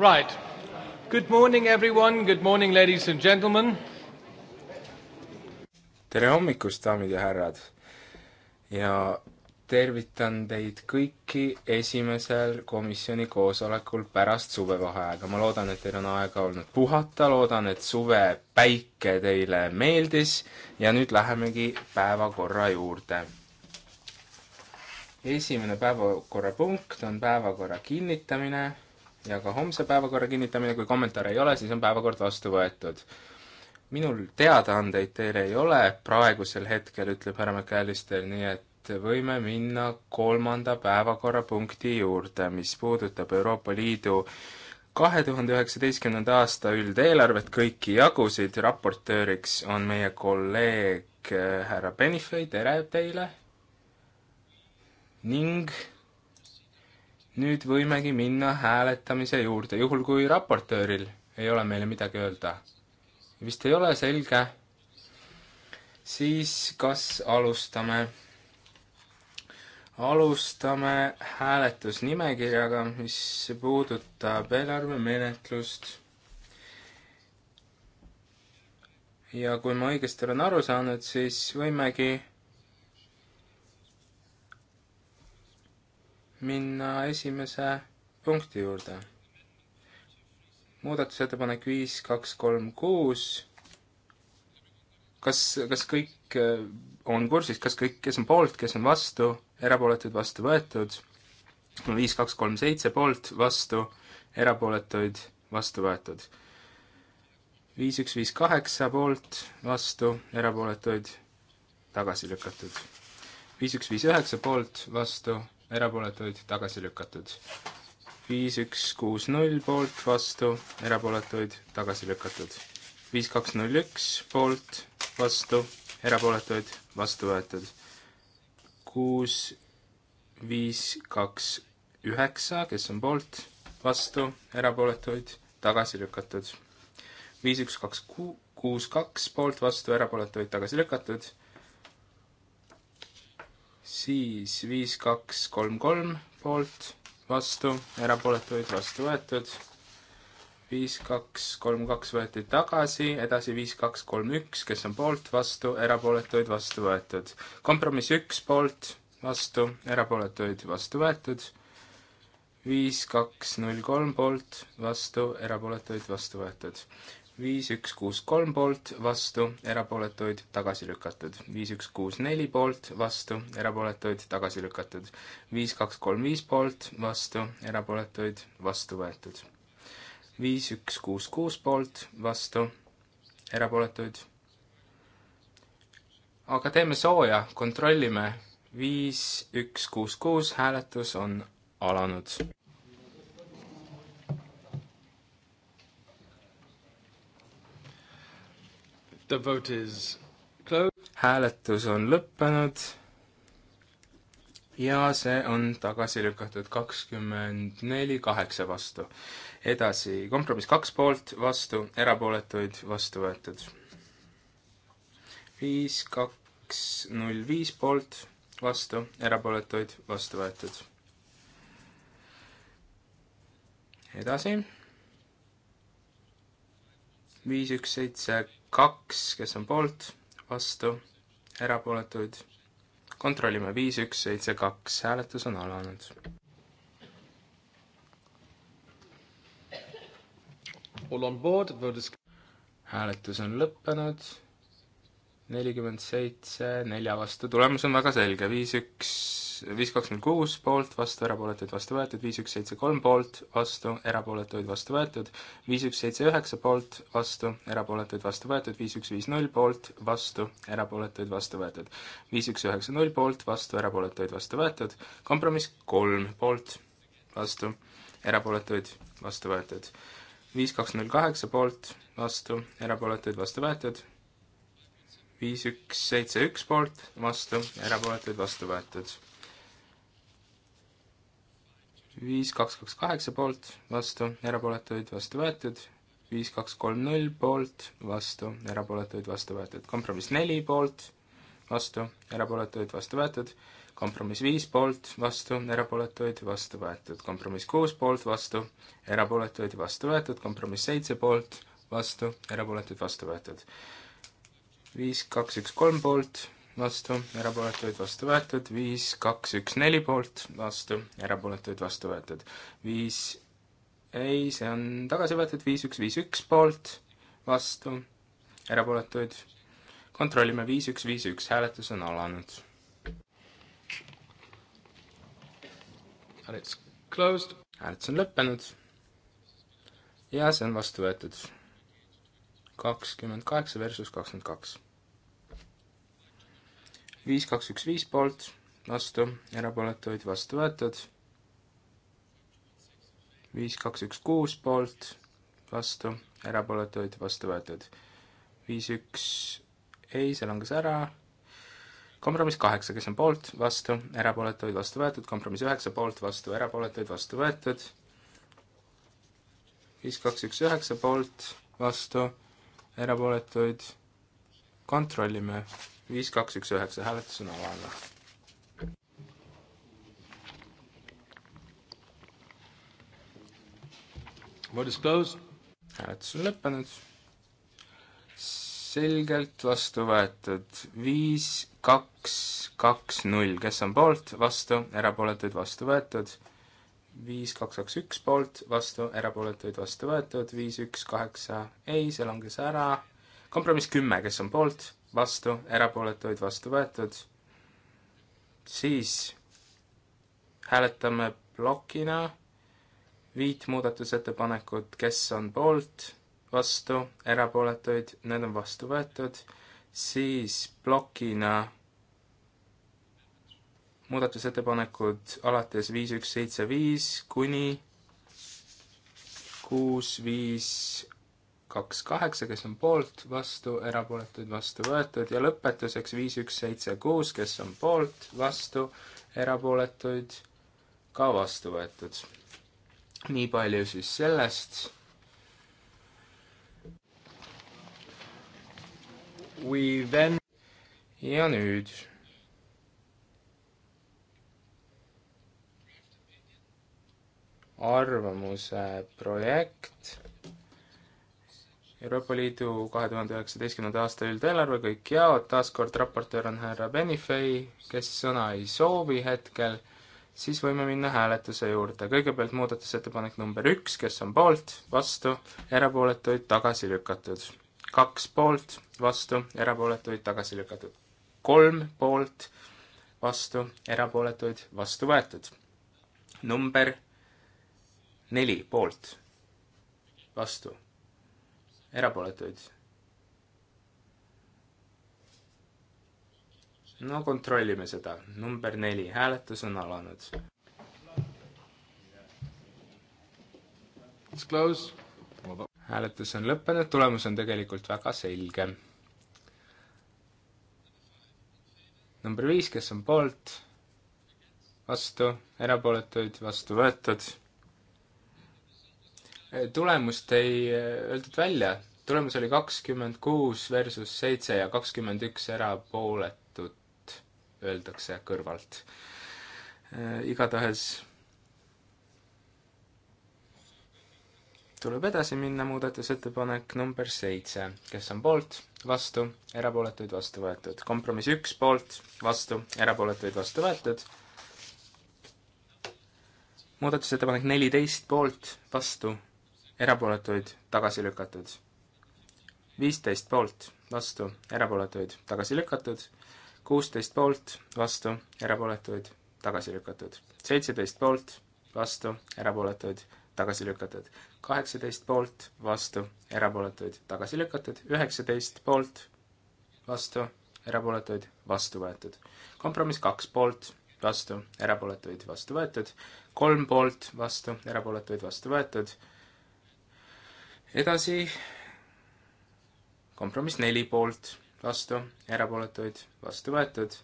Right. Good morning, everyone. Good morning, ladies and gentlemen. tere hommikust, daamid ja härrad. ja tervitan teid kõiki esimesel komisjoni koosolekul pärast suvevaheaega. ma loodan, et teil on aega olnud puhata, loodan, et suvepäike teile meeldis ja nüüd lähemegi päevakorra juurde esimene päevakorrapunkt on päevakorra kinnitamine ja ka homse päevakorra kinnitamine, kui kommentaare ei ole, siis on päevakord vastu võetud. minul teadaandeid teile ei ole praegusel hetkel, ütleb härra McAllister, nii et võime minna kolmanda päevakorrapunkti juurde, mis puudutab Euroopa Liidu kahe tuhande üheksateistkümnenda aasta üldeelarvet, kõiki jagusid, raportööriks on meie kolleeg eh, härra Benifei, tere teile! ning nüüd võimegi minna hääletamise juurde, juhul kui raportööril ei ole meile midagi öelda. vist ei ole selge. siis kas alustame? alustame hääletusnimekirjaga, mis puudutab eelarvemenetlust. ja kui ma õigesti olen aru saanud, siis võimegi minna esimese punkti juurde. muudatusettepanek viis, kaks, kolm, kuus. kas, kas kõik äh, on kursis, kas kõik, kes on poolt, kes on vastu, erapooletuid vastu võetud? viis, kaks, kolm, seitse poolt, vastu, erapooletuid vastu võetud. viis, üks, viis, kaheksa poolt, vastu, erapooletuid tagasi lükatud. viis, üks, viis, üheksa poolt, vastu erapooletuid, tagasi lükatud. viis, üks, kuus, null poolt, vastu, erapooletuid, tagasi lükatud. viis, kaks, null, üks poolt, vastu, erapooletuid, vastu võetud. kuus, viis, kaks, üheksa, kes on poolt, vastu, erapooletuid, tagasi lükatud. viis, üks, kaks, kuus, kaks poolt, vastu, erapooletuid, tagasi lükatud siis viis, kaks, kolm, kolm poolt, vastu, erapooletuid vastu võetud. viis, kaks, kolm, kaks võeti tagasi, edasi viis, kaks, kolm, üks, kes on poolt, vastu, erapooletuid vastu võetud. kompromiss üks poolt, vastu, erapooletuid vastu võetud. viis, kaks, null, kolm poolt, vastu, erapooletuid vastu võetud viis, üks, kuus, kolm poolt, vastu, erapooletuid, tagasi lükatud. viis, üks, kuus, neli poolt, vastu, erapooletuid, tagasi lükatud. viis, kaks, kolm, viis poolt, vastu, erapooletuid, vastu võetud. viis, üks, kuus, kuus poolt, vastu, erapooletuid. aga teeme sooja, kontrollime. viis, üks, kuus, kuus, hääletus on alanud. hääletus on lõppenud ja see on tagasi lükatud kakskümmend neli kaheksa vastu. edasi, kompromiss kaks poolt, vastu, erapooletuid, vastu võetud. viis, kaks, null, viis poolt, vastu, erapooletuid, vastu võetud. edasi viis, üks, seitse, kaks, kes on poolt, vastu, erapooletuid. kontrollime, viis, üks, seitse, kaks, hääletus on alanud. hääletus on lõppenud nelikümmend seitse nelja vastu, tulemus on väga selge, viis üks, viis kaks null kuus poolt, vastu erapooletuid, vastu võetud, viis üks seitse kolm poolt, vastu erapooletuid, vastu võetud, viis üks seitse üheksa poolt, vastu erapooletuid, vastu võetud, viis üks viis null poolt, vastu erapooletuid, vastu võetud, viis üks üheksa null poolt, vastu erapooletuid, vastu võetud, kompromiss kolm poolt, vastu erapooletuid, vastu võetud viis kaks null kaheksa poolt, vastu, erapooletuid vastu võetud, viis, üks, seitse, üks poolt, vastu, erapooletuid vastu võetud. viis, kaks, kaks, kaheksa poolt, vastu, erapooletuid vastu võetud, viis, kaks, kolm, null poolt, vastu, erapooletuid vastu võetud, kompromiss neli poolt, vastu, erapooletuid vastu võetud, kompromiss viis poolt, vastu, erapooletuid vastu võetud, kompromiss kuus poolt, vastu, erapooletuid vastu võetud, kompromiss seitse poolt, vastu, erapooletuid vastu võetud viis, kaks, üks, kolm poolt, vastu, erapooletuid vastu võetud, viis, kaks, üks, neli poolt, vastu, erapooletuid vastu võetud. viis, ei, see on tagasi võetud, viis, üks, viis, üks poolt, vastu, erapooletuid. kontrollime, viis, üks, viis, üks, hääletus on alanud. hääletus closed. hääletus on lõppenud ja see on vastu võetud kakskümmend kaheksa versus kakskümmend kaks. viis, kaks, üks, viis poolt, vastu, erapooletuid vastu võetud. viis, kaks, üks, kuus poolt, vastu, erapooletuid vastu võetud. viis, üks, ei, see langes ära. kompromiss kaheksa, kes on poolt, vastu, erapooletuid vastu võetud, kompromiss üheksa poolt, vastu, erapooletuid vastu võetud viis, kaks, üks, üheksa poolt, vastu, erapooletuid kontrollime, viis, kaks, üks, üheksa, hääletus on alanud. Vote is closed. hääletus on lõppenud. selgelt vastu võetud viis, kaks, kaks, null, kes on poolt, vastu, erapooletuid vastu võetud viis, kaks, kaks, üks poolt, vastu, erapooletuid vastu võetud, viis, üks, kaheksa, ei, see langes ära. kompromiss kümme, kes on poolt, vastu, erapooletuid vastu võetud. siis hääletame plokina viit muudatusettepanekut, kes on poolt, vastu, erapooletuid, need on vastu võetud, siis plokina muudatusettepanekud alates viis, üks, seitse, viis kuni kuus, viis, kaks, kaheksa, kes on poolt, vastu, erapooletuid, vastu võetud ja lõpetuseks viis, üks, seitse, kuus, kes on poolt, vastu, erapooletuid, ka vastu võetud. nii palju siis sellest. Then... ja nüüd arvamuse projekt Euroopa Liidu kahe tuhande üheksateistkümnenda aasta üldeelarve, kõik jaod, taaskord raportöör on härra Benifei, kes sõna ei soovi hetkel, siis võime minna hääletuse juurde. kõigepealt muudatusettepanek number üks, kes on poolt, vastu, erapooletuid tagasi lükatud. kaks poolt, vastu, erapooletuid tagasi lükatud. kolm poolt, vastu, erapooletuid vastu võetud. number neli poolt, vastu, erapooletuid. no kontrollime seda, number neli, hääletus on alanud. hääletus on lõppenud, tulemus on tegelikult väga selge. number viis, kes on poolt, vastu, erapooletuid, vastu võetud tulemust ei eh, öeldud välja, tulemus oli kakskümmend kuus versus seitse ja kakskümmend üks erapooletut, öeldakse kõrvalt. Eh, igatahes tuleb edasi minna, muudatusettepanek number seitse, kes on poolt, vastu, erapooletuid vastu võetud, kompromiss üks poolt, vastu, erapooletuid vastu võetud muudatusettepanek neliteist poolt, vastu, erapooletuid, tagasi lükatud. viisteist poolt, vastu, erapooletuid, tagasi lükatud. kuusteist poolt, vastu, erapooletuid, tagasi lükatud. seitseteist poolt, vastu, erapooletuid, tagasi lükatud. kaheksateist poolt, vastu, erapooletuid, tagasi lükatud. üheksateist poolt, vastu, erapooletuid, vastu võetud. kompromiss kaks poolt, vastu, erapooletuid, vastu võetud. kolm poolt, vastu, erapooletuid, vastu võetud edasi kompromiss neli poolt, vastu, erapooletuid, vastu võetud.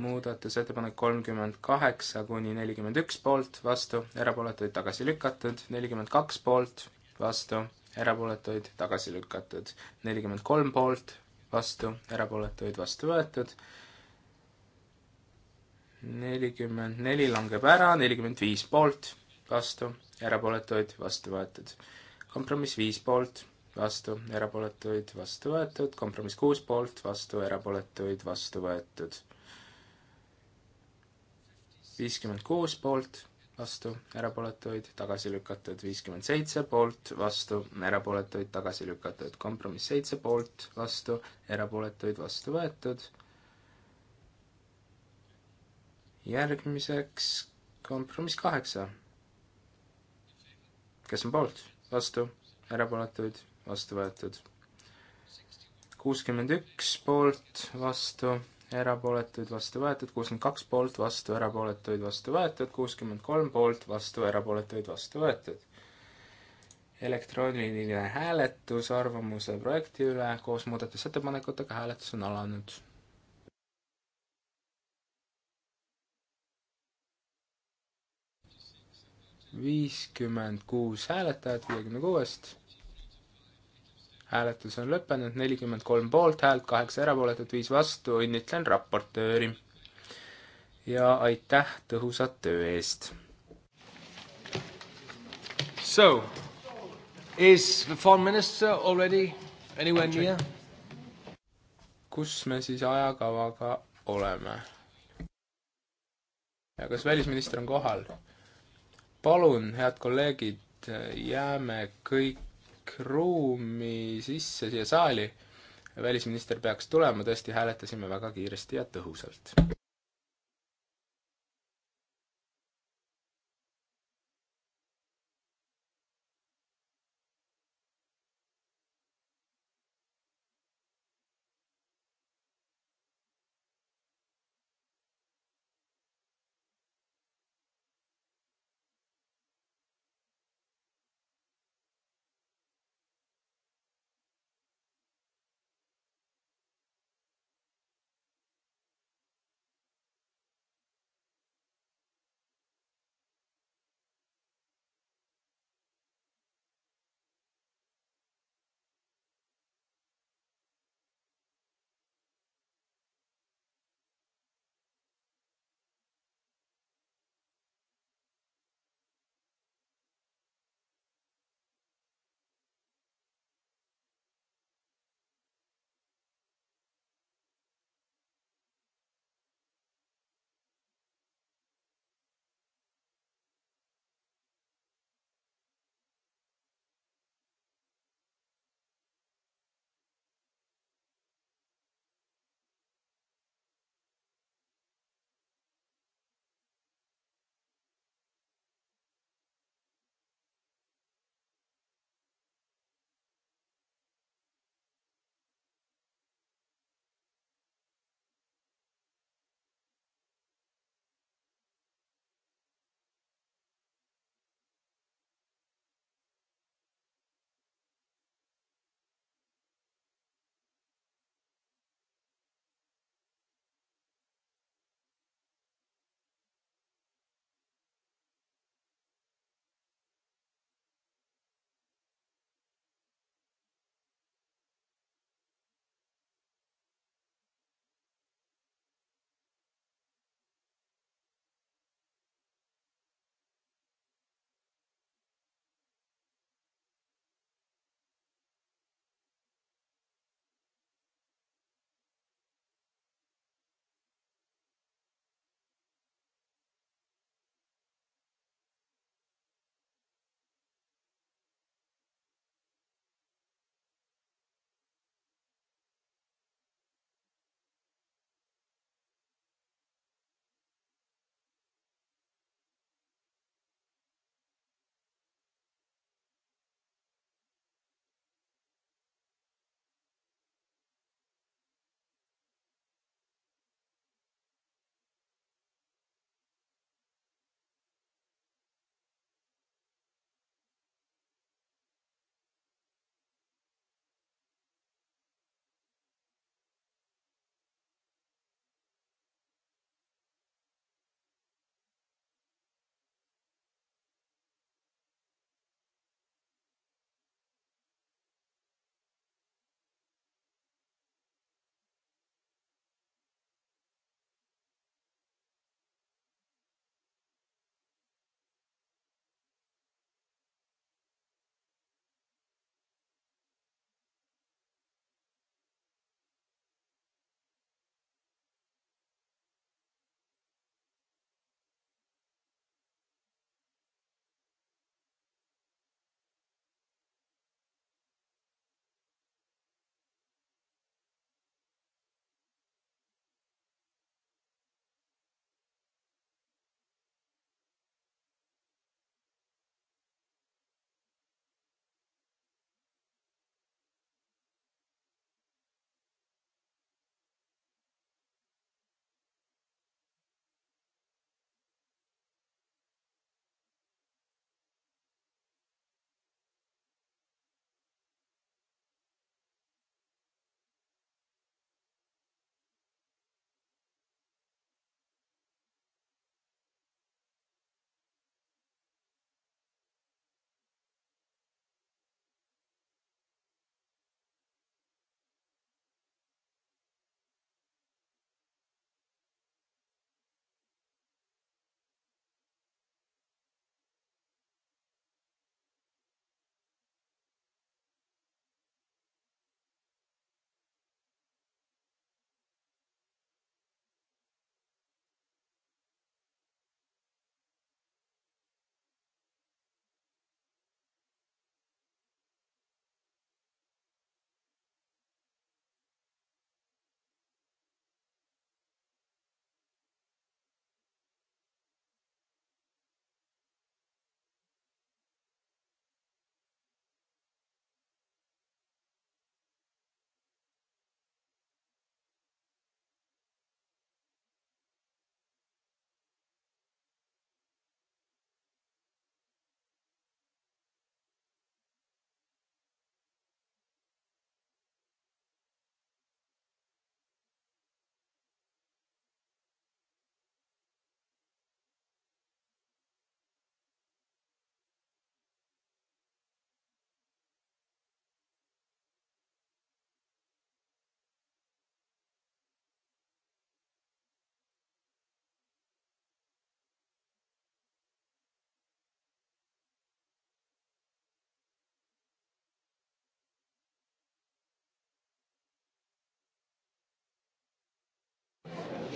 muudatusettepanek kolmkümmend kaheksa kuni nelikümmend üks poolt, vastu, erapooletuid tagasi lükatud, nelikümmend kaks poolt, vastu, erapooletuid tagasi lükatud, nelikümmend kolm poolt, vastu, erapooletuid vastu võetud nelikümmend neli langeb ära, nelikümmend viis poolt, vastu, erapooletuid, vastu võetud. kompromiss viis poolt, vastu, erapooletuid, vastu võetud, kompromiss kuus poolt, vastu, erapooletuid, vastu võetud. viiskümmend kuus poolt, vastu, erapooletuid, tagasi lükatud, viiskümmend seitse poolt, vastu, erapooletuid, tagasi lükatud, kompromiss seitse poolt, vastu, erapooletuid, vastu võetud, järgmiseks kompromiss kaheksa kes on poolt, vastu, erapooletuid, vastu võetud. kuuskümmend üks poolt, vastu, erapooletuid, vastu võetud, kuuskümmend kaks poolt, vastu, erapooletuid, vastu võetud, kuuskümmend kolm poolt, vastu, erapooletuid, vastu võetud. elektrooniline hääletus arvamuse projekti üle koos muudatusettepanekutega, hääletus on alanud viiskümmend kuus hääletajat viiekümne kuuest. hääletus on lõppenud, nelikümmend kolm poolthäält, kaheksa erapooletut, viis vastu, õnnitlen raportööri. ja aitäh tõhusa töö eest. So, is the foreign minister already anywhere near? kus me siis ajakavaga oleme? ja kas välisminister on kohal? palun, head kolleegid, jääme kõik ruumi sisse siia saali. välisminister peaks tulema, tõesti hääletasime väga kiiresti ja tõhusalt.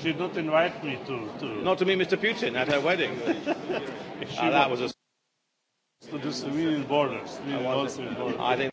She did not invite me to. to not to meet Mr. Putin at her wedding. she ah, that was a. To the civilian borders. Civilian I, borders, civilian borders. I think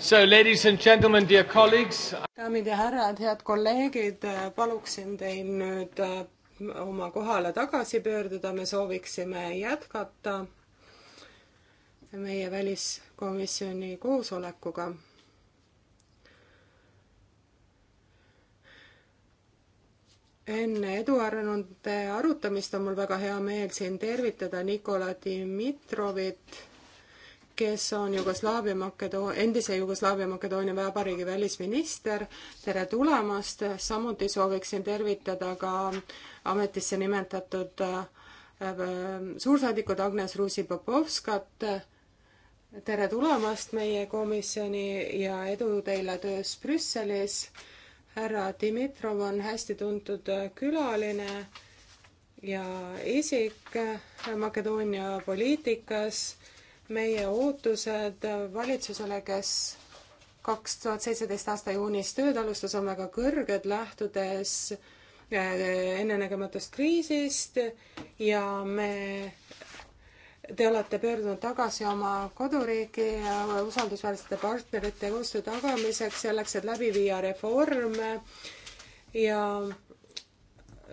So ladies and gentlemen, dear colleagues. daamid ja härrad, head kolleegid, paluksin teil nüüd äh, oma kohale tagasi pöörduda, me sooviksime jätkata meie väliskomisjoni koosolekuga enne eduarenute arutamist on mul väga hea meel siin tervitada Nikola Dimitrovit, kes on Jugoslaavia Makedo-, endise Jugoslaavia Makedoonia Vabariigi välisminister. tere tulemast, samuti sooviksin tervitada ka ametisse nimetatud äh, suursaadikud Agnes Ruusi-Popovskat. tere tulemast meie komisjoni ja edu teile töös Brüsselis. härra Dimitrov on hästi tuntud äh, külaline ja isik äh, Makedoonia poliitikas meie ootused valitsusele, kes kaks tuhat seitseteist aasta juunis tööd alustas, on väga kõrged, lähtudes äh, ennenägematust kriisist ja me, te olete pöördunud tagasi oma koduriigi usaldusväärsete partnerite koostöö tagamiseks, selleks, et läbi viia reforme ja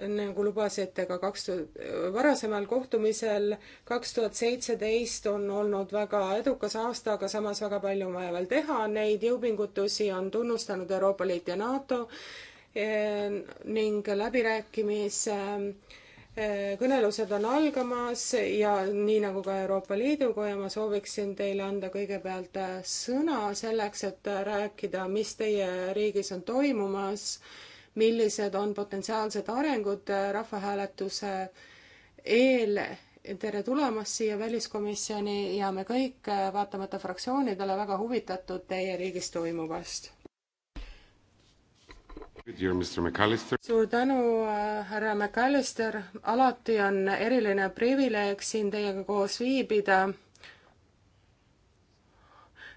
nagu lubasite ka kaks tuhat, varasemal kohtumisel kaks tuhat seitseteist on olnud väga edukas aasta, aga samas väga palju on vaja veel teha, neid jõupingutusi on tunnustanud Euroopa Liit ja NATO eh, ning läbirääkimise eh, kõnelused on algamas ja nii nagu ka Euroopa Liiduga ja ma sooviksin teile anda kõigepealt eh, sõna selleks, et rääkida, mis teie riigis on toimumas millised on potentsiaalsed arengud äh, rahvahääletuse eel. tere tulemast siia väliskomisjoni ja me kõik, äh, vaatamata fraktsioonidele, väga huvitatud teie riigis toimuvast. suur tänu, äh, härra McAllister, alati on eriline privileeg siin teiega koos viibida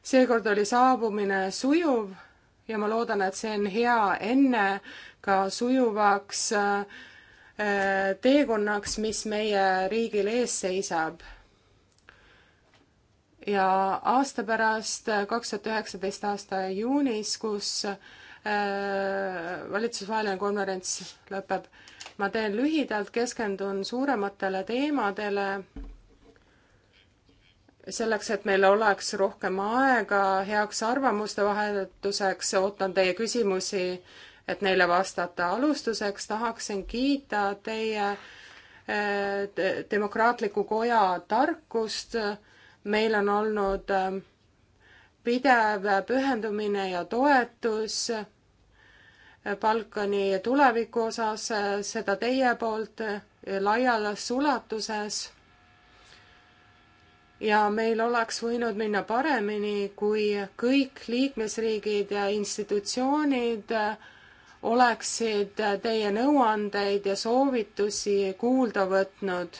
seekord oli saabumine sujuv ja ma loodan, et see on hea enne ka sujuvaks äh, teekonnaks, mis meie riigil ees seisab. ja aasta pärast, äh, kaks tuhat üheksateist aasta juunis, kus äh, valitsusvaheline konverents lõpeb. ma teen lühidalt, keskendun suurematele teemadele selleks, et meil oleks rohkem aega heaks arvamuste vahetuseks, ootan teie küsimusi, et neile vastata. alustuseks tahaksin kiita teie eh, demokraatliku koja tarkust. meil on olnud eh, pidev pühendumine ja toetus eh, Balkani tuleviku osas, seda teie poolt laialas ulatuses ja meil oleks võinud minna paremini, kui kõik liikmesriigid ja institutsioonid oleksid teie nõuandeid ja soovitusi kuulda võtnud.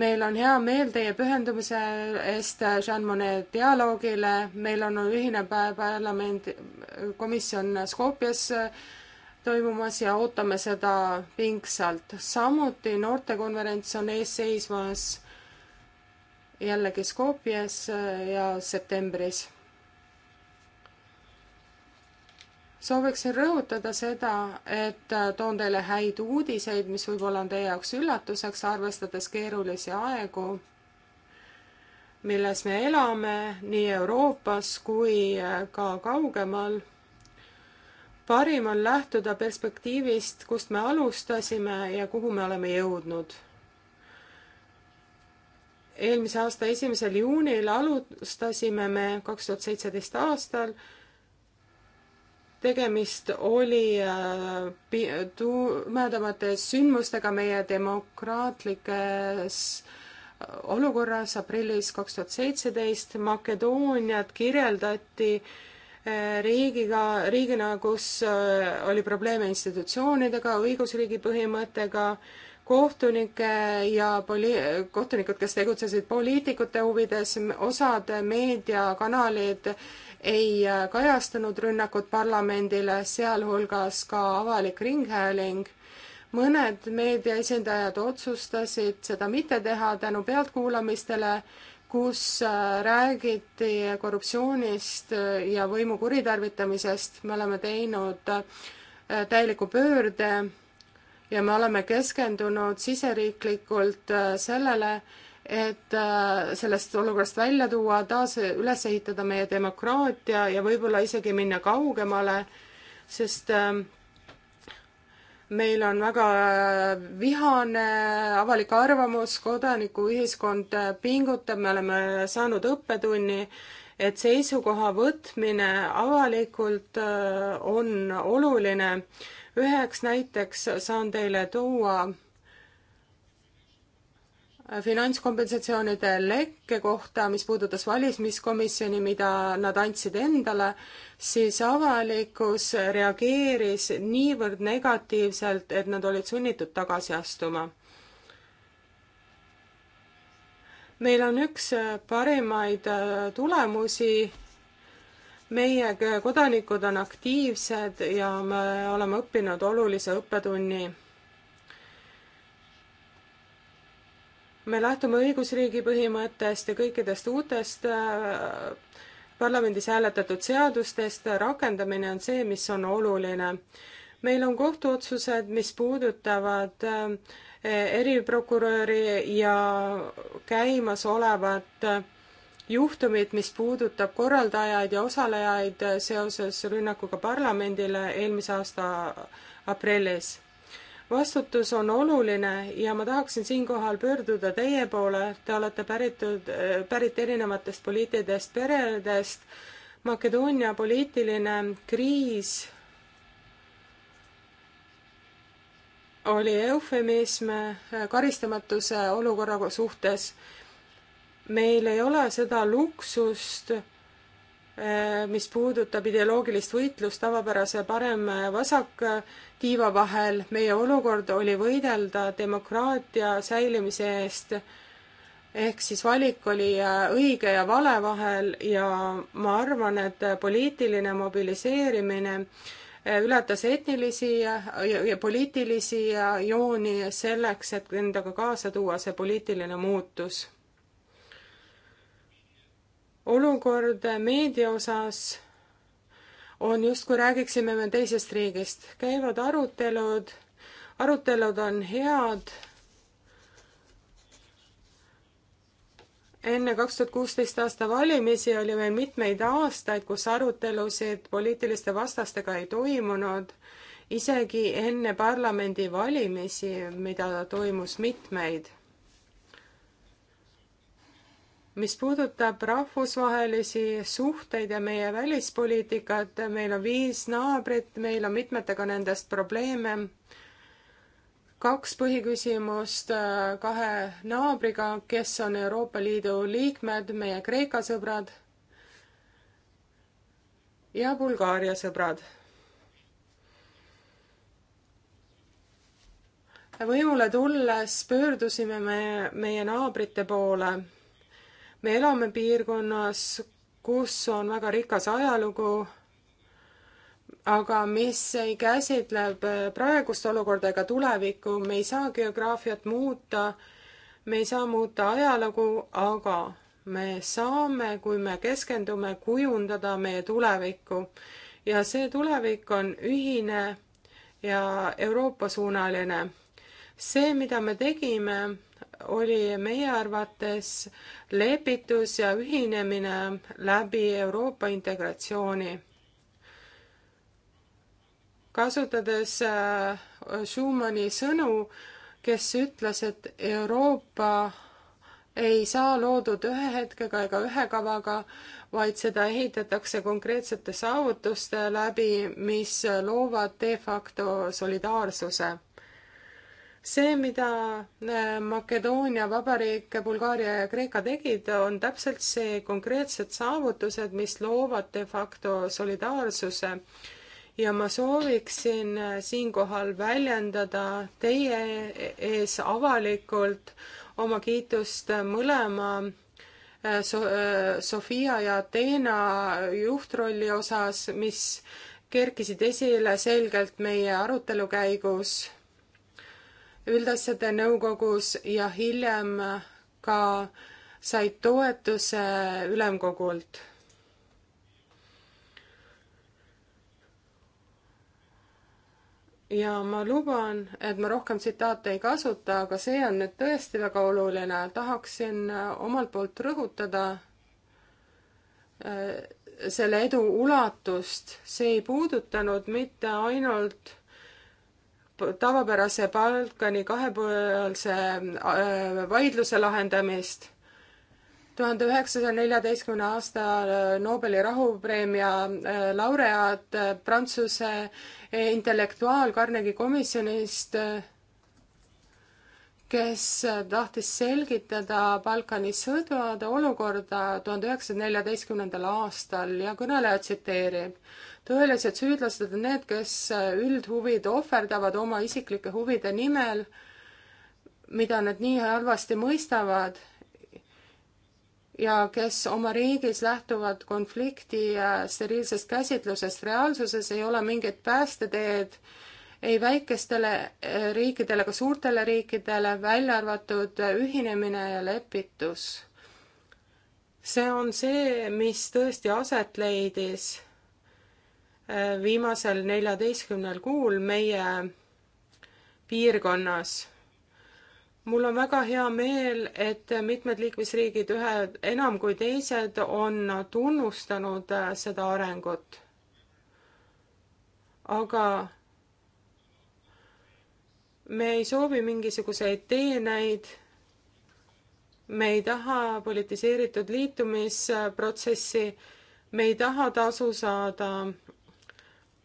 meil on hea meel teie pühendumise eest Jean Monnet dialoogile, meil on ühine parlamendi komisjon Skopjas toimumas ja ootame seda pingsalt. samuti noortekonverents on ees seisvas jällegi Skopjes äh, ja septembris. sooviksin rõhutada seda, et äh, toon teile häid uudiseid, mis võib-olla on teie jaoks üllatuseks, arvestades keerulisi aegu, milles me elame nii Euroopas kui äh, ka kaugemal parim on lähtuda perspektiivist, kust me alustasime ja kuhu me oleme jõudnud eelmise aasta esimesel juunil alustasime me kaks tuhat seitseteist aastal. tegemist oli äh, tumedamate sündmustega meie demokraatlikes äh, olukorras aprillis kaks tuhat seitseteist. Makedooniat kirjeldati äh, riigiga, riigina, kus oli probleeme institutsioonidega, õigusriigi põhimõttega kohtunike ja poli-, kohtunikud, kes tegutsesid poliitikute huvides, osad meediakanalid ei kajastanud rünnakut parlamendile, sealhulgas ka avalik ringhääling. mõned meediaesindajad otsustasid seda mitte teha tänu pealtkuulamistele, kus äh, räägiti korruptsioonist äh, ja võimu kuritarvitamisest, me oleme teinud äh, täieliku pöörde ja me oleme keskendunud siseriiklikult äh, sellele, et äh, sellest olukorrast välja tuua, taas üles ehitada meie demokraatia ja võib-olla isegi minna kaugemale, sest äh, meil on väga vihane avalik arvamus, kodanikuühiskond pingutab, me oleme saanud õppetunni, et seisukoha võtmine avalikult on oluline üheks näiteks saan teile tuua finantskompensatsioonide lekke kohta, mis puudutas valimiskomisjoni, mida nad andsid endale, siis avalikkus reageeris niivõrd negatiivselt, et nad olid sunnitud tagasi astuma. meil on üks parimaid tulemusi meie kodanikud on aktiivsed ja me oleme õppinud olulise õppetunni. me lähtume õigusriigi põhimõttest ja kõikidest uutest äh, parlamendis hääletatud seadustest, rakendamine on see, mis on oluline. meil on kohtuotsused, mis puudutavad äh, eriprokuröri ja käimasolevat äh, juhtumit, mis puudutab korraldajaid ja osalejaid seoses rünnakuga parlamendile eelmise aasta aprillis. vastutus on oluline ja ma tahaksin siinkohal pöörduda teie poole, te olete päritud, pärit erinevatest poliitilistest peredest, Makedoonia poliitiline kriis oli eufemism karistamatuse olukorra suhtes meil ei ole seda luksust, eh, mis puudutab ideoloogilist võitlust tavapärase parem-vasak eh, eh, tiiva vahel. meie olukord oli võidelda demokraatia säilimise eest, ehk siis valik oli õige ja vale vahel ja ma arvan, et poliitiline mobiliseerimine ületas etnilisi ja, ja poliitilisi jooni selleks, et endaga kaasa tuua see poliitiline muutus olukord meedia osas on justkui räägiksime me teisest riigist. käivad arutelud, arutelud on head. enne kaks tuhat kuusteist aasta valimisi oli meil mitmeid aastaid, kus arutelusid poliitiliste vastastega ei toimunud, isegi enne parlamendivalimisi, mida toimus mitmeid mis puudutab rahvusvahelisi suhteid ja meie välispoliitikat, meil on viis naabrit, meil on mitmetega nendest probleeme. kaks põhiküsimust äh, kahe naabriga, kes on Euroopa Liidu liikmed, meie Kreeka sõbrad ja Bulgaaria sõbrad. võimule tulles pöördusime me meie naabrite poole me elame piirkonnas, kus on väga rikas ajalugu, aga mis ei käsitleb praegust olukorda ega tulevikku, me ei saa geograafiat muuta, me ei saa muuta ajalugu, aga me saame, kui me keskendume, kujundada meie tulevikku. ja see tulevik on ühine ja Euroopa-suunaline. see, mida me tegime oli meie arvates lepitus ja ühinemine läbi Euroopa integratsiooni. kasutades äh, Schumanni sõnu, kes ütles, et Euroopa ei saa loodud ühe hetkega ega ühe kavaga, vaid seda ehitatakse konkreetsete saavutuste läbi, mis loovad de facto solidaarsuse see, mida äh, Makedoonia Vabariik, Bulgaaria ja Kreeka tegid, on täpselt see konkreetsed saavutused, mis loovad de facto solidaarsuse. ja ma sooviksin äh, siinkohal väljendada teie ees avalikult oma kiitust mõlema äh, so-, Sofia ja Ateena juhtrolli osas, mis kerkisid esile selgelt meie arutelu käigus üldasjade nõukogus ja hiljem ka said toetuse ülemkogult. ja ma luban, et ma rohkem tsitaate ei kasuta, aga see on nüüd tõesti väga oluline, tahaksin omalt poolt rõhutada äh, selle edu ulatust, see ei puudutanud mitte ainult tavapärase Balkani kahepoolse äh, vaidluse lahendamist. tuhande üheksasaja neljateistkümne aasta äh, Nobeli rahupreemia äh, laureaat Prantsuse intellektuaal Carnegie komisjonist, kes tahtis selgitada Balkani sõdade olukorda tuhande üheksasaja neljateistkümnendal aastal ja kõneleja tsiteerib tõelised süüdlased on need, kes äh, üldhuvid ohverdavad oma isiklike huvide nimel, mida nad nii halvasti mõistavad ja kes oma riigis lähtuvad konflikti ja äh, steriilsest käsitlusest. reaalsuses ei ole mingit päästeteed ei väikestele äh, riikidele ega suurtele riikidele, välja arvatud ühinemine ja lepitus. see on see, mis tõesti aset leidis viimasel neljateistkümnel kuul meie piirkonnas. mul on väga hea meel, et mitmed liikmesriigid, ühed enam kui teised, on tunnustanud äh, seda arengut. aga me ei soovi mingisuguseid teeneid, me ei taha politiseeritud liitumisprotsessi, me ei taha tasu saada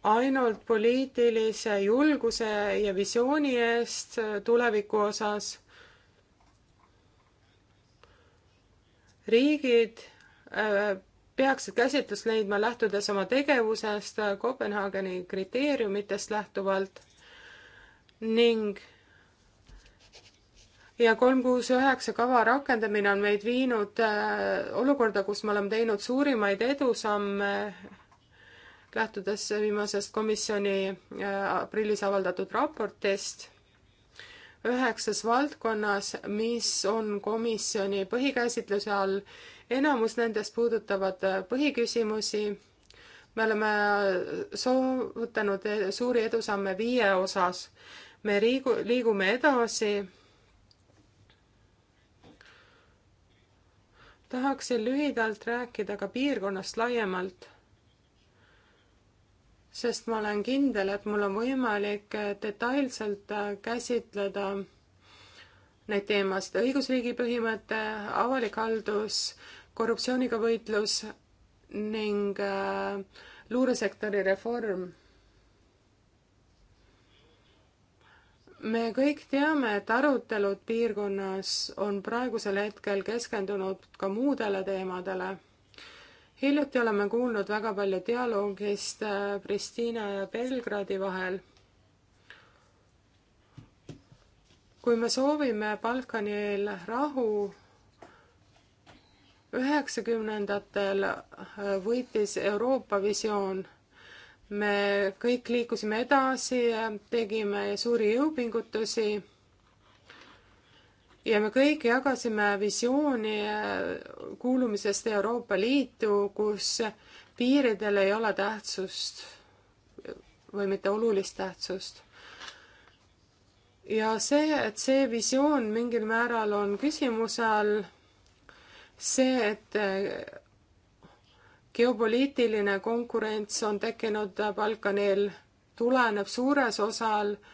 ainult poliitilise julguse ja visiooni eest tuleviku osas. riigid äh, peaksid käsitlust leidma lähtudes oma tegevusest äh, Kopenhaageni kriteeriumitest lähtuvalt ning ja kolm kuus üheksa kava rakendamine on meid viinud äh, olukorda, kus me oleme teinud suurimaid edusamme lähtudes viimasest komisjoni äh, aprillis avaldatud raportist, üheksas valdkonnas, mis on komisjoni põhikäsitluse all, enamus nendest puudutavad äh, põhiküsimusi, me oleme äh, soovutanud suuri edusamme viie osas. me liigu-, liigume edasi tahaksin lühidalt rääkida ka piirkonnast laiemalt sest ma olen kindel, et mul on võimalik detailselt äh, käsitleda neid teemasid, õigusriigi põhimõte, avalik haldus, korruptsiooniga võitlus ning äh, luuresektori reform. me kõik teame, et arutelud piirkonnas on praegusel hetkel keskendunud ka muudele teemadele hiljuti oleme kuulnud väga palju dialoogist äh, Pristina ja Belgradi vahel. kui me soovime Balkanil rahu, üheksakümnendatel äh, võitis Euroopa visioon. me kõik liikusime edasi, äh, tegime suuri jõupingutusi ja me kõik jagasime visiooni äh, kuulumisest Euroopa Liitu, kus piiridel ei ole tähtsust või mitte olulist tähtsust. ja see, et see visioon mingil määral on küsimuse all, see, et äh, geopoliitiline konkurents on tekkinud Balkanil, tuleneb suures osal äh,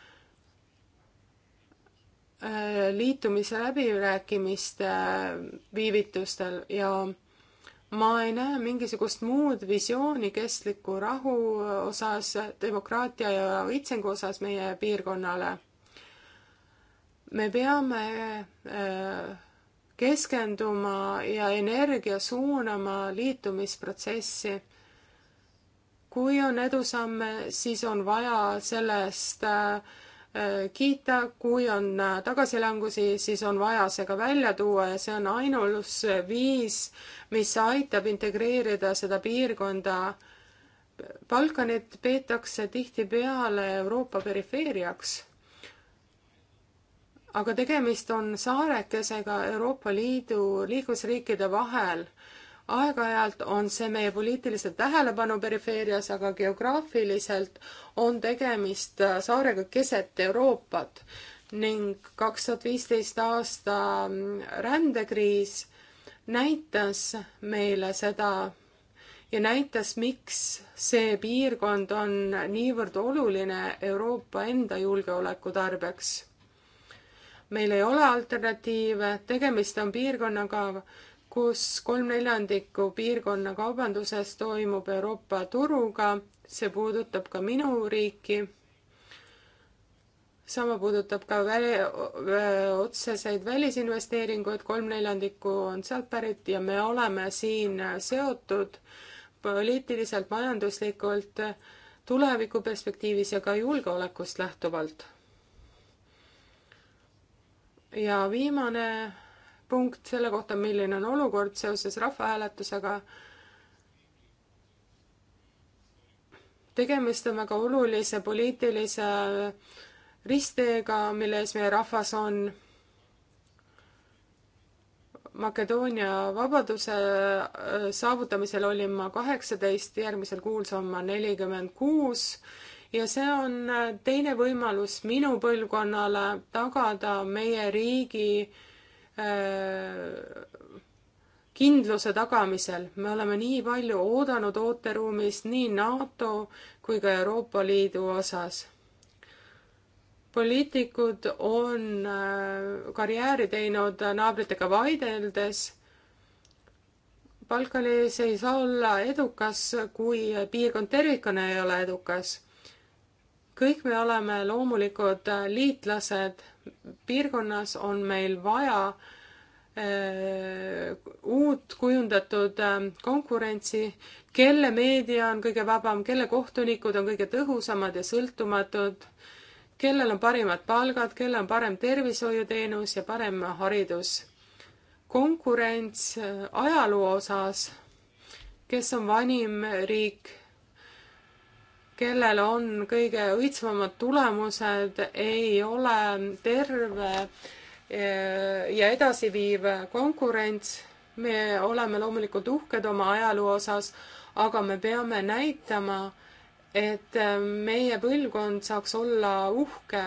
liitumise läbirääkimiste viivitustel ja ma ei näe mingisugust muud visiooni kestliku rahu osas, demokraatia ja õitsengu osas meie piirkonnale. me peame äh, keskenduma ja energia suunama liitumisprotsessi kui on edusamme, siis on vaja sellest äh, kiita, kui on tagasilangusi, siis on vaja see ka välja tuua ja see on ainus viis, mis aitab integreerida seda piirkonda. Balkanit peetakse tihtipeale Euroopa perifeeriaks. aga tegemist on saarekesega Euroopa Liidu liikmesriikide vahel aeg-ajalt on see meie poliitilise tähelepanu perifeerias, aga geograafiliselt on tegemist äh, saarega keset Euroopat ning kaks tuhat viisteist aasta mm, rändekriis näitas meile seda ja näitas, miks see piirkond on niivõrd oluline Euroopa enda julgeoleku tarbeks. meil ei ole alternatiive, tegemist on piirkonnaga, kus kolm neljandikku piirkonna kaubandusest toimub Euroopa turuga, see puudutab ka minu riiki. sama puudutab ka väli, otseseid välisinvesteeringuid, kolm neljandikku on sealt pärit ja me oleme siin seotud poliitiliselt, majanduslikult, tulevikuperspektiivis ja ka julgeolekust lähtuvalt. ja viimane punkt selle kohta, milline on olukord seoses rahvahääletusega. tegemist on väga olulise poliitilise ristteega, mille ees meie rahvas on. Makedoonia vabaduse äh, saavutamisel olin ma kaheksateist, järgmisel kuul saan ma nelikümmend kuus ja see on äh, teine võimalus minu põlvkonnale tagada meie riigi äh, Äh, kindluse tagamisel. me oleme nii palju oodanud ooteruumis nii NATO kui ka Euroopa Liidu osas. poliitikud on äh, karjääri teinud naabritega vaideldes. Balkanis ei saa olla edukas, kui piirkond tervikuna ei ole edukas. kõik me oleme loomulikud liitlased piirkonnas on meil vaja äh, uut kujundatud ähm, konkurentsi, kelle meedia on kõige vabam, kelle kohtunikud on kõige tõhusamad ja sõltumatud, kellel on parimad palgad, kellel on parem tervishoiuteenus ja parem haridus. konkurents äh, ajaloo osas, kes on vanim riik kellel on kõige õitsvamad tulemused, ei ole terve eh, ja edasiviiv konkurents. me oleme loomulikult uhked oma ajaloo osas, aga me peame näitama, et eh, meie põlvkond saaks olla uhke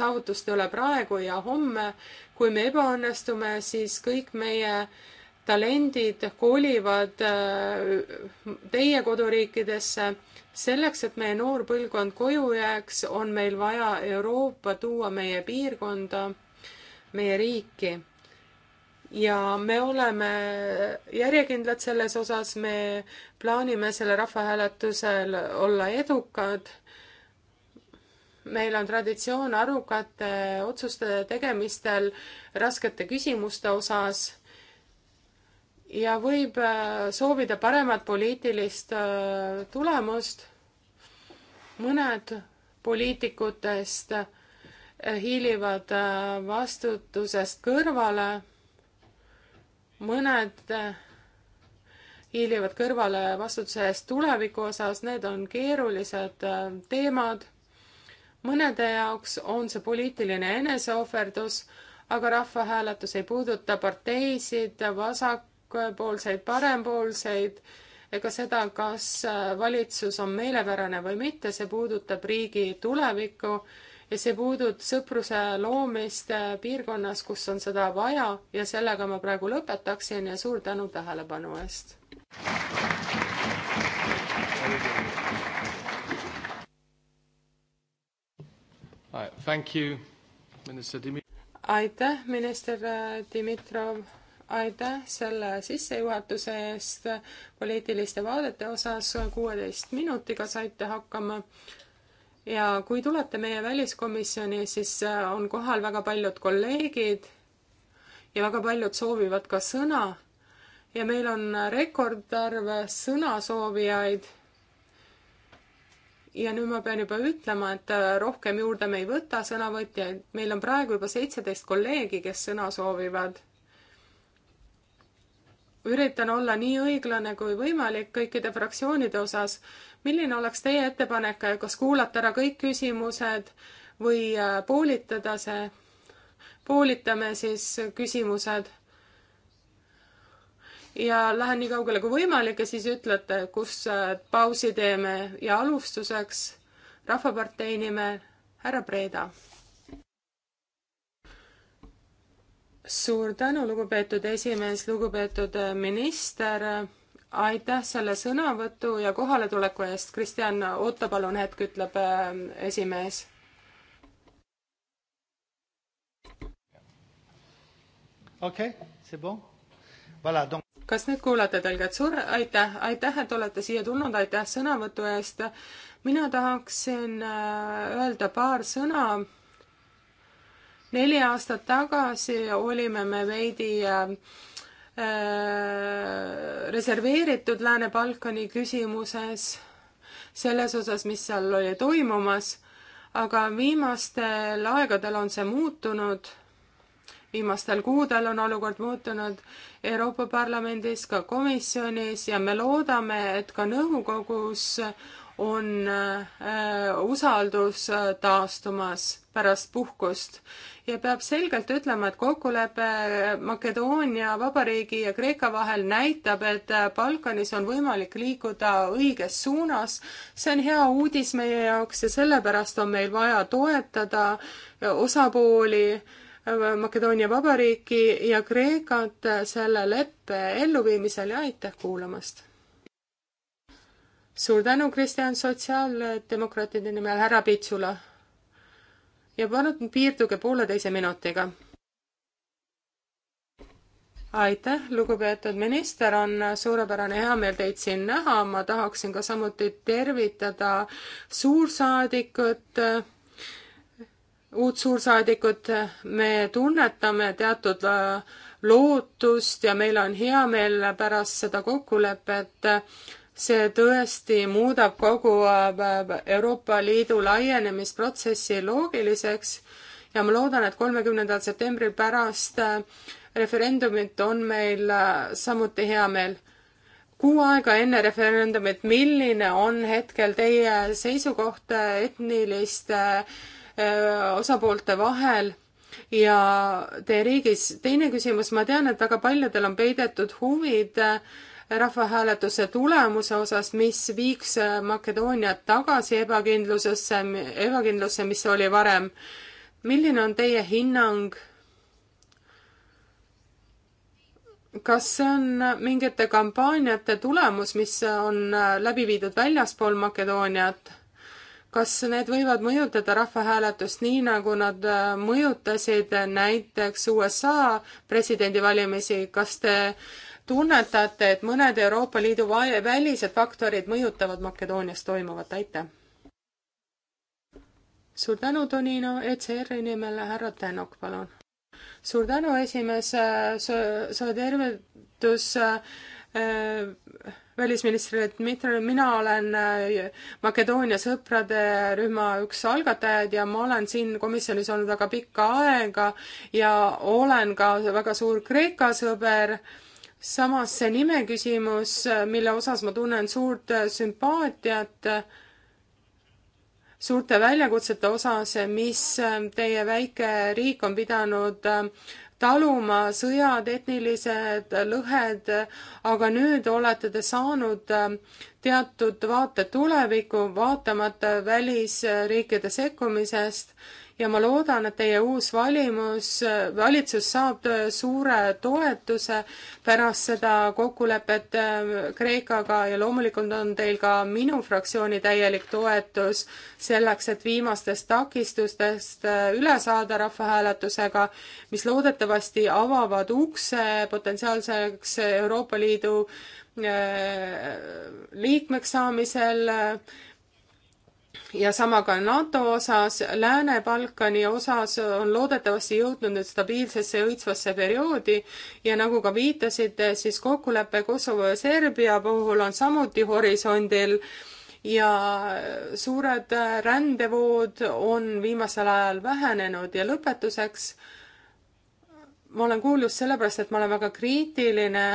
saavutuste üle praegu ja homme. kui me ebaõnnestume, siis kõik meie talendid kolivad eh, teie koduriikidesse selleks, et meie noor põlvkond koju jääks, on meil vaja Euroopa tuua meie piirkonda, meie riiki. ja me oleme järjekindlad selles osas, me plaanime sellel rahvahääletusel olla edukad. meil on traditsioon arukate otsuste tegemistel raskete küsimuste osas ja võib äh, soovida paremat poliitilist äh, tulemust. mõned poliitikutest äh, hiilivad vastutusest kõrvale, mõned hiilivad kõrvale vastutuse eest tuleviku osas, need on keerulised teemad. mõnede jaoks on see poliitiline eneseohverdus, aga rahvahääletus ei puuduta parteisid, vasak, poolseid, parempoolseid ega seda, kas äh, valitsus on meelepärane või mitte, see puudutab riigi tulevikku ja see puudutab sõpruse loomist äh, piirkonnas, kus on seda vaja ja sellega ma praegu lõpetaksin ja suur tänu tähelepanu eest. aitäh, minister äh, Dimitrov aitäh selle sissejuhatuse eest poliitiliste vaadete osas, kuueteist minutiga saite hakkama. ja kui tulete meie väliskomisjoni, siis on kohal väga paljud kolleegid ja väga paljud soovivad ka sõna. ja meil on rekordarv sõnasoovijaid ja nüüd ma pean juba ütlema, et rohkem juurde me ei võta sõnavõtjaid, meil on praegu juba seitseteist kolleegi, kes sõna soovivad üritan olla nii õiglane kui võimalik kõikide fraktsioonide osas. milline oleks teie ettepanek, kas kuulata ära kõik küsimused või äh, poolitada see? poolitame siis küsimused. ja lähen nii kaugele kui võimalik ja siis ütlete, kus äh, pausi teeme ja alustuseks Rahvapartei nimel härra Preeda suur tänu, lugupeetud esimees, lugupeetud äh, minister, aitäh selle sõnavõtu ja kohaletuleku eest, Kristjan, oota palun hetk, ütleb äh, esimees. okei okay,, see bon. Voilà, donc... kas nüüd kuulate tõlget? suur aitäh, aitäh, et olete siia tulnud, aitäh sõnavõtu eest. mina tahaksin äh, öelda paar sõna neli aastat tagasi olime me veidi äh, äh, reserveeritud Lääne-Balkani küsimuses, selles osas, mis seal oli toimumas, aga viimastel aegadel on see muutunud, viimastel kuudel on olukord muutunud Euroopa Parlamendis, ka komisjonis ja me loodame, et ka nõukogus on äh, usaldus äh, taastumas pärast puhkust ja peab selgelt ütlema, et kokkulepe Makedoonia Vabariigi ja Kreeka vahel näitab, et Balkanis on võimalik liikuda õiges suunas. see on hea uudis meie jaoks ja sellepärast on meil vaja toetada osapooli Makedoonia Vabariiki ja Kreekat selle leppe elluviimisel ja aitäh kuulamast! suur tänu, Kristjan, sotsiaaldemokraatide nimel härra Pitsula ja palun piirduge pooleteise minutiga. aitäh, lugupeetud minister, on suurepärane hea meel teid siin näha, ma tahaksin ka samuti tervitada suursaadikut uut suursaadikut, me tunnetame teatud äh, lootust ja meil on hea meel pärast seda kokkulepet see tõesti muudab kogu äh, Euroopa Liidu laienemisprotsessi loogiliseks ja ma loodan, et kolmekümnendal septembril pärast äh, referendumit on meil äh, samuti hea meel. Kuu aega enne referendumit, milline on hetkel teie seisukoht etniliste osapoolte vahel ja teie riigis? teine küsimus, ma tean, et väga paljudel on peidetud huvid äh, rahvahääletuse tulemuse osas, mis viiks Makedooniat tagasi ebakindlusesse, ebakindlusse, mis oli varem. milline on teie hinnang? kas see on mingite kampaaniate tulemus, mis on läbi viidud väljaspool Makedooniat? kas need võivad mõjutada rahvahääletust nii, nagu nad äh, mõjutasid näiteks USA presidendivalimisi, kas te tunnetate, et mõned Euroopa Liidu välised faktorid mõjutavad Makedoonias toimuvat, aitäh! suur tänu, Tonino, ECR-i nimel härra Tänok, palun! suur tänu, esimees, sa oled tervitus äh, välisministrile Dmitrile, mina olen äh, Makedoonia sõprade rühma üks algatajaid ja ma olen siin komisjonis olnud väga pikka aega ja olen ka väga suur Kreeka sõber samas see nime küsimus, mille osas ma tunnen suurt sümpaatiat suurte väljakutsete osas, mis teie väike riik on pidanud ähm, taluma, sõjad, etnilised lõhed, aga nüüd olete te saanud ähm, teatud vaate tulevikku, vaatamata välisriikide sekkumisest ja ma loodan, et teie uus valimus, valitsus saab suure toetuse pärast seda kokkulepet äh, Kreekaga ja loomulikult on teil ka minu fraktsiooni täielik toetus selleks, et viimastest takistustest äh, üle saada rahvahääletusega, mis loodetavasti avavad ukse potentsiaalseks Euroopa Liidu äh, liikmeks saamisel ja sama ka NATO osas, Lääne-Balkani osas on loodetavasti jõudnud nüüd stabiilsesse ja õitsvasse perioodi ja nagu ka viitasite, siis kokkulepe Kosovo ja Serbia puhul on samuti horisondil ja suured rändevood on viimasel ajal vähenenud ja lõpetuseks ma olen kuuljus sellepärast, et ma olen väga kriitiline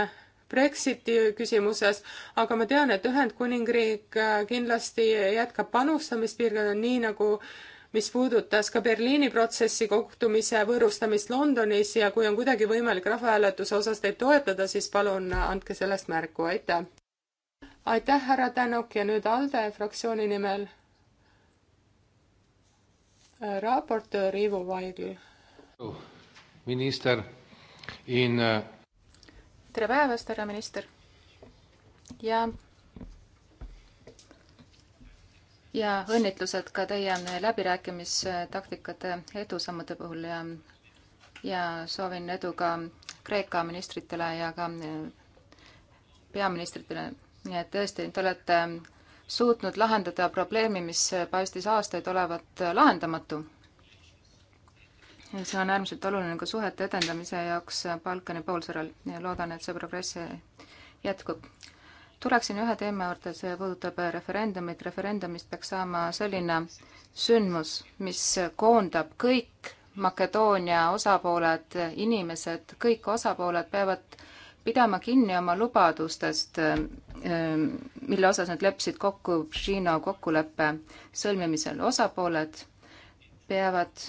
Brexiti küsimuses, aga ma tean, et Ühendkuningriik äh, kindlasti jätkab panustamist piirkonda, nii nagu mis puudutas ka Berliini protsessi kohtumise võõrustamist Londonis ja kui on kuidagi võimalik rahvahääletuse osas teid toetada, siis palun äh, andke sellest märku, aitäh! aitäh, härra Tänok ja nüüd ALDE fraktsiooni nimel äh, raportöör Ivo Vaigel. Oh, minister in tere päevast, härra minister. ja ja õnnitlused ka teie läbirääkimistaktikate edusammude puhul ja ja soovin edu ka Kreeka ministritele ja ka eh, peaministritele. nii et tõesti, te olete suutnud lahendada probleemi, mis paistis aastaid olevat lahendamatu see on äärmiselt oluline ka suhete edendamise jaoks Balkani poolsõral ja loodan, et see progress jätkub. tuleksin ühe teema juurde, see puudutab referendumit. referendumist peaks saama selline sündmus, mis koondab kõik Makedoonia osapooled, inimesed, kõik osapooled peavad pidama kinni oma lubadustest, ehm, mille osas nad leppisid kokku Žino kokkuleppe sõlmimisel. osapooled peavad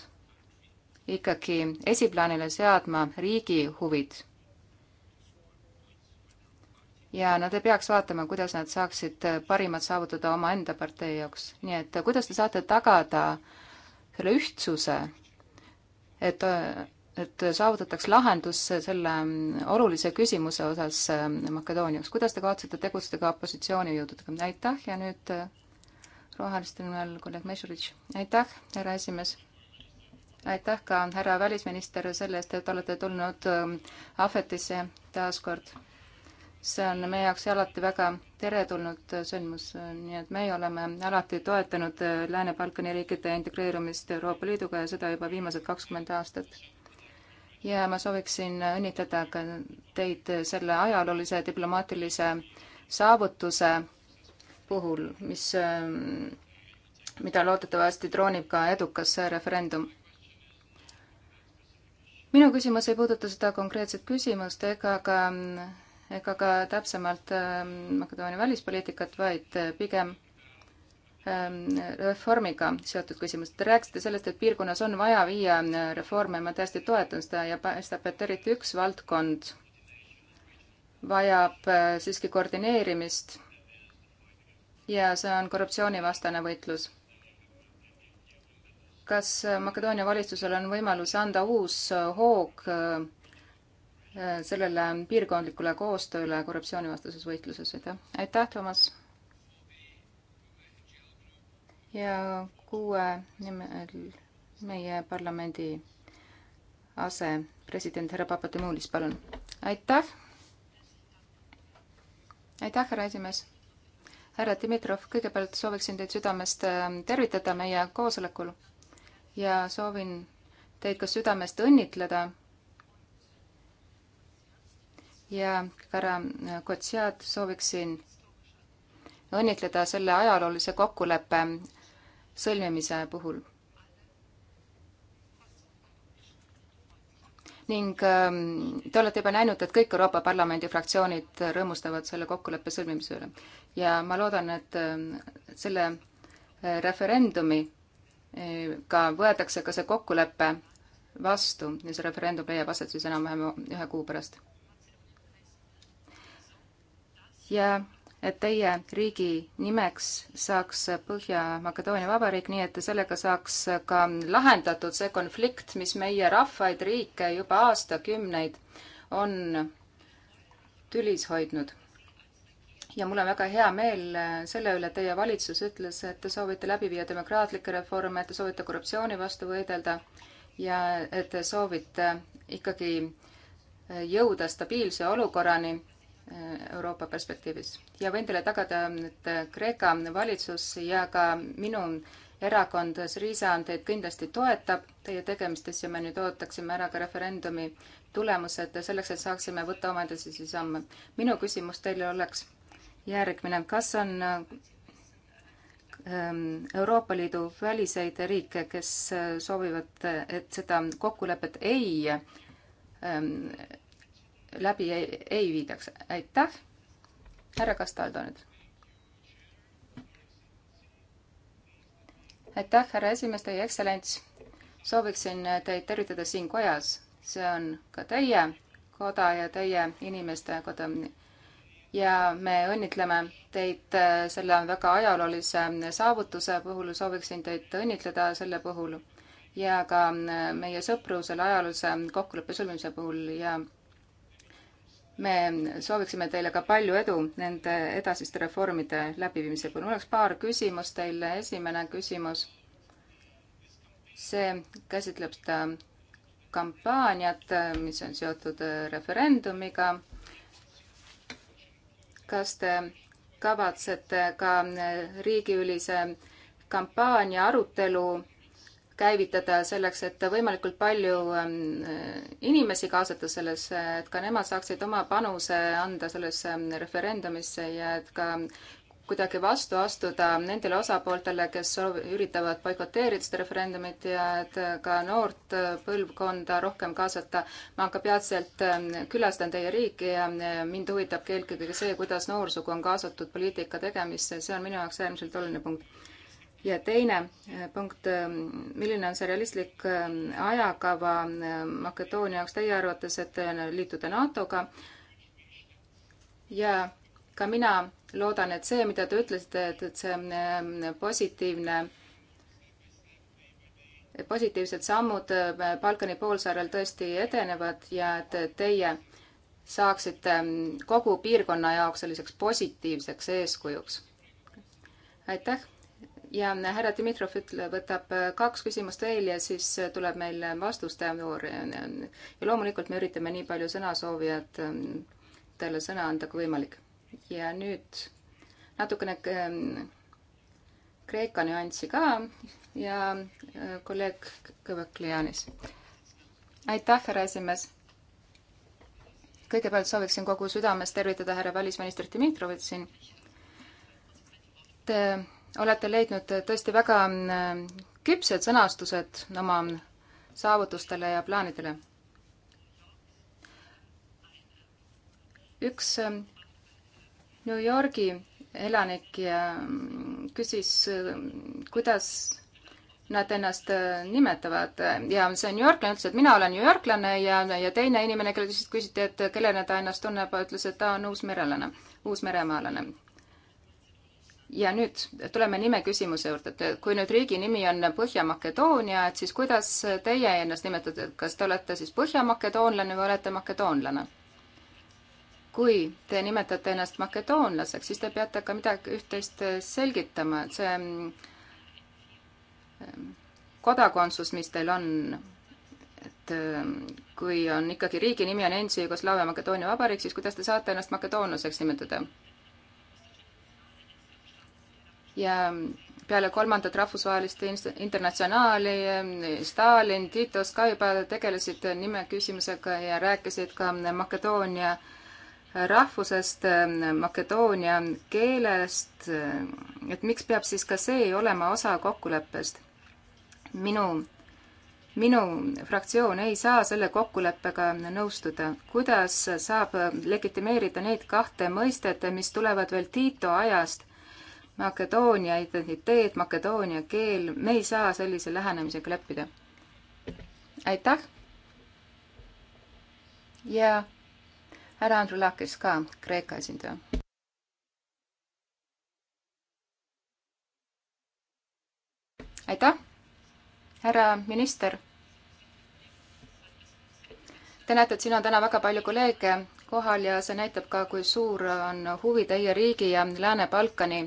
ikkagi esiplaanile seadma riigi huvid. ja nad ei peaks vaatama, kuidas nad saaksid parimat saavutada omaenda partei jaoks. nii et kuidas te saate tagada selle ühtsuse, et, et saavutataks lahendus selle olulise küsimuse osas Makedoonias. kuidas te kavatsete tegutseda ka opositsioonijõududega? aitäh ja nüüd roheliste nimel kolleeg Mešuritš. aitäh, härra esimees aitäh ka, härra välisminister, selle eest, et olete tulnud ähm, ahvetisse taaskord. see on meie jaoks alati väga teretulnud äh, sündmus, nii et meie oleme alati toetanud äh, Lääne-Balkani riikide integreerumist Euroopa Liiduga ja seda juba viimased kakskümmend aastat. ja ma sooviksin õnnitleda ka teid äh, selle ajaloolise diplomaatilise saavutuse puhul, mis, ähm, mida loodetavasti troonib ka edukas referendum minu küsimus ei puuduta seda konkreetset küsimust ega ka, ega ka täpsemalt ähm, Makedoonia välispoliitikat, vaid äh, pigem ähm, reformiga seotud küsimus. Te rääkisite sellest, et piirkonnas on vaja viia äh, reforme, ma täiesti toetan seda ja paistab, et eriti üks valdkond vajab äh, siiski koordineerimist ja see on korruptsioonivastane võitlus kas Makedoonia valitsusel on võimalus anda uus hoog äh, sellele piirkondlikule koostööle korruptsioonivastases võitluses, aitäh. aitäh, Toomas. ja kuue nimel meie parlamendi asepresident härra Papademoulis, palun. aitäh. aitäh, härra esimees härra Dimitrov, kõigepealt sooviksin teid südamest äh, tervitada meie koosolekul ja soovin teid ka südamest õnnitleda. ja härra Kotsiad, sooviksin õnnitleda selle ajaloolise kokkuleppe sõlmimise puhul. ning ähm, te olete juba näinud, et kõik Euroopa Parlamendi fraktsioonid rõõmustavad selle kokkuleppe sõlmimise üle ja ma loodan, et ähm, selle äh, referendumi ka võetakse ka see kokkulepe vastu ja see referendum leiab aset siis enam-vähem ühe kuu pärast. ja et teie riigi nimeks saaks Põhja-Makedoonia Vabariik, nii et sellega saaks ka lahendatud see konflikt, mis meie rahvaid, riike juba aastakümneid on tülis hoidnud ja mul on väga hea meel äh, selle üle, et teie valitsus ütles, et te soovite läbi viia demokraatlikke reforme, et te soovite korruptsiooni vastu võidelda ja et te soovite ikkagi äh, jõuda stabiilse olukorrani äh, Euroopa perspektiivis. ja võin teile tagada, et Kreeka valitsus ja ka minu erakond Syriza teid kindlasti toetab teie tegemistes ja me nüüd ootaksime ära ka referendumi tulemused selleks, et saaksime võtta omandisse siis samme. minu küsimus teile oleks järgmine, kas on ähm, Euroopa Liidu väliseid riike, kes äh, soovivad, äh, et seda kokkulepet ei, ähm, läbi ei, ei viidaks. aitäh, härra Kastaldo nüüd. aitäh, härra esimees, teie ekstsellents. sooviksin teid tervitada siin kojas, see on ka teie koda ja teie inimeste koda ja me õnnitleme teid äh, selle väga ajaloolise saavutuse puhul, sooviksin teid õnnitleda selle puhul ja ka äh, meie sõpru selle ajaloolise kokkuleppe sõlmimise puhul ja me sooviksime teile ka palju edu nende edasiste reformide läbiviimise puhul. mul oleks paar küsimust teile. esimene küsimus, see käsitleb seda kampaaniat, mis on seotud referendumiga kas te kavatsete ka riigiülise kampaania arutelu käivitada selleks, et võimalikult palju ähm, inimesi kaasata sellesse, et ka nemad saaksid oma panuse anda sellesse ähm, referendumisse ja et ka kuidagi vastu astuda nendele osapooltele, kes üritavad boikoteerida seda referendumit ja et ka noort põlvkonda rohkem kaasata. ma ka peatselt ähm, külastan teie riiki ja mind huvitabki eelkõige see, kuidas noorsugu on kaasatud poliitika tegemisse, see on minu jaoks äärmiselt oluline punkt ja teine äh, punkt, ähm, milline on see realistlik ähm, ajakava Makedoonia jaoks teie arvates, et äh, liituda NATO-ga? ja ka mina loodan, et see, mida te ütlesite, et, et see mm, positiivne, positiivsed sammud äh, Balkani poolsaarel tõesti edenevad ja et teie saaksite mm, kogu piirkonna jaoks selliseks positiivseks eeskujuks. aitäh ja mm, härra Dmitrov ütle, võtab äh, kaks küsimust veel ja siis äh, tuleb meil vastuste voor. ja loomulikult me üritame nii palju sõnasoovijatele sõna anda kui võimalik ja nüüd natukene ähm, Kreeka nüanssi ka ja äh, kolleeg Kõvaklianis. aitäh, härra esimees! kõigepealt sooviksin kogu südamest tervitada härra välisminister Dmitrovit siin. Te olete leidnud tõesti väga äh, küpsed sõnastused oma saavutustele ja plaanidele. üks äh, New Yorgi elanik ja mm, küsis, kuidas nad ennast äh, nimetavad ja see New Yorklane ütles, et mina olen New Yorklane ja, ja teine inimene, kellelt lihtsalt küsiti, et kellena ta ennast tunneb, ütles, et ta on uusmerelane, uusmeremaalane. ja nüüd tuleme nime küsimuse juurde, et kui nüüd riigi nimi on Põhja-Makedoonia, et siis kuidas teie ennast nimetate, kas te olete siis põhjamakedoonlane või olete makedoonlane? kui te nimetate ennast makedoonlaseks, siis te peate ka midagi üht-teist äh, selgitama, et see mm, mm, kodakondsus, mis teil on, et mm, kui on ikkagi riigi nimi on endise Jugoslaavia Makedoonia Vabariik, siis kuidas te saate ennast makedoonlaseks nimetada? ja peale kolmandat rahvusvahelist internatsionaali Stalin, Titos ka juba tegelesid nime küsimusega ja rääkisid ka Makedoonia äh, rahvusest, Makedoonia keelest, et miks peab siis ka see olema osa kokkuleppest? minu, minu fraktsioon ei saa selle kokkuleppega nõustuda. kuidas saab legitimeerida neid kahte mõistet, mis tulevad veel Tiito ajast? Makedoonia identiteet, Makedoonia keel, me ei saa sellise lähenemisega leppida. aitäh! ja yeah härra Andrulakis ka, Kreeka esindaja. aitäh, härra minister. Te näete, et siin on täna väga palju kolleege kohal ja see näitab ka, kui suur on huvi teie riigi ja Lääne-Balkani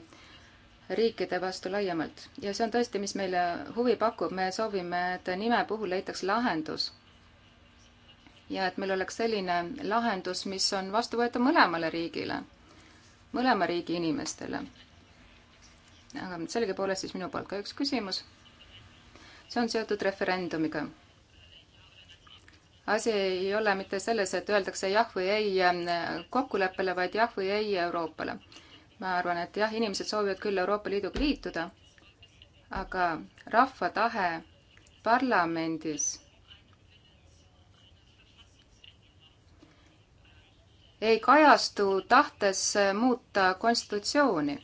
riikide vastu laiemalt. ja see on tõesti, mis meile huvi pakub, me soovime, et nime puhul leitaks lahendus ja et meil oleks selline lahendus, mis on vastuvõetav mõlemale riigile, mõlema riigi inimestele. aga sellegipoolest siis minu poolt ka üks küsimus. see on seotud referendumiga. asi ei ole mitte selles, et öeldakse jah või ei äh, kokkuleppele, vaid jah või ei Euroopale. ma arvan, et jah, inimesed soovivad küll Euroopa Liiduga liituda, aga rahva tahe parlamendis ei kajastu tahtes muuta konstitutsiooni.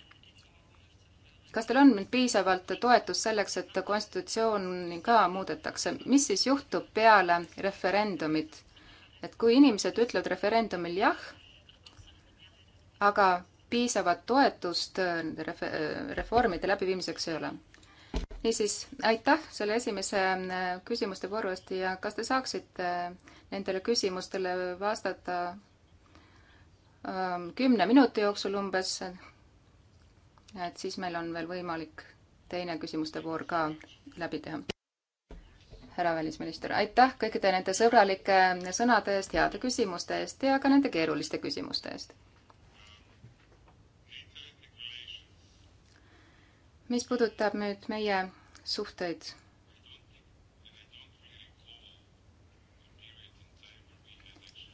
kas teil on piisavalt toetust selleks, et konstitutsiooni ka muudetakse? mis siis juhtub peale referendumit? et kui inimesed ütlevad referendumil jah, aga piisavat toetust äh, äh, reformide läbiviimiseks ei ole. niisiis, aitäh selle esimese äh, küsimuste vooru eest ja kas te saaksite nendele küsimustele vastata Ähm, kümne minuti jooksul umbes. et siis meil on veel võimalik teine küsimuste voor ka läbi teha. härra välisminister, aitäh kõikide nende sõbralike sõnade eest, heade küsimuste eest ja ka nende keeruliste küsimuste eest. mis puudutab nüüd meie suhteid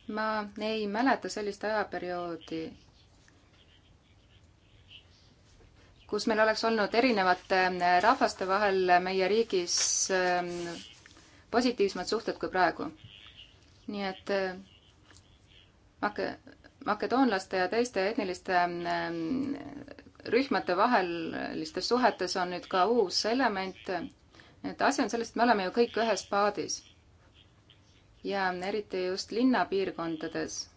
ma ei mäleta sellist ajaperioodi, kus meil oleks olnud erinevate äh, rahvaste vahel meie riigis ähm, positiivsemad suhted kui praegu. nii et äh, make-, makedoonlaste ja teiste etniliste ähm, rühmade vahelistes suhetes on nüüd ka uus element. et asi on selles, et me oleme ju kõik ühes paadis ja eriti just linnapiirkondades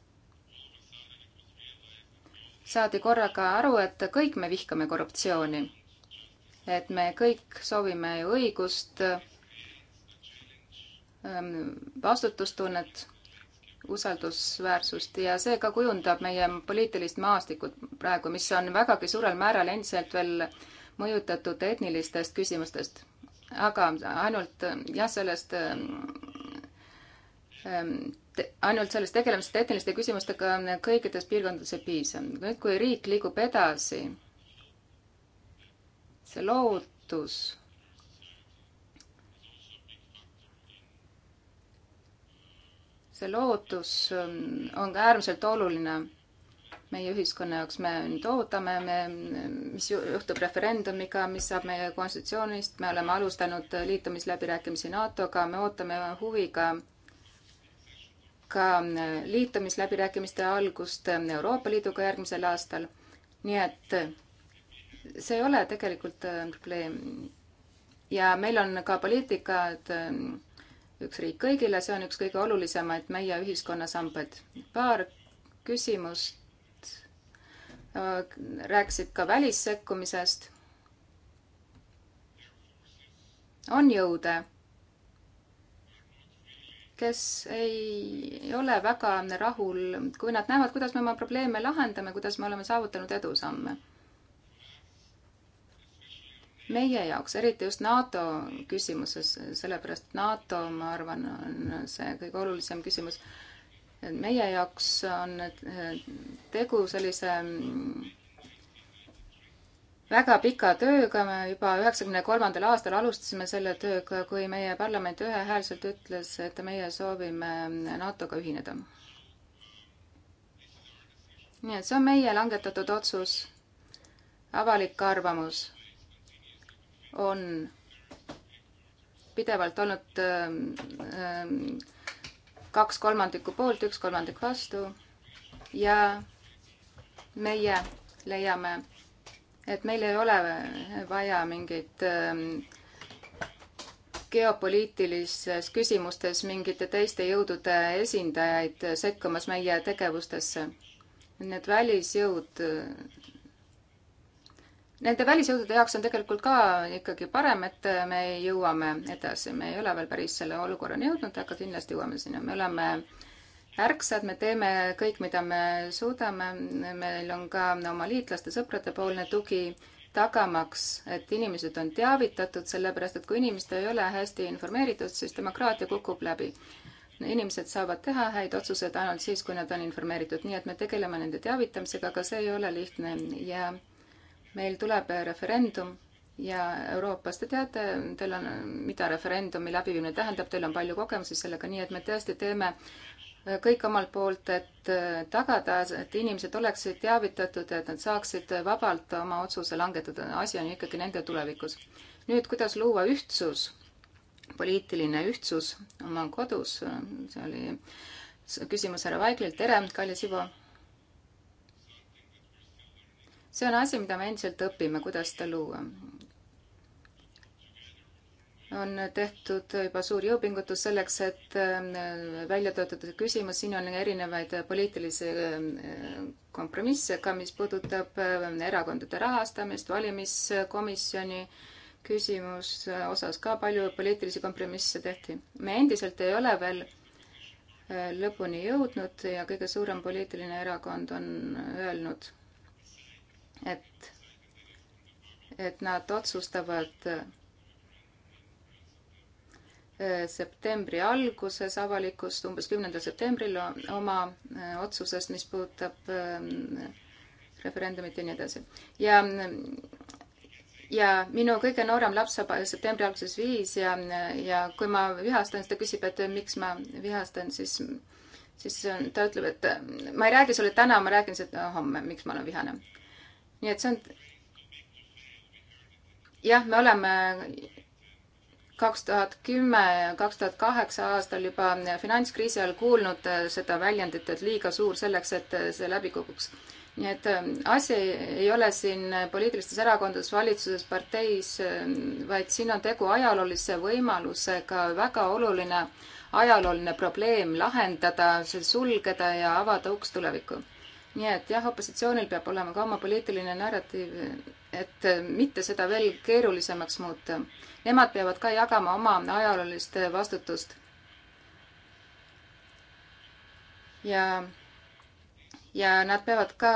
saadi korraga aru, et kõik me vihkame korruptsiooni. et me kõik soovime ju õigust, ähm, vastutustunnet, usaldusväärsust ja see ka kujundab meie poliitilist maastikut praegu, mis on vägagi suurel määral endiselt veel mõjutatud etnilistest küsimustest. aga ainult jah, sellest ähm, Ehm, ainult sellest tegelemisest tehniliste küsimustega kõikides piirkondades ei piisa. nüüd, kui riik liigub edasi, see lootus see lootus ehm, on ka äärmiselt oluline meie ühiskonna jaoks, me nüüd ootame, me, mis juhtub referendumiga, mis saab meie konstitutsioonist, me oleme alustanud liitumisläbirääkimisi NATO-ga, me ootame huviga äh, ka äh, liitumisläbirääkimiste algust äh, Euroopa Liiduga järgmisel aastal. nii et äh, see ei ole tegelikult probleem. ja meil on ka poliitika, et üks riik kõigile, see on üks kõige olulisemaid meie ühiskonnasambaid. paar küsimust rääkisid ka välissekkumisest. on jõude kes ei ole väga rahul, kui nad näevad, kuidas me oma probleeme lahendame, kuidas me oleme saavutanud edusamme. meie jaoks, eriti just NATO küsimuses, sellepärast NATO, ma arvan, on see kõige olulisem küsimus. meie jaoks on tegu sellise väga pika tööga, me juba üheksakümne kolmandal aastal alustasime selle tööga, kui meie parlament ühehäälselt ütles, et meie soovime NATO-ga ühineda. nii et see on meie langetatud otsus. avalik arvamus on pidevalt olnud ähm, ähm, kaks kolmandikku poolt, üks kolmandik vastu ja meie leiame et meil ei ole vaja mingeid ähm, geopoliitilises küsimustes mingite teiste jõudude esindajaid sekkumas meie tegevustesse. Need välisjõud, nende välisjõudude jaoks on tegelikult ka ikkagi parem, et me jõuame edasi, me ei ole veel päris selle olukorrani jõudnud, aga kindlasti jõuame sinna, me oleme äh, ärksad, me teeme kõik, mida me suudame, meil on ka oma liitlaste, sõprade poolne tugi tagamaks, et inimesed on teavitatud, sellepärast et kui inimesed ei ole hästi informeeritud, siis demokraatia kukub läbi. inimesed saavad teha häid otsuseid ainult siis, kui nad on informeeritud, nii et me tegeleme nende teavitamisega, aga see ei ole lihtne ja meil tuleb referendum ja Euroopas te teate, teil on, mida referendumi läbiviimine tähendab, teil on palju kogemusi sellega, nii et me tõesti teeme äh, kõik omalt poolt, et äh, tagada, et inimesed oleksid teavitatud, et nad saaksid vabalt oma otsuse langetada. asi on ikkagi nende tulevikus. nüüd, kuidas luua ühtsus, poliitiline ühtsus oma kodus, see oli küsimus härra Vaiglilt. tere, kallis Ivo! see on asi, mida me endiselt õpime, kuidas seda luua on tehtud juba suur jõupingutus selleks, et äh, välja töötada küsimus, siin on erinevaid poliitilisi äh, kompromisse ka, mis puudutab äh, erakondade rahastamist, valimiskomisjoni küsimuse osas ka palju poliitilisi kompromisse tehti. me endiselt ei ole veel lõpuni jõudnud ja kõige suurem poliitiline erakond on öelnud, et, et nad otsustavad Eh, septembri alguses avalikust, umbes kümnendal septembril oma eh, otsusest, mis puudutab ehm, referendumit ja nii edasi. ja, ja minu kõige noorem laps saab septembri alguses viis ja, ja kui ma vihastan, siis ta küsib, et miks ma vihastan, siis, siis ta ütleb, et ma ei räägi sulle täna, ma räägin seda homme, miks ma olen vihane. nii et see on jah, me oleme kaks tuhat kümme, kaks tuhat kaheksa aastal juba finantskriisi ajal kuulnud äh, seda väljendit, et liiga suur selleks, et äh, see läbi kukuks. nii et äh, asi ei ole siin poliitilistes erakondades, valitsuses, parteis, vaid siin on tegu ajaloolise võimalusega väga oluline ajalooline probleem lahendada, see sulgeda ja avada uks tulevikku. nii et jah, opositsioonil peab olema ka oma poliitiline narratiiv et mitte seda veel keerulisemaks muuta. Nemad peavad ka jagama oma ajaloolist vastutust. ja, ja nad peavad ka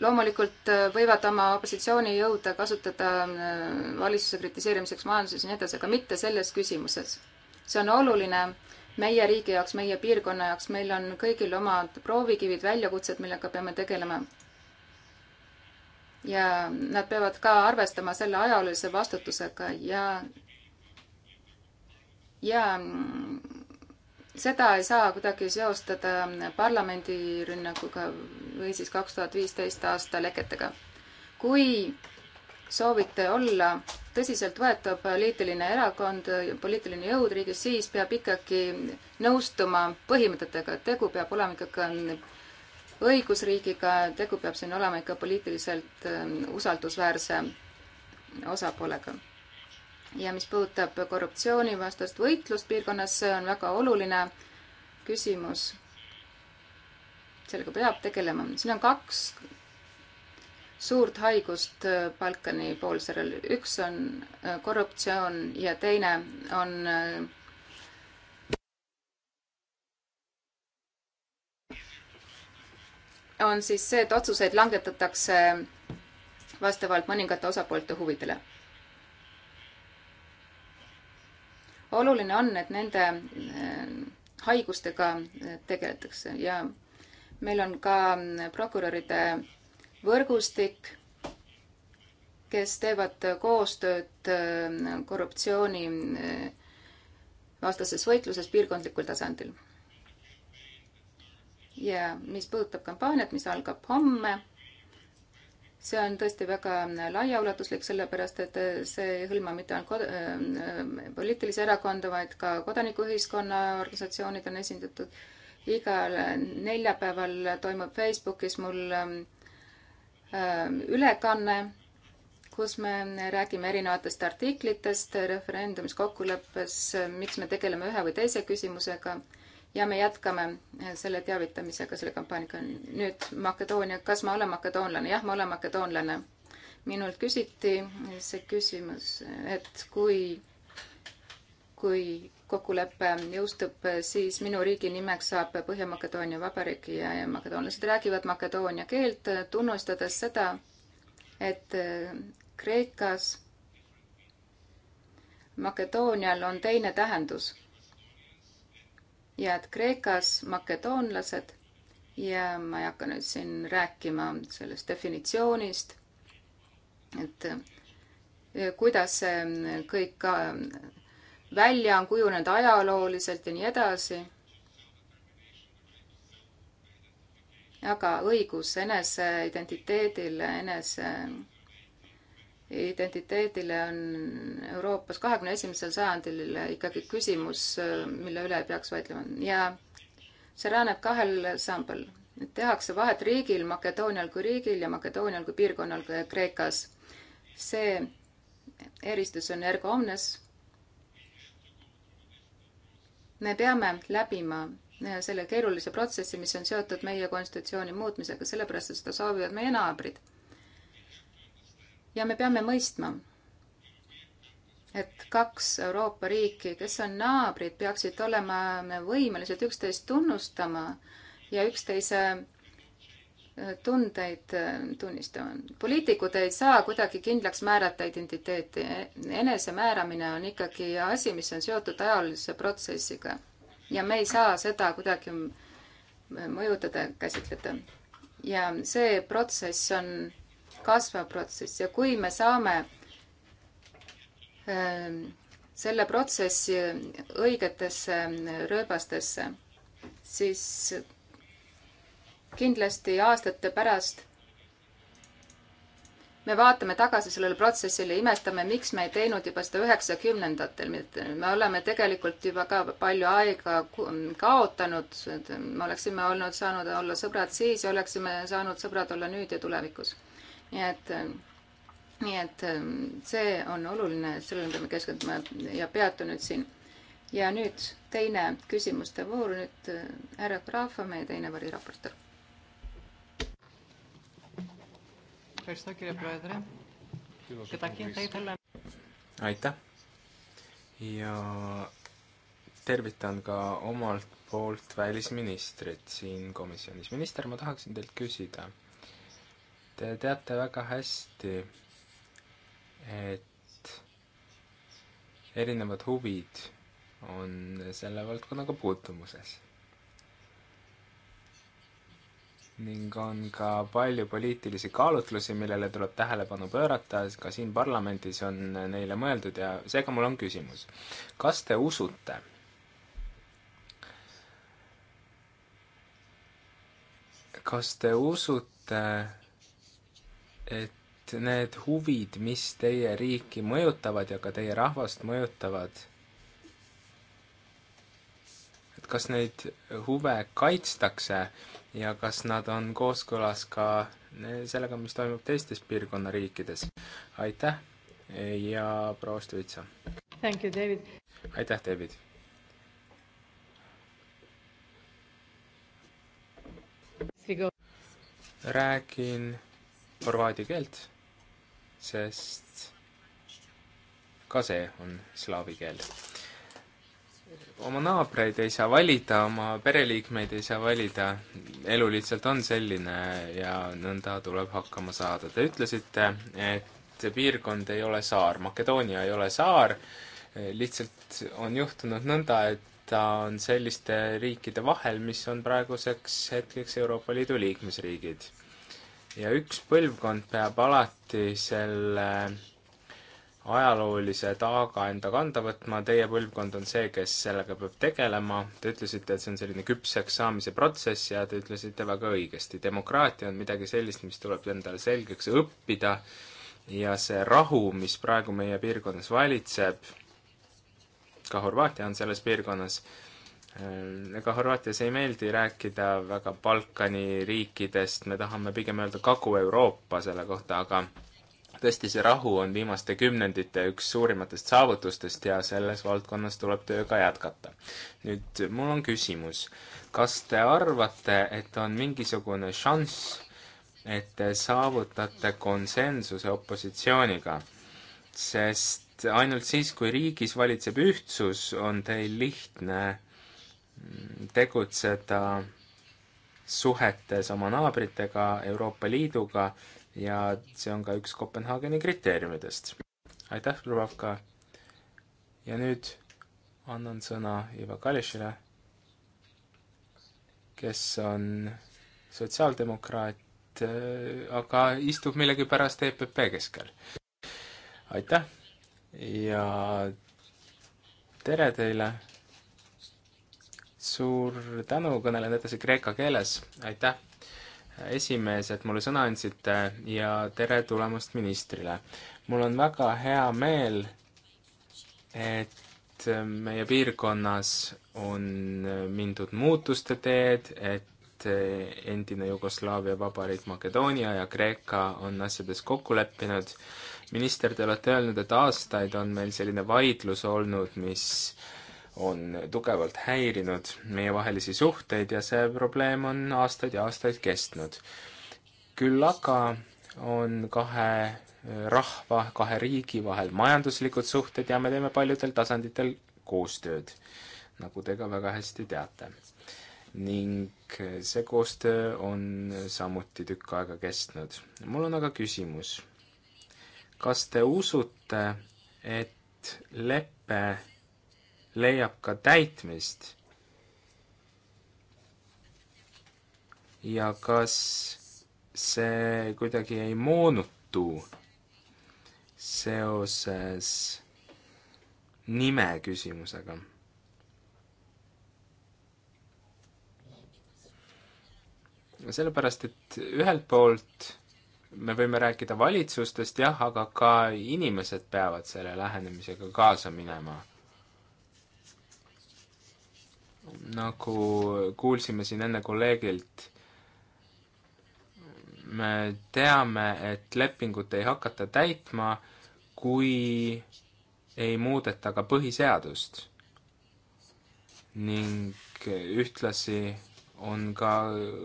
loomulikult võivad oma opositsioonijõude kasutada äh, valitsuse kritiseerimiseks majanduses ja nii edasi, aga mitte selles küsimuses. see on oluline meie riigi jaoks, meie piirkonna jaoks, meil on kõigil omad proovikivid, väljakutsed, millega peame tegelema ja nad peavad ka arvestama selle ajaloolise vastutusega ja, ja seda ei saa kuidagi seostada parlamendi rünnakuga või siis kaks tuhat viisteist aasta leketega. kui soovite olla tõsiseltvõetav poliitiline erakond, poliitiline jõud riigis, siis peab ikkagi nõustuma põhimõtetega, tegu peab olema ikkagi õigusriigiga, tegu peab siin olema ikka poliitiliselt ähm, usaldusväärse osapoolega. ja mis puudutab korruptsioonivastast võitlust piirkonnas, see on väga oluline küsimus. sellega peab tegelema. siin on kaks suurt haigust äh, Balkani poolsaarel. üks on äh, korruptsioon ja teine on äh, on siis see, et otsuseid langetatakse vastavalt mõningate osapoolte huvidele. oluline on, et nende eh, haigustega eh, tegeletakse ja meil on ka mm, prokuröride võrgustik, kes teevad koostööd eh, korruptsiooni vastases võitluses piirkondlikul tasandil ja mis puudutab kampaaniat, mis algab homme, see on tõesti väga laiaulatuslik, sellepärast et see ei hõlma mitte ainult kod-, äh, äh, poliitilisi erakonda, vaid ka kodanikuühiskonna organisatsioonid on esindatud. igal neljapäeval toimub Facebookis mul ähm, äh, ülekanne, kus me räägime erinevatest artiklitest referendumis kokkuleppes, miks me tegeleme ühe või teise küsimusega ja me jätkame eh, selle teavitamisega, selle kampaaniaga. nüüd Makedoonia, kas ma olen makedoonlane? jah, ma olen makedoonlane. minult küsiti see küsimus, et kui, kui kokkulepe jõustub, siis minu riigi nimeks saab Põhja-Makedoonia Vabariik ja, ja makedoonlased räägivad makedoonia keelt, tunnustades seda, et eh, Kreekas Makedoonial on teine tähendus ja et Kreekas makedoonlased ja ma ei hakka nüüd siin rääkima sellest definitsioonist, et eh, kuidas see eh, kõik eh, välja on kujunenud ajalooliselt ja nii edasi. aga õigus eneseidentiteedile, enese, identiteedile, enese identiteedile on Euroopas kahekümne esimesel sajandil ikkagi küsimus, mille üle ei peaks vaidlema ja see rääneb kahel sambal. tehakse vahet riigil, Makedoonial kui riigil ja Makedoonial kui piirkonnal Kreekas. see eristus on ergo omnes. me peame läbima selle keerulise protsessi, mis on seotud meie konstitutsiooni muutmisega, sellepärast et seda soovivad meie naabrid ja me peame mõistma, et kaks Euroopa riiki, kes on naabrid, peaksid olema võimelised üksteist tunnustama ja üksteise äh, tundeid äh, tunnistama. poliitikud ei saa kuidagi kindlaks määrata identiteeti. enesemääramine on ikkagi asi, mis on seotud ajaloolise protsessiga ja me ei saa seda kuidagi mõjutada, käsitleda. ja see protsess on kasvav protsess ja kui me saame ähm, selle protsessi õigetesse rööbastesse, siis kindlasti aastate pärast me vaatame tagasi sellele protsessile, imestame, miks me ei teinud juba seda üheksakümnendatel, me oleme tegelikult juba ka palju aega kaotanud, me oleksime olnud, saanud olla sõbrad siis ja oleksime saanud sõbrad olla nüüd ja tulevikus nii et ähm, nii et ähm, see on oluline, sellele peame keskenduma ja peatun nüüd siin. ja nüüd teine küsimuste voor, nüüd äh, härra Graafo, meie teine variraportor. aitäh ja tervitan ka omalt poolt välisministrit siin komisjonis. minister, ma tahaksin teilt küsida Te teate väga hästi, et erinevad huvid on selle valdkonnaga puutumuses. ning on ka palju poliitilisi kaalutlusi, millele tuleb tähelepanu pöörata, ka siin parlamendis on neile mõeldud ja seega mul on küsimus. kas te usute, kas te usute et need huvid, mis teie riiki mõjutavad ja ka teie rahvast mõjutavad, et kas neid huve kaitstakse ja kas nad on kooskõlas ka sellega, mis toimub teistes piirkonna riikides. aitäh ja proua Stuvitsa! aitäh, David! räägin horvaadi keelt, sest ka see on slaavi keel. oma naabreid ei saa valida, oma pereliikmeid ei saa valida, elu lihtsalt on selline ja nõnda tuleb hakkama saada. Te ütlesite, et piirkond ei ole saar, Makedoonia ei ole saar, lihtsalt on juhtunud nõnda, et ta on selliste riikide vahel, mis on praeguseks hetkeks Euroopa Liidu liikmesriigid ja üks põlvkond peab alati selle ajaloolise taaga enda kanda võtma, teie põlvkond on see, kes sellega peab tegelema, te ütlesite, et see on selline küpseks saamise protsess ja te ütlesite väga õigesti, demokraatia on midagi sellist, mis tuleb endale selgeks õppida ja see rahu, mis praegu meie piirkonnas valitseb, ka Horvaatia on selles piirkonnas, Äh, ega Horvaatias ei meeldi rääkida väga Balkani riikidest, me tahame pigem öelda Kagu-Euroopa selle kohta, aga tõesti, see rahu on viimaste kümnendite üks suurimatest saavutustest ja selles valdkonnas tuleb tööga jätkata. nüüd mul on küsimus, kas te arvate, et on mingisugune šanss, et te saavutate konsensuse opositsiooniga, sest ainult siis, kui riigis valitseb ühtsus, on teil lihtne äh, tegutseda suhetes oma naabritega, Euroopa Liiduga ja see on ka üks Kopenhaageni kriteeriumidest. aitäh, Lubavka! ja nüüd annan sõna Ivo Kalešile, kes on sotsiaaldemokraat, äh, aga istub millegipärast EPP keskel. aitäh ja tere teile suur tänu, kõnelen edasi kreeka keeles, aitäh, esimees, et mulle sõna andsite ja tere tulemast ministrile. mul on väga hea meel, et meie piirkonnas on mindud muutuste teed, et endine Jugoslaavia vabariik Makedoonia ja Kreeka on asjades kokku leppinud. minister, te olete öelnud, et aastaid on meil selline vaidlus olnud, mis on tugevalt häirinud meievahelisi suhteid ja see probleem on aastaid ja aastaid kestnud. küll aga on kahe äh, rahva, kahe riigi vahel majanduslikud suhted ja me teeme paljudel tasanditel koostööd, nagu te ka väga hästi teate. ning äh, see koostöö on samuti tükk aega kestnud. mul on aga küsimus. kas te usute, et lepe leiab ka täitmist. ja kas see kuidagi ei moonutu seoses nime küsimusega? sellepärast, et ühelt poolt me võime rääkida valitsustest jah, aga ka inimesed peavad selle lähenemisega kaasa minema nagu kuulsime siin enne kolleegilt, me teame, et lepingut ei hakata täitma, kui ei muudeta ka põhiseadust. ning ühtlasi on ka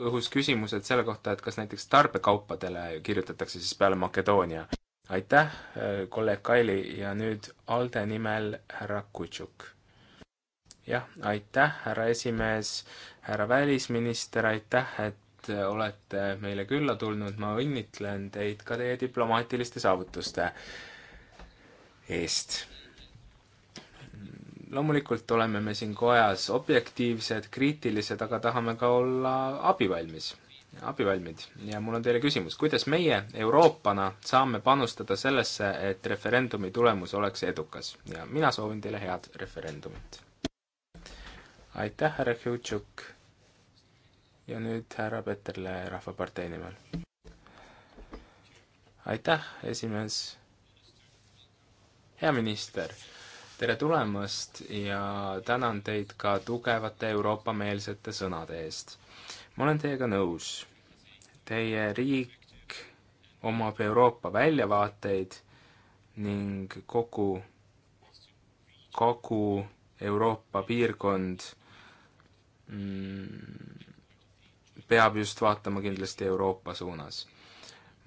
õhus küsimused selle kohta, et kas näiteks tarbekaupadele kirjutatakse siis peale Makedoonia. aitäh, kolleeg Kaili ja nüüd ALDE nimel härra Kutšuk jah, aitäh, härra esimees, härra välisminister, aitäh, et olete meile külla tulnud, ma õnnitlen teid ka teie diplomaatiliste saavutuste eest loomulikult oleme me siin kojas objektiivsed, kriitilised, aga tahame ka olla abivalmis, abivalmid. ja mul on teile küsimus, kuidas meie Euroopana saame panustada sellesse, et referendumi tulemus oleks edukas ja mina soovin teile head referendumit aitäh, härra Kjutšuk. ja nüüd härra Peterle Rahvapartei nimel. aitäh, esimees. hea minister, tere tulemast ja tänan teid ka tugevate Euroopa-meelsete sõnade eest. ma olen teiega nõus. Teie riik omab Euroopa väljavaateid ning kogu, kogu Euroopa piirkond Mm, peab just vaatama kindlasti Euroopa suunas.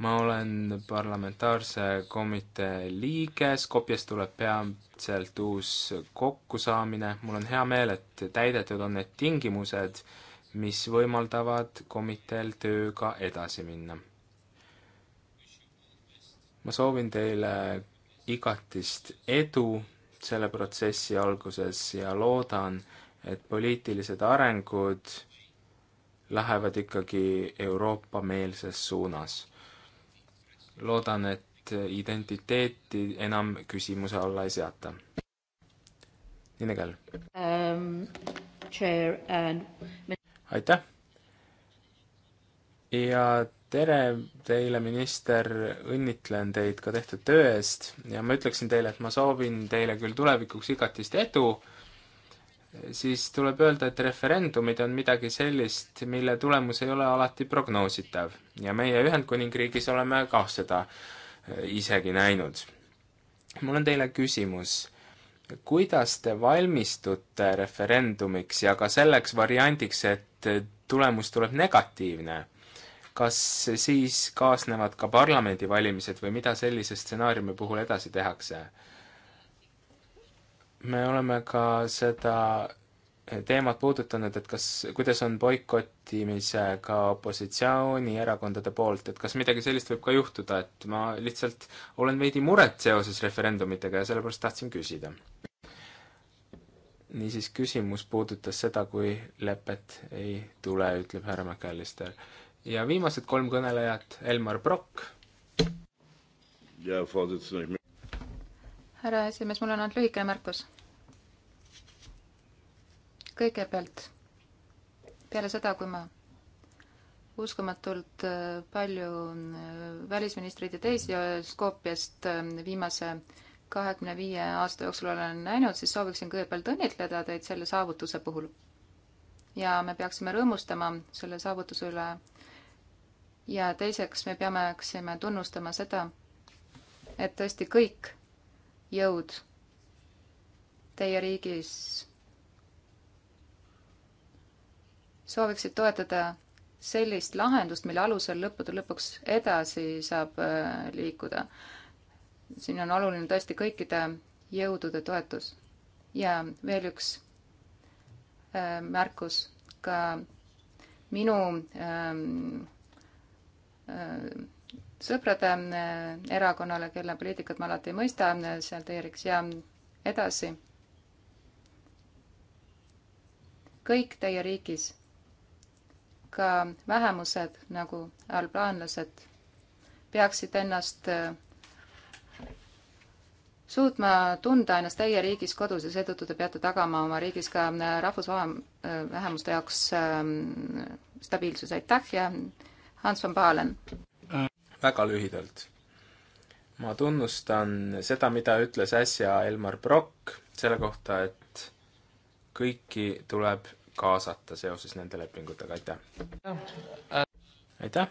ma olen parlamentaarse komitee liige, Skopjes tuleb peatselt uus kokkusaamine, mul on hea meel, et täidetud on need tingimused, mis võimaldavad komiteel tööga edasi minna. ma soovin teile igatist edu selle protsessi alguses ja loodan, et poliitilised arengud lähevad ikkagi Euroopa-meelses suunas. loodan, et identiteeti enam küsimuse alla ei seata. Nine Käll um,. And... aitäh! ja tere teile, minister, õnnitlen teid ka tehtud töö eest ja ma ütleksin teile, et ma soovin teile küll tulevikuks igatist edu, siis tuleb öelda, et referendumid on midagi sellist, mille tulemus ei ole alati prognoositav ja meie Ühendkuningriigis oleme ka seda äh, isegi näinud. mul on teile küsimus, kuidas te valmistute referendumiks ja ka selleks variandiks, et äh, tulemus tuleb negatiivne? kas siis kaasnevad ka parlamendivalimised või mida sellise stsenaariumi puhul edasi tehakse? me oleme ka seda teemat puudutanud, et kas, kuidas on boikotimisega opositsioonierakondade poolt, et kas midagi sellist võib ka juhtuda, et ma lihtsalt olen veidi muret seoses referendumitega ja sellepärast tahtsin küsida. niisiis, küsimus puudutas seda, kui lepet ei tule, ütleb härra McAllister. ja viimased kolm kõnelejat, Elmar Brokk härra esimees, mul on ainult lühikene märkus. kõigepealt, peale seda, kui ma uskumatult äh, palju äh, välisministreid ja teisi Skopjast äh, viimase kahekümne viie aasta jooksul olen näinud, siis sooviksin kõigepealt õnnitleda teid selle saavutuse puhul. ja me peaksime rõõmustama selle saavutuse üle. ja teiseks me peaksime tunnustama seda, et tõesti kõik jõud teie riigis sooviksid toetada sellist lahendust, mille alusel lõppude lõpuks edasi saab äh, liikuda. siin on oluline tõesti kõikide jõudude toetus. ja veel üks äh, märkus ka minu ähm, äh, sõprade eh, erakonnale, kelle poliitikat ma alati ei mõista, eh, sealt Eeriks ja edasi. kõik teie riigis, ka vähemused nagu albaanlased, peaksid ennast eh, suutma tunda ennast teie riigis kodus ja seetõttu te peate tagama oma riigis ka rahvusvähemuste jaoks stabiilsuse. aitäh ja Hans van Balen! väga lühidalt. ma tunnustan seda, mida ütles äsja Elmar Brokk selle kohta, et kõiki tuleb kaasata seoses nende lepingutega, aitäh! aitäh!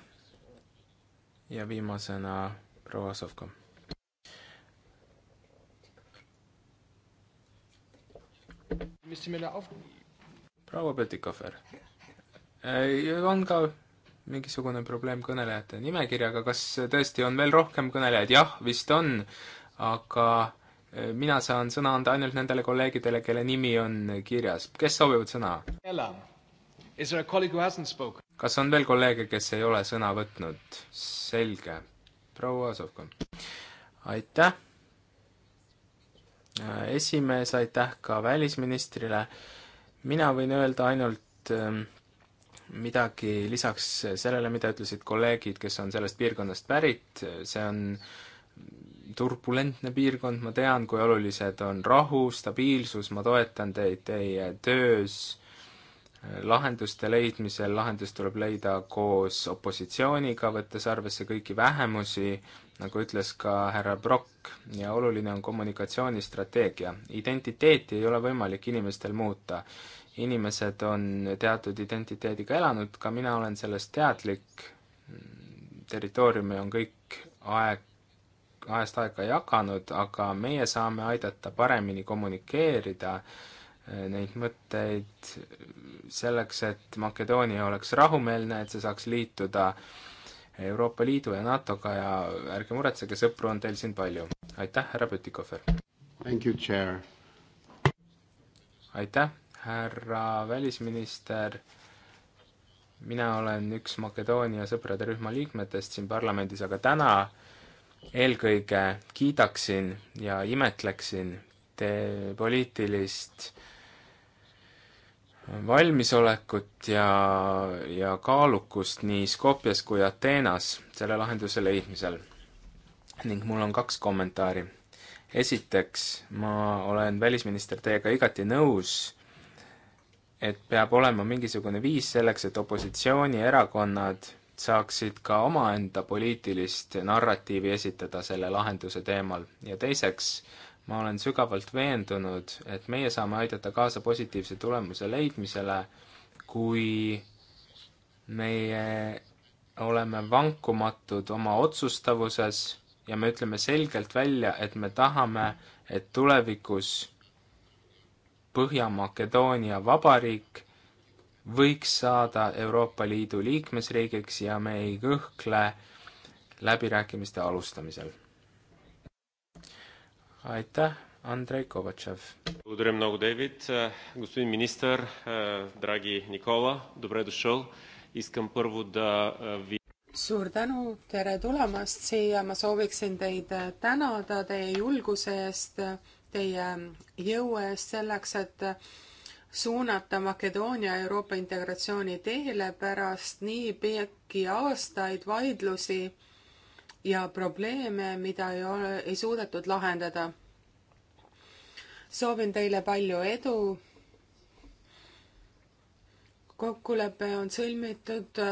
ja viimasena proua Sovko. proua Petikofer, äh, on ka mingisugune probleem kõnelejate nimekirjaga, kas tõesti on veel rohkem kõnelejaid, jah, vist on, aga e, mina saan sõna anda ainult nendele kolleegidele, kelle nimi on kirjas. kes soovivad sõna? kas on veel kolleege, kes ei ole sõna võtnud? selge. proua Sovkon. aitäh! E, esimees, aitäh ka välisministrile. mina võin öelda ainult e, midagi lisaks sellele, mida ütlesid kolleegid, kes on sellest piirkonnast pärit, see on turbulentne piirkond, ma tean, kui olulised on rahu, stabiilsus, ma toetan teid teie töös lahenduste leidmisel, lahendus tuleb leida koos opositsiooniga, võttes arvesse kõiki vähemusi, nagu ütles ka härra Brock, ja oluline on kommunikatsioonistrateegia. identiteeti ei ole võimalik inimestel muuta inimesed on teatud identiteediga elanud, ka mina olen sellest teadlik, territooriumi on kõik aeg, ajast aega jaganud, aga meie saame aidata paremini kommunikeerida eh, neid mõtteid selleks, et Makedoonia oleks rahumeelne, et see saaks liituda Euroopa Liidu ja NATO-ga ja ärge muretsege, sõpru on teil siin palju. aitäh, härra Pütikofer! aitäh! härra välisminister, mina olen üks Makedoonia sõprade rühma liikmetest siin parlamendis, aga täna eelkõige kiidaksin ja imetleksin te poliitilist valmisolekut ja, ja kaalukust nii Skopjas kui Ateenas selle lahenduse leidmisel. ning mul on kaks kommentaari. esiteks, ma olen, välisminister, teiega igati nõus et peab olema mingisugune viis selleks, et opositsioonierakonnad saaksid ka omaenda poliitilist narratiivi esitada selle lahenduse teemal ja teiseks, ma olen sügavalt veendunud, et meie saame aidata kaasa positiivse tulemuse leidmisele, kui meie oleme vankumatud oma otsustavuses ja me ütleme selgelt välja, et me tahame, et tulevikus Põhja-Makedoonia Vabariik võiks saada Euroopa Liidu liikmesriigiks ja me ei kõhkle läbirääkimiste alustamisel. aitäh, Andrei Kovatšev. suur tänu, tere tulemast siia, ma sooviksin teid tänada teie julguse eest teie jõu eest selleks, et suunata Makedoonia Euroopa integratsiooni teele pärast nii pikki aastaid vaidlusi ja probleeme, mida ei ole, ei suudetud lahendada. soovin teile palju edu. kokkulepe on sõlmitud.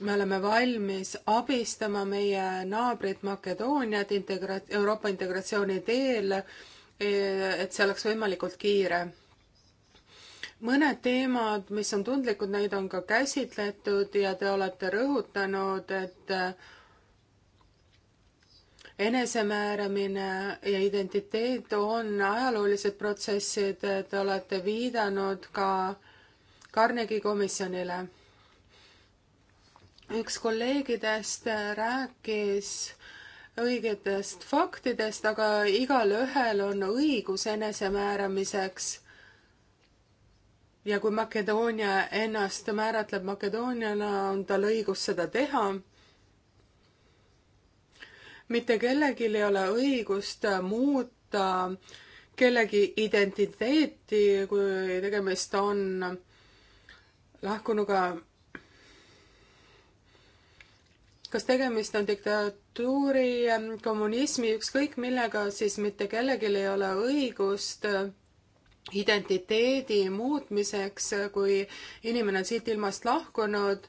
me oleme valmis abistama meie naabrit Makedooniat integra-, Euroopa integratsiooni teel Eh, et see oleks võimalikult kiire. mõned teemad, mis on tundlikud, neid on ka käsitletud ja te olete rõhutanud, et eh, enesemääramine ja identiteet on ajaloolised protsessid, te olete viidanud ka Carnegie komisjonile. üks kolleegidest rääkis õigetest faktidest, aga igalühel on õigus enesemääramiseks. ja kui Makedoonia ennast määratleb Makedooniana, on tal õigus seda teha mitte kellelgi ei ole õigust muuta kellegi identiteeti, kui tegemist on lahkunuga. kas tegemist on dikta-, kultuuri, kommunismi, ükskõik millega, siis mitte kellelgi ei ole õigust identiteedi muutmiseks, kui inimene on siit ilmast lahkunud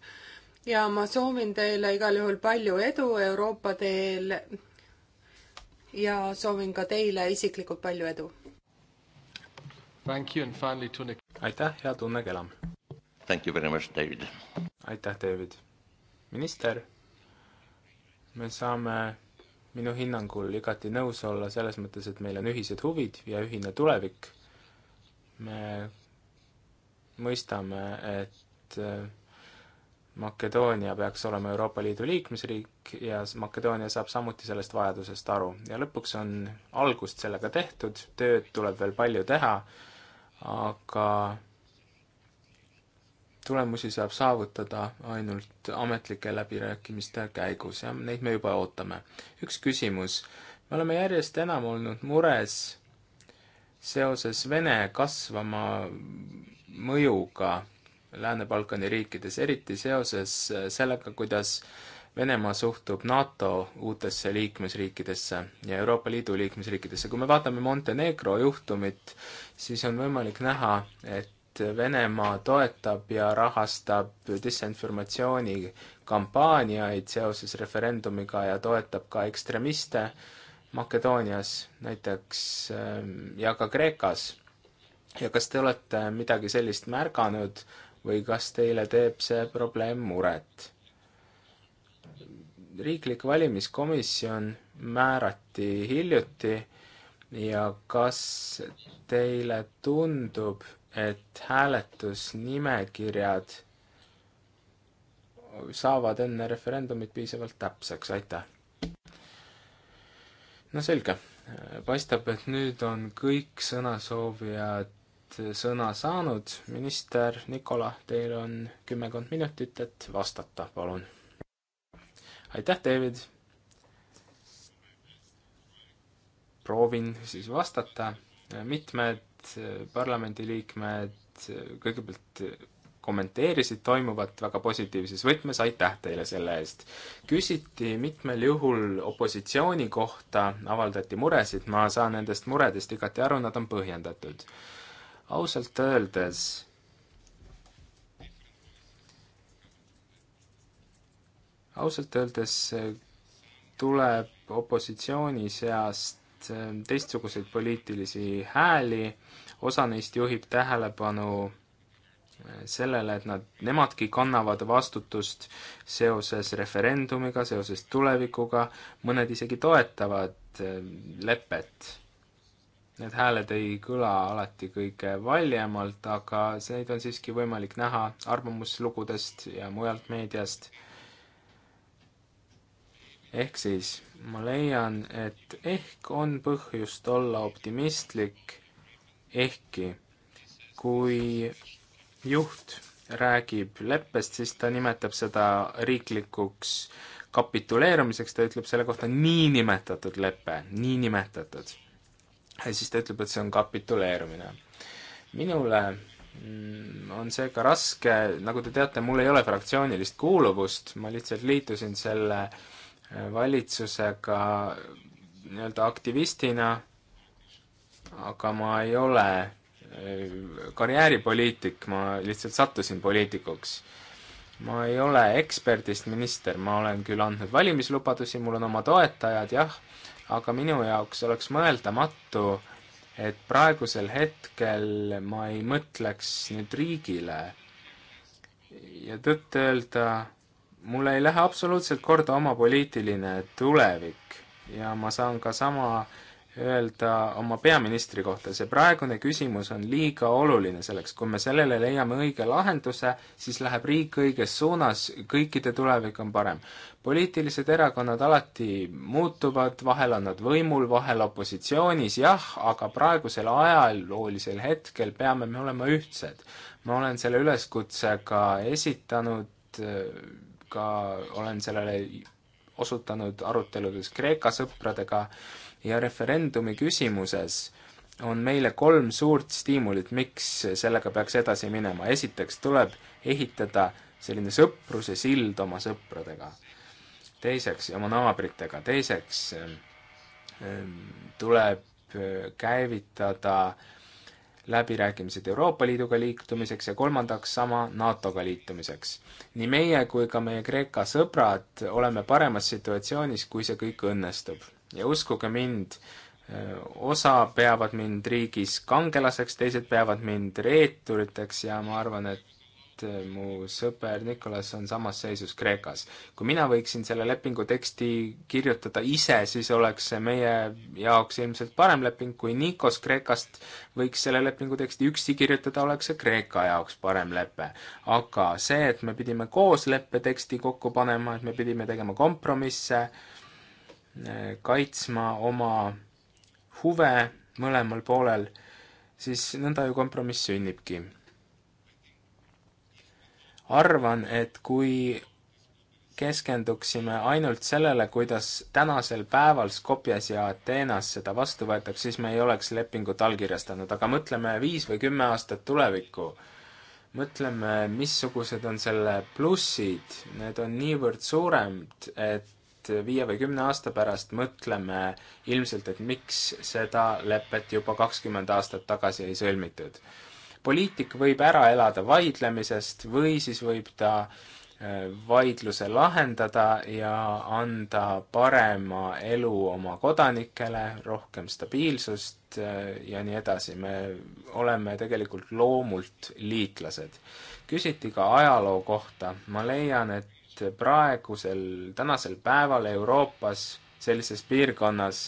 ja ma soovin teile igal juhul palju edu Euroopa teel ja soovin ka teile isiklikult palju edu. aitäh, hea tunne, Kelam! aitäh, David! aitäh, David! minister me saame minu hinnangul igati nõus olla selles mõttes, et meil on ühised huvid ja ühine tulevik. me mõistame, et äh, Makedoonia peaks olema Euroopa Liidu liikmesriik ja Makedoonia saab samuti sellest vajadusest aru ja lõpuks on algust sellega tehtud, tööd tuleb veel palju teha, aga tulemusi saab saavutada ainult ametlike läbirääkimiste käigus ja neid me juba ootame. üks küsimus. me oleme järjest enam olnud mures seoses Vene kasvama mõjuga Lääne-Balkani riikides, eriti seoses sellega, kuidas Venemaa suhtub NATO uutesse liikmesriikidesse ja Euroopa Liidu liikmesriikidesse. kui me vaatame Montenegro juhtumit, siis on võimalik näha, et et Venemaa toetab ja rahastab disinformatsioonikampaaniaid seoses referendumiga ja toetab ka ekstremiste Makedoonias näiteks ähm, ja ka Kreekas. ja kas te olete midagi sellist märganud või kas teile teeb see probleem muret? riiklik valimiskomisjon määrati hiljuti ja kas teile tundub, et hääletusnimekirjad saavad enne referendumit piisavalt täpseks, aitäh! no selge, paistab, et nüüd on kõik sõnasoovijad sõna saanud, minister Nikola, teil on kümmekond minutit, et vastata, palun. aitäh, David! proovin siis vastata, mitmed Äh, parlamendiliikmed äh, kõigepealt äh, kommenteerisid toimuvat väga positiivses võtmes, aitäh teile selle eest. küsiti mitmel juhul opositsiooni kohta, avaldati muresid, ma saan nendest muredest igati aru, nad on põhjendatud. ausalt öeldes ausalt öeldes tuleb opositsiooni seast Äh, teistsuguseid poliitilisi hääli, osa neist juhib tähelepanu äh, sellele, et nad, nemadki kannavad vastutust seoses referendumiga, seoses tulevikuga, mõned isegi toetavad äh, lepet. Need hääled ei kõla alati kõige valjemalt, aga neid on siiski võimalik näha arvamuslugudest ja mujalt meediast ehk siis ma leian, et ehk on põhjust olla optimistlik, ehkki kui juht räägib leppest, siis ta nimetab seda riiklikuks kapituleerumiseks, ta ütleb selle kohta niinimetatud lepe, niinimetatud. ja siis ta ütleb, et see on kapituleerumine. minule mm, on seega raske, nagu te teate, mul ei ole fraktsioonilist kuuluvust, ma lihtsalt liitusin selle äh, valitsusega nii-öelda aktivistina, aga ma ei ole äh, karjääripoliitik, ma lihtsalt sattusin poliitikuks. ma ei ole eksperdist minister, ma olen küll andnud valimislubadusi, mul on oma toetajad, jah, aga minu jaoks oleks mõeldamatu, et praegusel hetkel ma ei mõtleks nüüd riigile ja tõtt-öelda mul ei lähe absoluutselt korda oma poliitiline tulevik ja ma saan ka sama öelda oma peaministri kohta, see praegune küsimus on liiga oluline selleks, kui me sellele leiame õige lahenduse, siis läheb riik õiges suunas, kõikide tulevik on parem. poliitilised erakonnad alati muutuvad, vahel on nad võimul, vahel opositsioonis, jah, aga praegusel ajaloolisel hetkel peame me olema ühtsed. ma olen selle üleskutse ka esitanud äh, ka olen sellele osutanud aruteludes Kreeka sõpradega ja referendumi küsimuses on meile kolm suurt stiimulit, miks sellega peaks edasi minema. esiteks tuleb ehitada selline sõpruse sild oma sõpradega. teiseks, oma naabritega, teiseks ähm, ähm, tuleb äh, käivitada äh, läbirääkimised Euroopa Liiduga liitumiseks ja kolmandaks sama NATO-ga liitumiseks. nii meie kui ka meie Kreeka sõbrad oleme paremas situatsioonis, kui see kõik õnnestub. ja uskuge mind, osa peavad mind riigis kangelaseks, teised peavad mind reeturiteks ja ma arvan, et et äh, mu sõber Nikolas on samas seisus Kreekas. kui mina võiksin selle lepingu teksti kirjutada ise, siis oleks see meie jaoks ilmselt parem leping, kui Nikos Kreekast võiks selle lepingu teksti üksi kirjutada, oleks see Kreeka jaoks parem lepe. aga see, et me pidime koos leppeteksti kokku panema, et me pidime tegema kompromisse, äh, kaitsma oma huve mõlemal poolel, siis nõnda ju kompromiss sünnibki arvan, et kui keskenduksime ainult sellele, kuidas tänasel päeval Skopjas ja Ateenas seda vastu võetakse, siis me ei oleks lepingut allkirjastanud, aga mõtleme viis või kümme aastat tulevikku. mõtleme, missugused on selle plussid, need on niivõrd suuremad, et viie või kümne aasta pärast mõtleme ilmselt, et miks seda lepet juba kakskümmend aastat tagasi ei sõlmitud poliitik võib ära elada vaidlemisest või siis võib ta äh, vaidluse lahendada ja anda parema elu oma kodanikele, rohkem stabiilsust äh, ja nii edasi. me oleme tegelikult loomult liitlased. küsiti ka ajaloo kohta. ma leian, et praegusel, tänasel päeval Euroopas sellises piirkonnas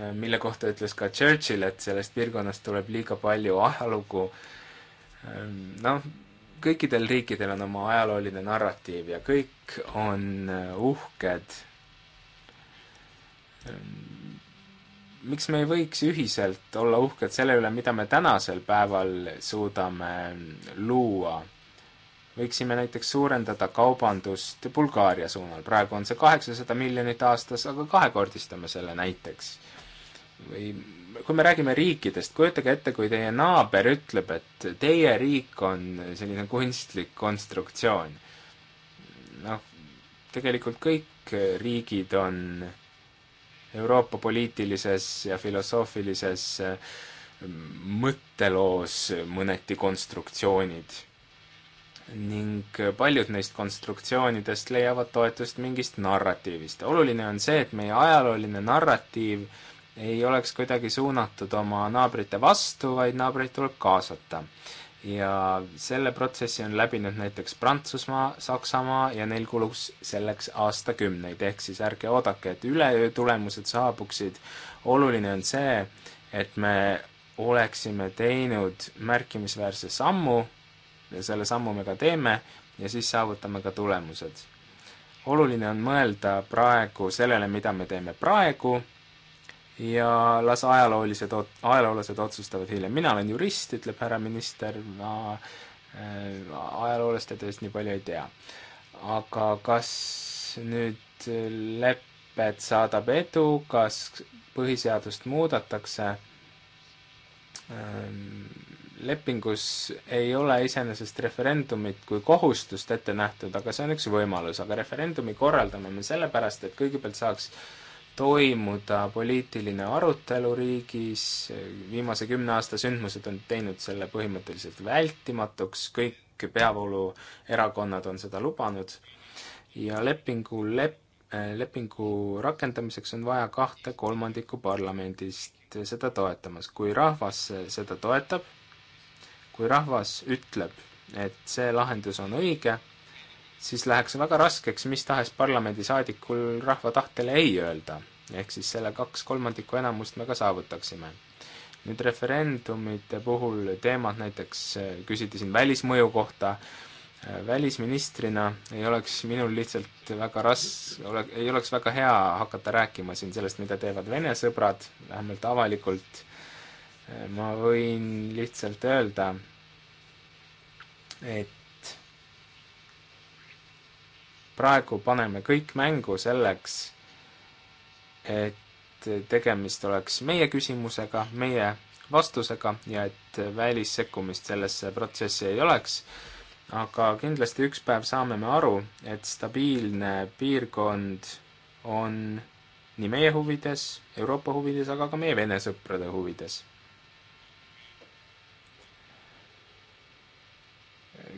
Äh, mille kohta ütles ka Churchill, et sellest piirkonnast tuleb liiga palju ajalugu. Ähm, noh, kõikidel riikidel on oma ajalooline narratiiv ja kõik on äh, uhked. Ähm, miks me ei võiks ühiselt olla uhked selle üle, mida me tänasel päeval suudame ähm, luua? võiksime näiteks suurendada kaubandust Bulgaaria suunal, praegu on see kaheksasada miljonit aastas, aga kahekordistame selle näiteks või kui me räägime riikidest, kujutage ette, kui teie naaber ütleb, et teie riik on selline kunstlik konstruktsioon. noh, tegelikult kõik riigid on Euroopa poliitilises ja filosoofilises mm, mõtteloos mõneti konstruktsioonid ning paljud neist konstruktsioonidest leiavad toetust mingist narratiivist. oluline on see, et meie ajalooline narratiiv äh, ei oleks kuidagi suunatud oma naabrite vastu, vaid naabreid tuleb kaasata. ja selle protsessi on läbinud näiteks Prantsusmaa, Saksamaa ja neil kulus selleks aastakümneid, ehk siis ärge oodake, et üleöö tulemused saabuksid, oluline on see, et me oleksime teinud märkimisväärse sammu ja selle sammu me ka teeme ja siis saavutame ka tulemused. oluline on mõelda praegu sellele, mida me teeme praegu ja las ajaloolised, ajaloolased otsustavad hiljem. mina olen jurist, ütleb härra minister, ma äh, ajaloolaste tööst nii palju ei tea. aga kas nüüd lepet saadab edu, kas põhiseadust muudetakse ähm,? lepingus ei ole iseenesest referendumit kui kohustust ette nähtud, aga see on üks võimalus, aga referendumi korraldame me sellepärast, et kõigepealt saaks äh, toimuda poliitiline arutelu riigis, viimase kümne aasta sündmused on teinud selle põhimõtteliselt vältimatuks, kõik peavooluerakonnad on seda lubanud ja lepingu lep-, lepingu rakendamiseks on vaja kahte kolmandikku parlamendist seda toetamas. kui rahvas seda toetab, kui rahvas ütleb, et see lahendus on õige, siis läheks väga raskeks mis tahes parlamendisaadikul rahva tahtele ei öelda. ehk siis selle kaks kolmandikku enamust me ka saavutaksime. nüüd referendumite puhul teemad näiteks, äh, küsiti siin välismõju kohta, äh, välisministrina ei oleks minul lihtsalt väga ras-, ole-, ei oleks väga hea hakata rääkima siin sellest, mida teevad Vene sõbrad, vähemalt avalikult, äh, ma võin lihtsalt öelda, et praegu paneme kõik mängu selleks, et tegemist oleks meie küsimusega, meie vastusega ja et välissekkumist sellesse protsessi ei oleks, aga kindlasti üks päev saame me aru, et stabiilne piirkond on nii meie huvides, Euroopa huvides, aga ka meie Vene sõprade huvides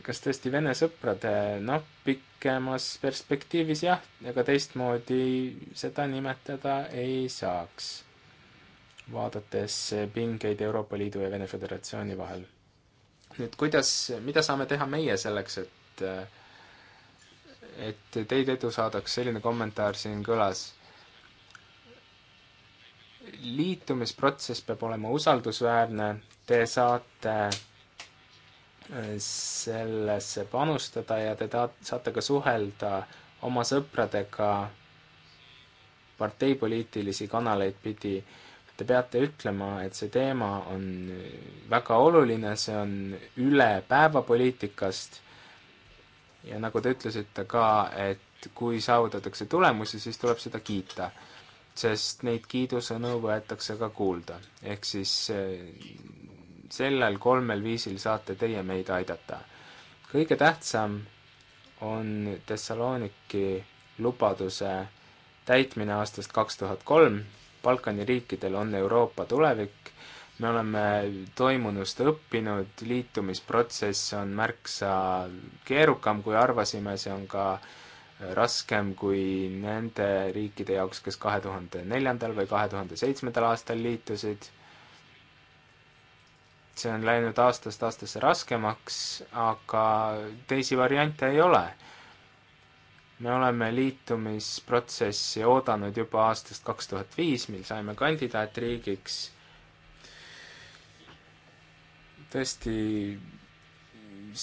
kas tõesti Vene sõprade, noh, pikemas perspektiivis jah, ega teistmoodi seda nimetada ei saaks, vaadates pingeid Euroopa Liidu ja Vene Föderatsiooni vahel. nüüd kuidas, mida saame teha meie selleks, et et teid edu saadaks, selline kommentaar siin kõlas liitumisprotsess peab olema usaldusväärne, te saate sellesse panustada ja te ta-, saate ka suhelda oma sõpradega parteipoliitilisi kanaleid pidi. Te peate ütlema, et see teema on väga oluline, see on üle päevapoliitikast ja nagu te ütlesite ka, et kui saavutatakse tulemusi, siis tuleb seda kiita sest neid kiidusõnu võetakse ka kuulda. ehk siis sellel kolmel viisil saate teie meid aidata. kõige tähtsam on Thessaloniki lubaduse täitmine aastast kaks tuhat kolm, Balkani riikidel on Euroopa tulevik, me oleme toimunust õppinud, liitumisprotsess on märksa keerukam, kui arvasime, see on ka raskem kui nende riikide jaoks, kes kahe tuhande neljandal või kahe tuhande seitsmendal aastal liitusid see on läinud aastast aastasse raskemaks, aga teisi variante ei ole. me oleme liitumisprotsessi oodanud juba aastast kaks tuhat viis, mil saime kandidaatriigiks. tõesti,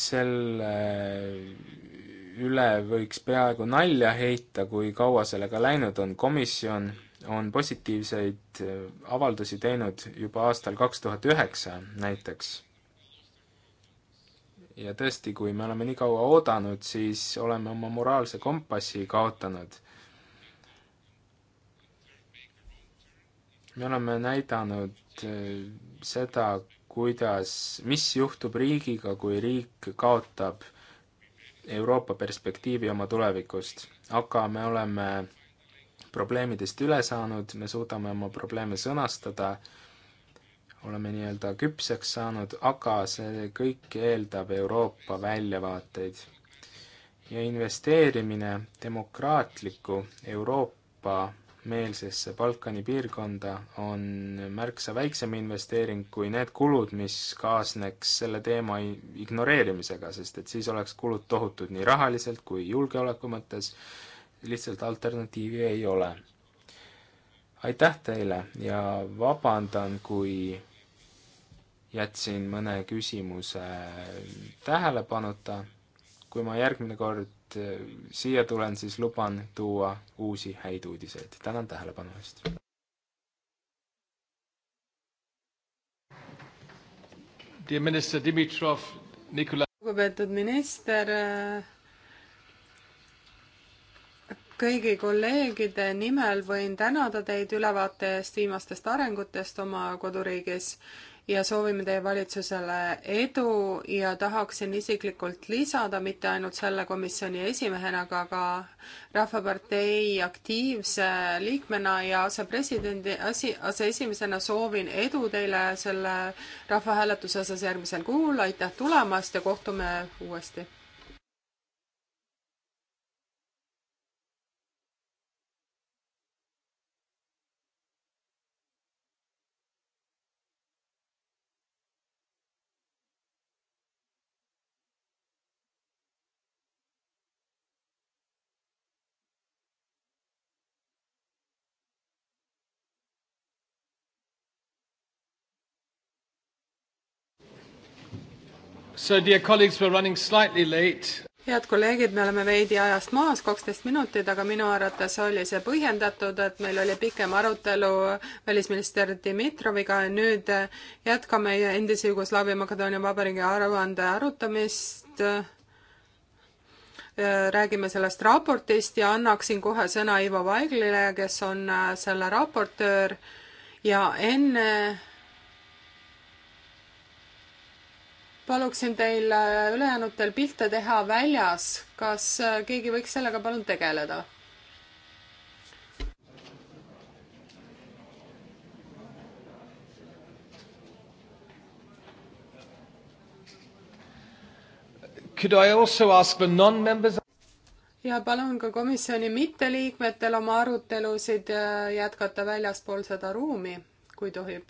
selle üle võiks peaaegu nalja heita, kui kaua sellega läinud on, komisjon on positiivseid äh, avaldusi teinud juba aastal kaks tuhat üheksa näiteks. ja tõesti, kui me oleme nii kaua oodanud, siis oleme oma moraalse kompassi kaotanud. me oleme näidanud äh, seda, kuidas, mis juhtub riigiga, kui riik kaotab Euroopa perspektiivi oma tulevikust, aga me oleme probleemidest üle saanud, me suudame oma probleeme sõnastada, oleme nii-öelda küpseks saanud, aga see kõik eeldab Euroopa väljavaateid. ja investeerimine demokraatlikku Euroopa meelsesse Balkani piirkonda on märksa väiksem investeering kui need kulud, mis kaasneks selle teema ignoreerimisega, sest et siis oleks kulud tohutud nii rahaliselt kui julgeoleku mõttes lihtsalt alternatiivi ei ole. aitäh teile ja vabandan, kui jätsin mõne küsimuse tähelepanuta. kui ma järgmine kord äh, siia tulen, siis luban tuua uusi häid uudiseid. tänan tähelepanu eest! lugupeetud minister äh, kõigi kolleegide nimel võin tänada teid ülevaate eest viimastest arengutest oma koduriigis ja soovime teie valitsusele edu ja tahaksin isiklikult lisada mitte ainult selle komisjoni esimehena, aga ka Rahvapartei aktiivse liikmena ja asepresidendi, asi, aseesimesena soovin edu teile selle rahvahääletuse osas järgmisel kuul, aitäh tulemast ja kohtume uuesti! So dear colleagues, we are running slightly late head kolleegid, me oleme veidi ajast maas, kaksteist minutit, aga minu arvates oli see põhjendatud, et meil oli pikem arutelu välisminister Dmitroviga ja nüüd jätkame endise Jugoslaavia Makedoonia Vabariigi aruande arutamist. räägime sellest raportist ja annaksin kohe sõna Ivo Vaiglile, kes on selle raportöör ja enne paluksin teil äh, ülejäänutel pilte teha väljas, kas äh, keegi võiks sellega palun tegeleda? Could I also ask the non-members ja palun ka komisjoni mitteliikmetel oma arutelusid äh, jätkata väljaspool seda ruumi, kui tohib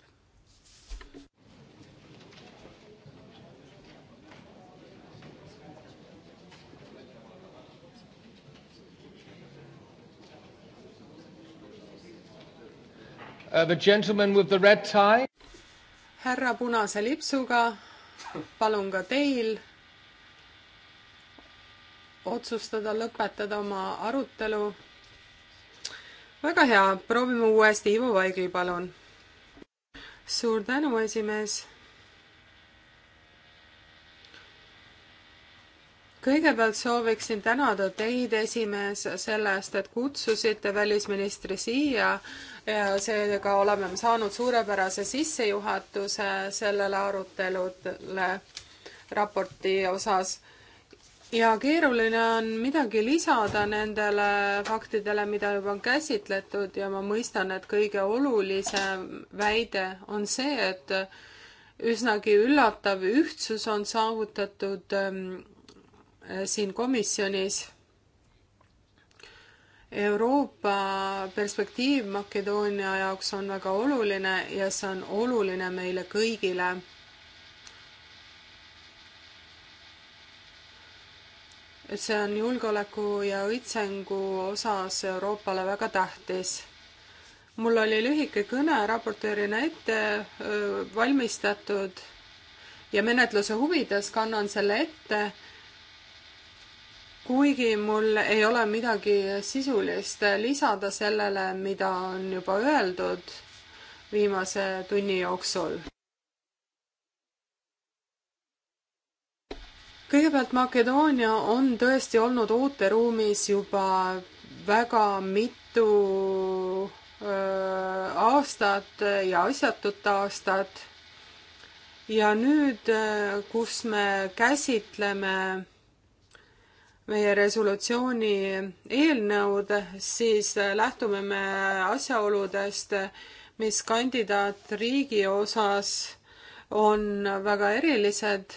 Uh, the gentleman with the red tie. härra punase lipsuga, palun ka teil otsustada lõpetada oma arutelu. väga hea, proovime uuesti, Ivo Vaigel, palun. suur tänu, esimees kõigepealt sooviksin tänada teid, esimees, selle eest, et kutsusite välisministri siia ja seega oleme me saanud suurepärase sissejuhatuse sellele arutelule raporti osas. ja keeruline on midagi lisada nendele faktidele, mida juba on käsitletud ja ma mõistan, et kõige olulisem väide on see, et üsnagi üllatav ühtsus on saavutatud ähm, siin komisjonis. Euroopa perspektiiv Makedoonia jaoks on väga oluline ja see on oluline meile kõigile et see on julgeoleku ja õitsengu osas Euroopale väga tähtis. mul oli lühike kõne raportöörina ette valmistatud ja menetluse huvides kannan selle ette, kuigi mul ei ole midagi sisulist lisada sellele, mida on juba öeldud viimase tunni jooksul. kõigepealt Makedoonia on tõesti olnud ooteruumis juba väga mitu öö, aastat ja asjatut aastat. ja nüüd, kus me käsitleme meie resolutsiooni eelnõud, siis lähtume me asjaoludest, mis kandidaatriigi osas on väga erilised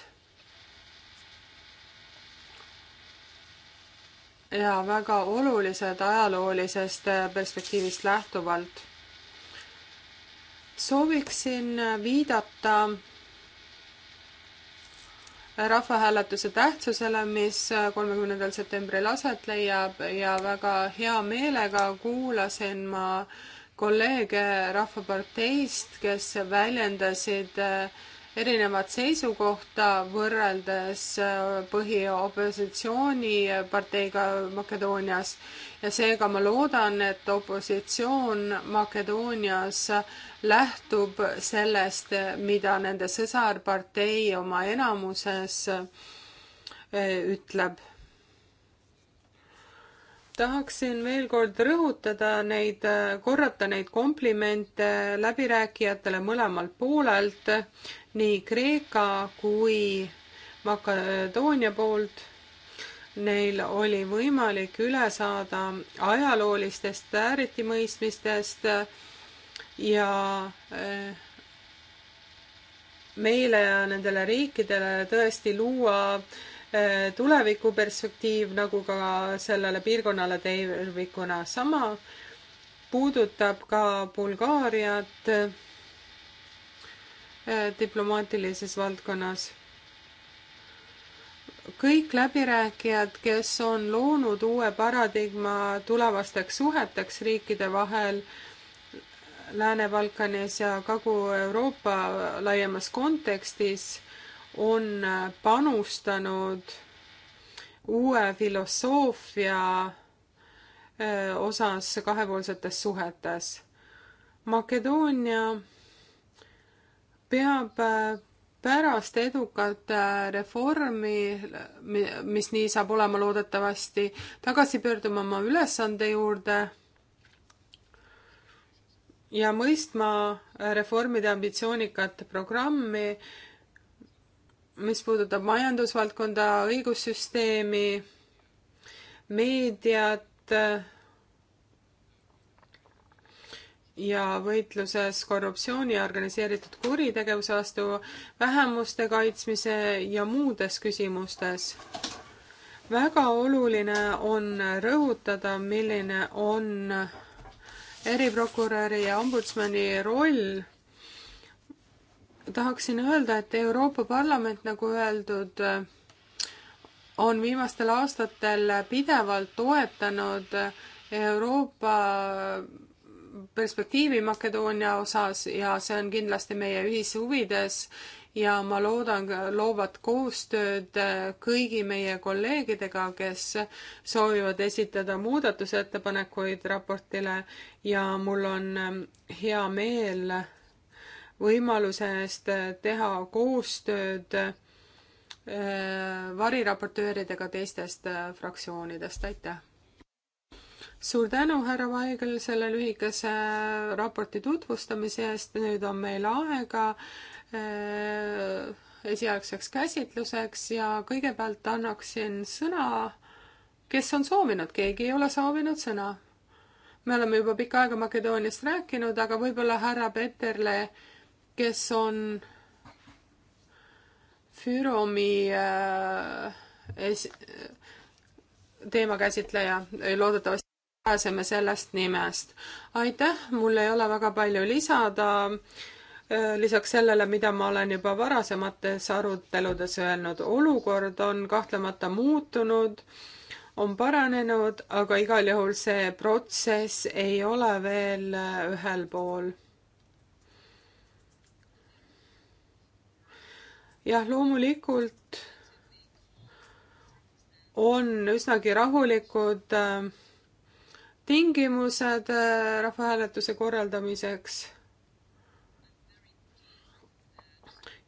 ja väga olulised ajaloolisest perspektiivist lähtuvalt. sooviksin viidata rahvahääletuse tähtsusele, mis kolmekümnendal septembril aset leiab ja väga hea meelega kuulasin ma kolleege Rahvaparteist, kes väljendasid äh, erinevat seisukohta võrreldes äh, põhiopositsiooniparteiga Makedoonias ja seega ma loodan, et opositsioon Makedoonias lähtub sellest, mida nende sõsarpartei oma enamuses äh, ütleb tahaksin veel kord rõhutada neid, korrata neid komplimente läbirääkijatele mõlemalt poolelt, nii Kreeka kui Makedoonia poolt. Neil oli võimalik üle saada ajaloolistest vääritimõistmistest ja eh, meile ja nendele riikidele tõesti luua äh, Äh, tulevikuperspektiiv nagu ka sellele piirkonnale tervikuna. sama puudutab ka Bulgaariat äh, diplomaatilises valdkonnas. kõik läbirääkijad, kes on loonud uue paradigma tulevasteks suheteks riikide vahel, Lääne-Balkanis ja Kagu-Euroopa laiemas kontekstis on panustanud uue filosoofia osas kahepoolsetes suhetes. Makedoonia peab pärast edukat reformi, mis nii saab olema loodetavasti, tagasi pöörduma oma ülesande juurde ja mõistma reformide ambitsioonikat programmi, mis puudutab majandusvaldkonda, õigussüsteemi, meediat ja võitluses korruptsiooni ja organiseeritud kuritegevuse vastu, vähemuste kaitsmise ja muudes küsimustes. väga oluline on rõhutada, milline on eriprokuröri ja ombudsmani roll tahaksin öelda, et Euroopa Parlament, nagu öeldud, on viimastel aastatel pidevalt toetanud Euroopa perspektiivi Makedoonia osas ja see on kindlasti meie ühishuvides ja ma loodan loovad koostööd kõigi meie kolleegidega, kes soovivad esitada muudatusettepanekuid raportile ja mul on hea meel võimaluse eest äh, teha koostööd äh, variraportööridega teistest äh, fraktsioonidest, aitäh! suur tänu, härra Vaigel, selle lühikese raporti tutvustamise eest, nüüd on meil aega esialgseks käsitluseks ja kõigepealt annaksin sõna, kes on soovinud, keegi ei ole soovinud sõna. me oleme juba pikka aega Makedooniast rääkinud, aga võib-olla härra Peterle kes on Füromi äh, es-, teemakäsitleja, loodetavasti pääseme sellest nimest. aitäh, mul ei ole väga palju lisada, äh, lisaks sellele, mida ma olen juba varasemates aruteludes öelnud, olukord on kahtlemata muutunud, on paranenud, aga igal juhul see protsess ei ole veel äh, ühel pool jah, loomulikult on üsnagi rahulikud äh, tingimused äh, rahvahääletuse korraldamiseks.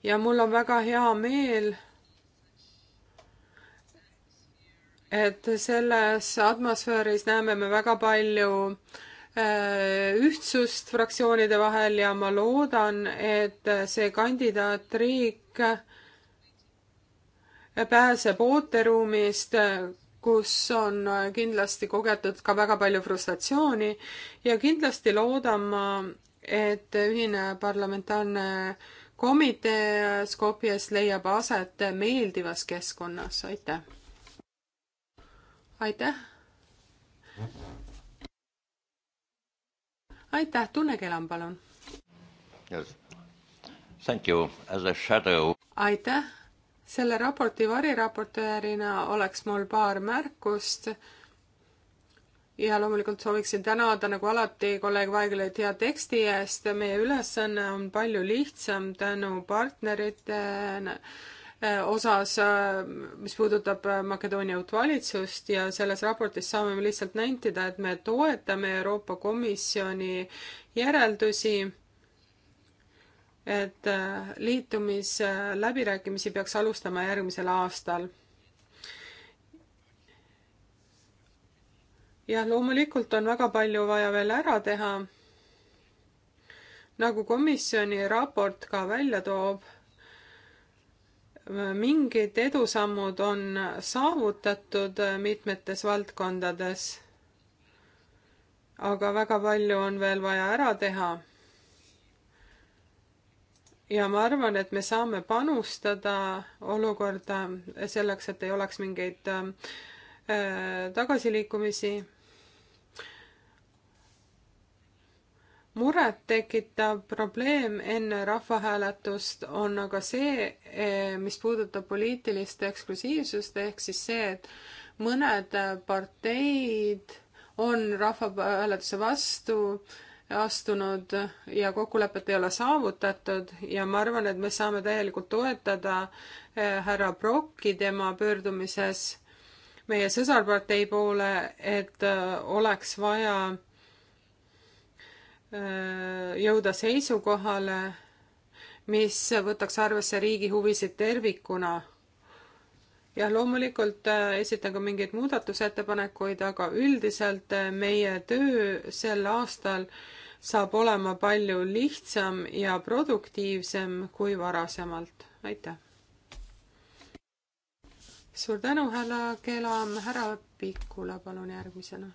ja mul on väga hea meel, et selles atmosfääris näeme me väga palju äh, Äh, ühtsust fraktsioonide vahel ja ma loodan, et see kandidaatriik pääseb ooteruumist, kus on kindlasti kogetud ka väga palju frustratsiooni ja kindlasti loodan ma, et ühine parlamentaarne komitee Skopjes leiab aset meeldivas keskkonnas, aitäh! aitäh! aitäh, Tunne Kelam, palun yes.. Thank you, as a shadow. aitäh, selle raporti variraportöörina oleks mul paar märkust. ja loomulikult sooviksin tänada nagu alati kolleeg Vaiglit hea teksti eest, meie ülesanne on palju lihtsam tänu partnerite osas, mis puudutab Makedoonia uut valitsust ja selles raportis saame me lihtsalt nentida, et me toetame Euroopa Komisjoni järeldusi, et liitumisläbirääkimisi peaks alustama järgmisel aastal jah, loomulikult on väga palju vaja veel ära teha. nagu komisjoni raport ka välja toob mingid edusammud on saavutatud mitmetes valdkondades, aga väga palju on veel vaja ära teha. ja ma arvan, et me saame panustada olukorda selleks, et ei oleks mingeid äh, tagasiliikumisi murettekitav probleem enne rahvahääletust on aga see, e, mis puudutab poliitilist eksklusiivsust, ehk siis see, et mõned parteid on rahvahääletuse vastu astunud ja kokkulepet ei ole saavutatud ja ma arvan, et me saame täielikult toetada e, härra Brocki tema pöördumises meie sõsarpartei poole, et e, oleks vaja jõuda seisukohale, mis võtaks arvesse riigi huvisid tervikuna. jah, loomulikult äh, esitan ka mingeid muudatusettepanekuid, aga üldiselt äh, meie töö sel aastal saab olema palju lihtsam ja produktiivsem kui varasemalt. aitäh! suur tänu, härra Kelam, härra Pikula, palun järgmisena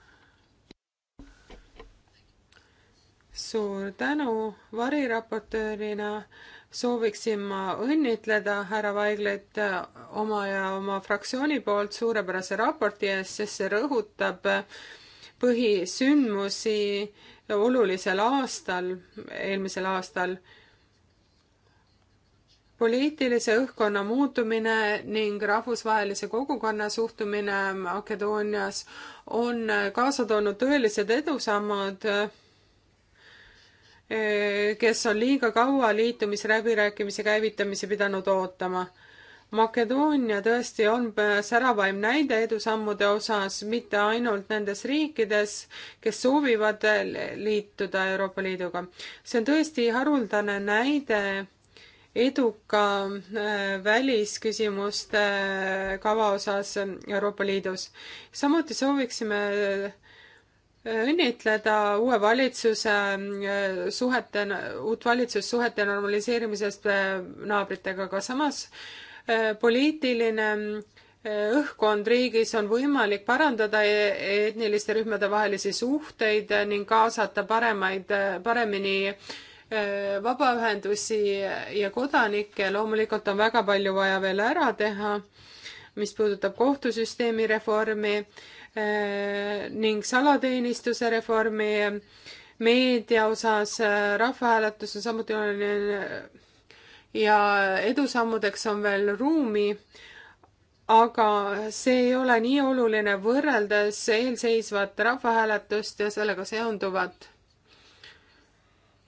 suur tänu, variraportöörina sooviksin ma õnnitleda härra Vaiglit äh, oma ja oma fraktsiooni poolt suurepärase raporti eest, sest see rõhutab äh, põhisündmusi olulisel aastal, eelmisel aastal. poliitilise õhkkonna muutumine ning rahvusvahelise kogukonna suhtumine Makedoonias on äh, kaasa toonud tõelised edusammud kes on liiga kaua liitumisläbirääkimisi käivitamisi pidanud ootama. Makedoonia tõesti on säravaim näide edusammude osas, mitte ainult nendes riikides, kes soovivad liituda Euroopa Liiduga. see on tõesti haruldane näide eduka äh, välisküsimuste äh, kava osas Euroopa Liidus. samuti sooviksime äh, õnnitleda uue valitsuse äh, suhete, uut valitsussuhete normaliseerimisest äh, naabritega, aga samas äh, poliitiline õhkkond riigis on võimalik parandada e-, etniliste rühmade vahelisi suhteid ning kaasata paremaid, paremini vabaühendusi ja kodanikke. loomulikult on väga palju vaja veel ära teha, mis puudutab kohtusüsteemi reformi Äh, ning salateenistuse reformi meedia osas äh, rahvahääletus on samuti oluline äh, ja edusammudeks on veel ruumi, aga see ei ole nii oluline võrreldes eelseisvat rahvahääletust ja sellega seonduvat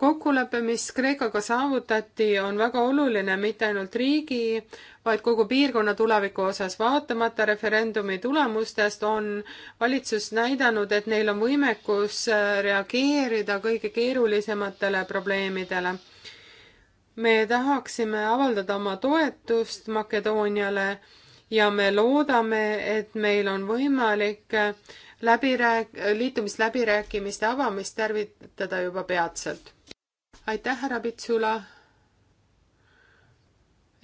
kokkulepe, mis Kreekaga saavutati, on väga oluline mitte ainult riigi, vaid kogu piirkonna tuleviku osas. vaatamata referendumi tulemustest on valitsus näidanud, et neil on võimekus äh, reageerida kõige keerulisematele probleemidele. me tahaksime avaldada oma toetust Makedooniale ja me loodame, et meil on võimalik äh, läbirääk-, liitumisläbirääkimiste avamist tervitada juba peatselt aitäh, härra Pitsula.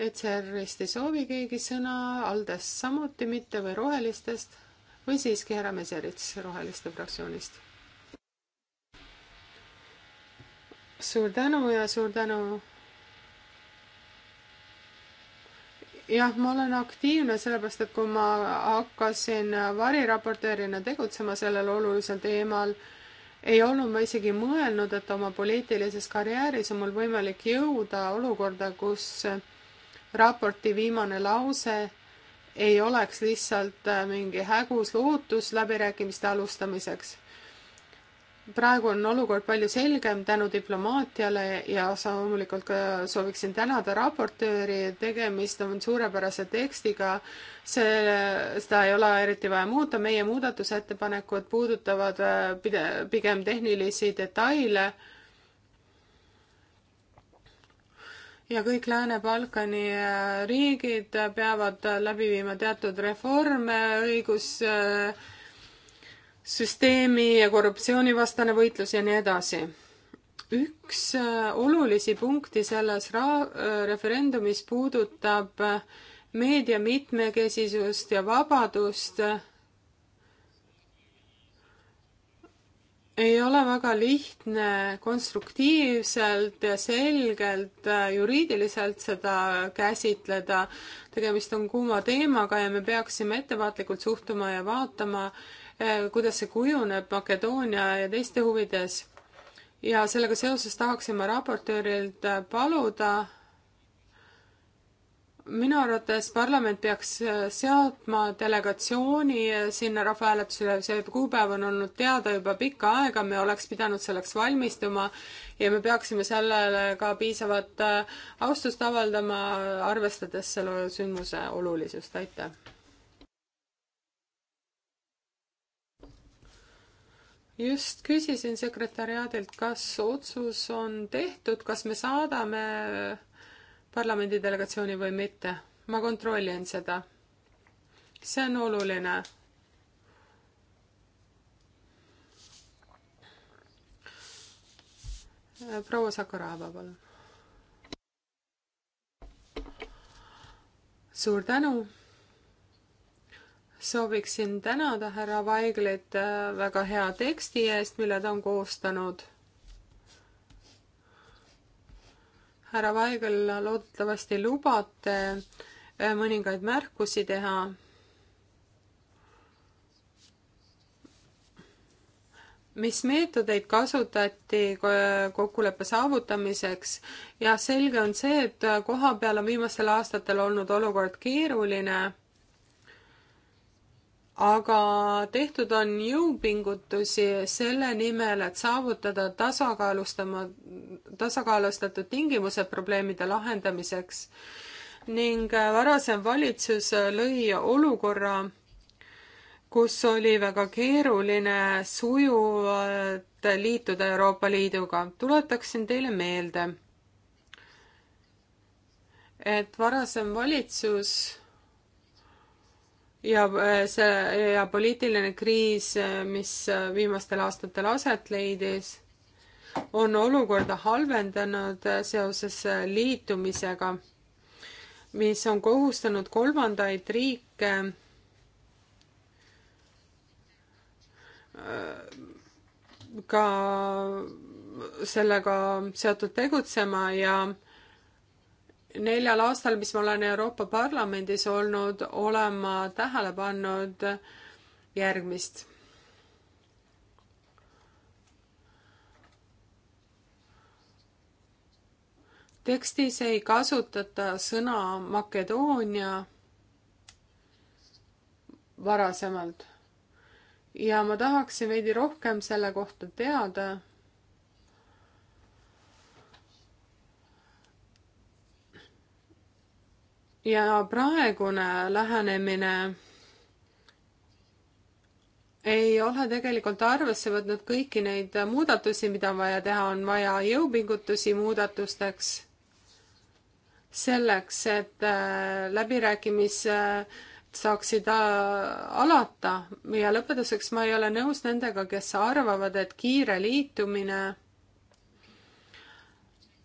ECR-ist ei soovi keegi sõna, Aldest samuti mitte või Rohelistest või siiski härra Meserits Roheliste fraktsioonist. suur tänu ja suur tänu. jah, ma olen aktiivne, sellepärast et kui ma hakkasin variraportöörina tegutsema sellel olulisel teemal, ei olnud ma isegi mõelnud, et oma poliitilises karjääris on mul võimalik jõuda olukorda, kus raporti viimane lause ei oleks lihtsalt mingi hägus lootus läbirääkimiste alustamiseks praegu on olukord palju selgem tänu diplomaatiale ja loomulikult ka sooviksin tänada raportööri, tegemist on suurepärase tekstiga, see, seda ei ole eriti vaja muuta, meie muudatusettepanekud puudutavad äh, pide-, pigem tehnilisi detaile ja kõik Lääne-Balkani äh, riigid peavad äh, läbi viima teatud reforme õigus äh, süsteemi ja korruptsioonivastane võitlus ja nii edasi. üks äh, olulisi punkti selles ra-, äh, referendumis puudutab äh, meedia mitmekesisust ja vabadust ei ole väga lihtne konstruktiivselt ja selgelt juriidiliselt seda käsitleda. tegemist on kuuma teemaga ja me peaksime ettevaatlikult suhtuma ja vaatama, Äh, kuidas see kujuneb Makedoonia ja teiste huvides. ja sellega seoses tahaksin ma raportöörilt äh, paluda, minu arvates parlament peaks äh, seadma delegatsiooni sinna rahvahääletusele, see kuupäev on olnud teada juba pikka aega, me oleks pidanud selleks valmistuma ja me peaksime sellele ka piisavat austust avaldama, arvestades selle sündmuse olulisust, aitäh! just küsisin sekretäriaadilt, kas otsus on tehtud, kas me saadame parlamendi delegatsiooni või mitte. ma kontrollin seda. see on oluline. proua Sakurava, palun. suur tänu sooviksin tänada härra Vaiglit äh, väga hea teksti eest, mille ta on koostanud. härra Vaigel, loodetavasti lubate äh, mõningaid märkusi teha mis meetodeid kasutati kokkuleppe saavutamiseks ja selge on see, et koha peal on viimastel aastatel olnud olukord keeruline aga tehtud on jõupingutusi selle nimel, et saavutada tasakaalustama, tasakaalustatud tingimused probleemide lahendamiseks ning äh, varasem valitsus äh, lõi olukorra, kus oli väga keeruline sujuvalt liituda Euroopa Liiduga. tuletaksin teile meelde, et varasem valitsus ja äh, see ja poliitiline kriis, äh, mis äh, viimastel aastatel aset leidis, on olukorda halvendanud seoses liitumisega, mis on kohustanud kolmandaid riike ka sellega seotud tegutsema ja neljal aastal, mis ma olen Euroopa Parlamendis olnud, olen ma tähele pannud järgmist. tekstis ei kasutata sõna Makedoonia varasemalt ja ma tahaksin veidi rohkem selle kohta teada ja praegune lähenemine ei ole tegelikult arvesse võtnud kõiki neid muudatusi, mida on vaja teha, on vaja jõupingutusi muudatusteks, selleks, et äh, läbirääkimised saaksid äh, alata ja lõpetuseks ma ei ole nõus nendega, kes arvavad, et kiire liitumine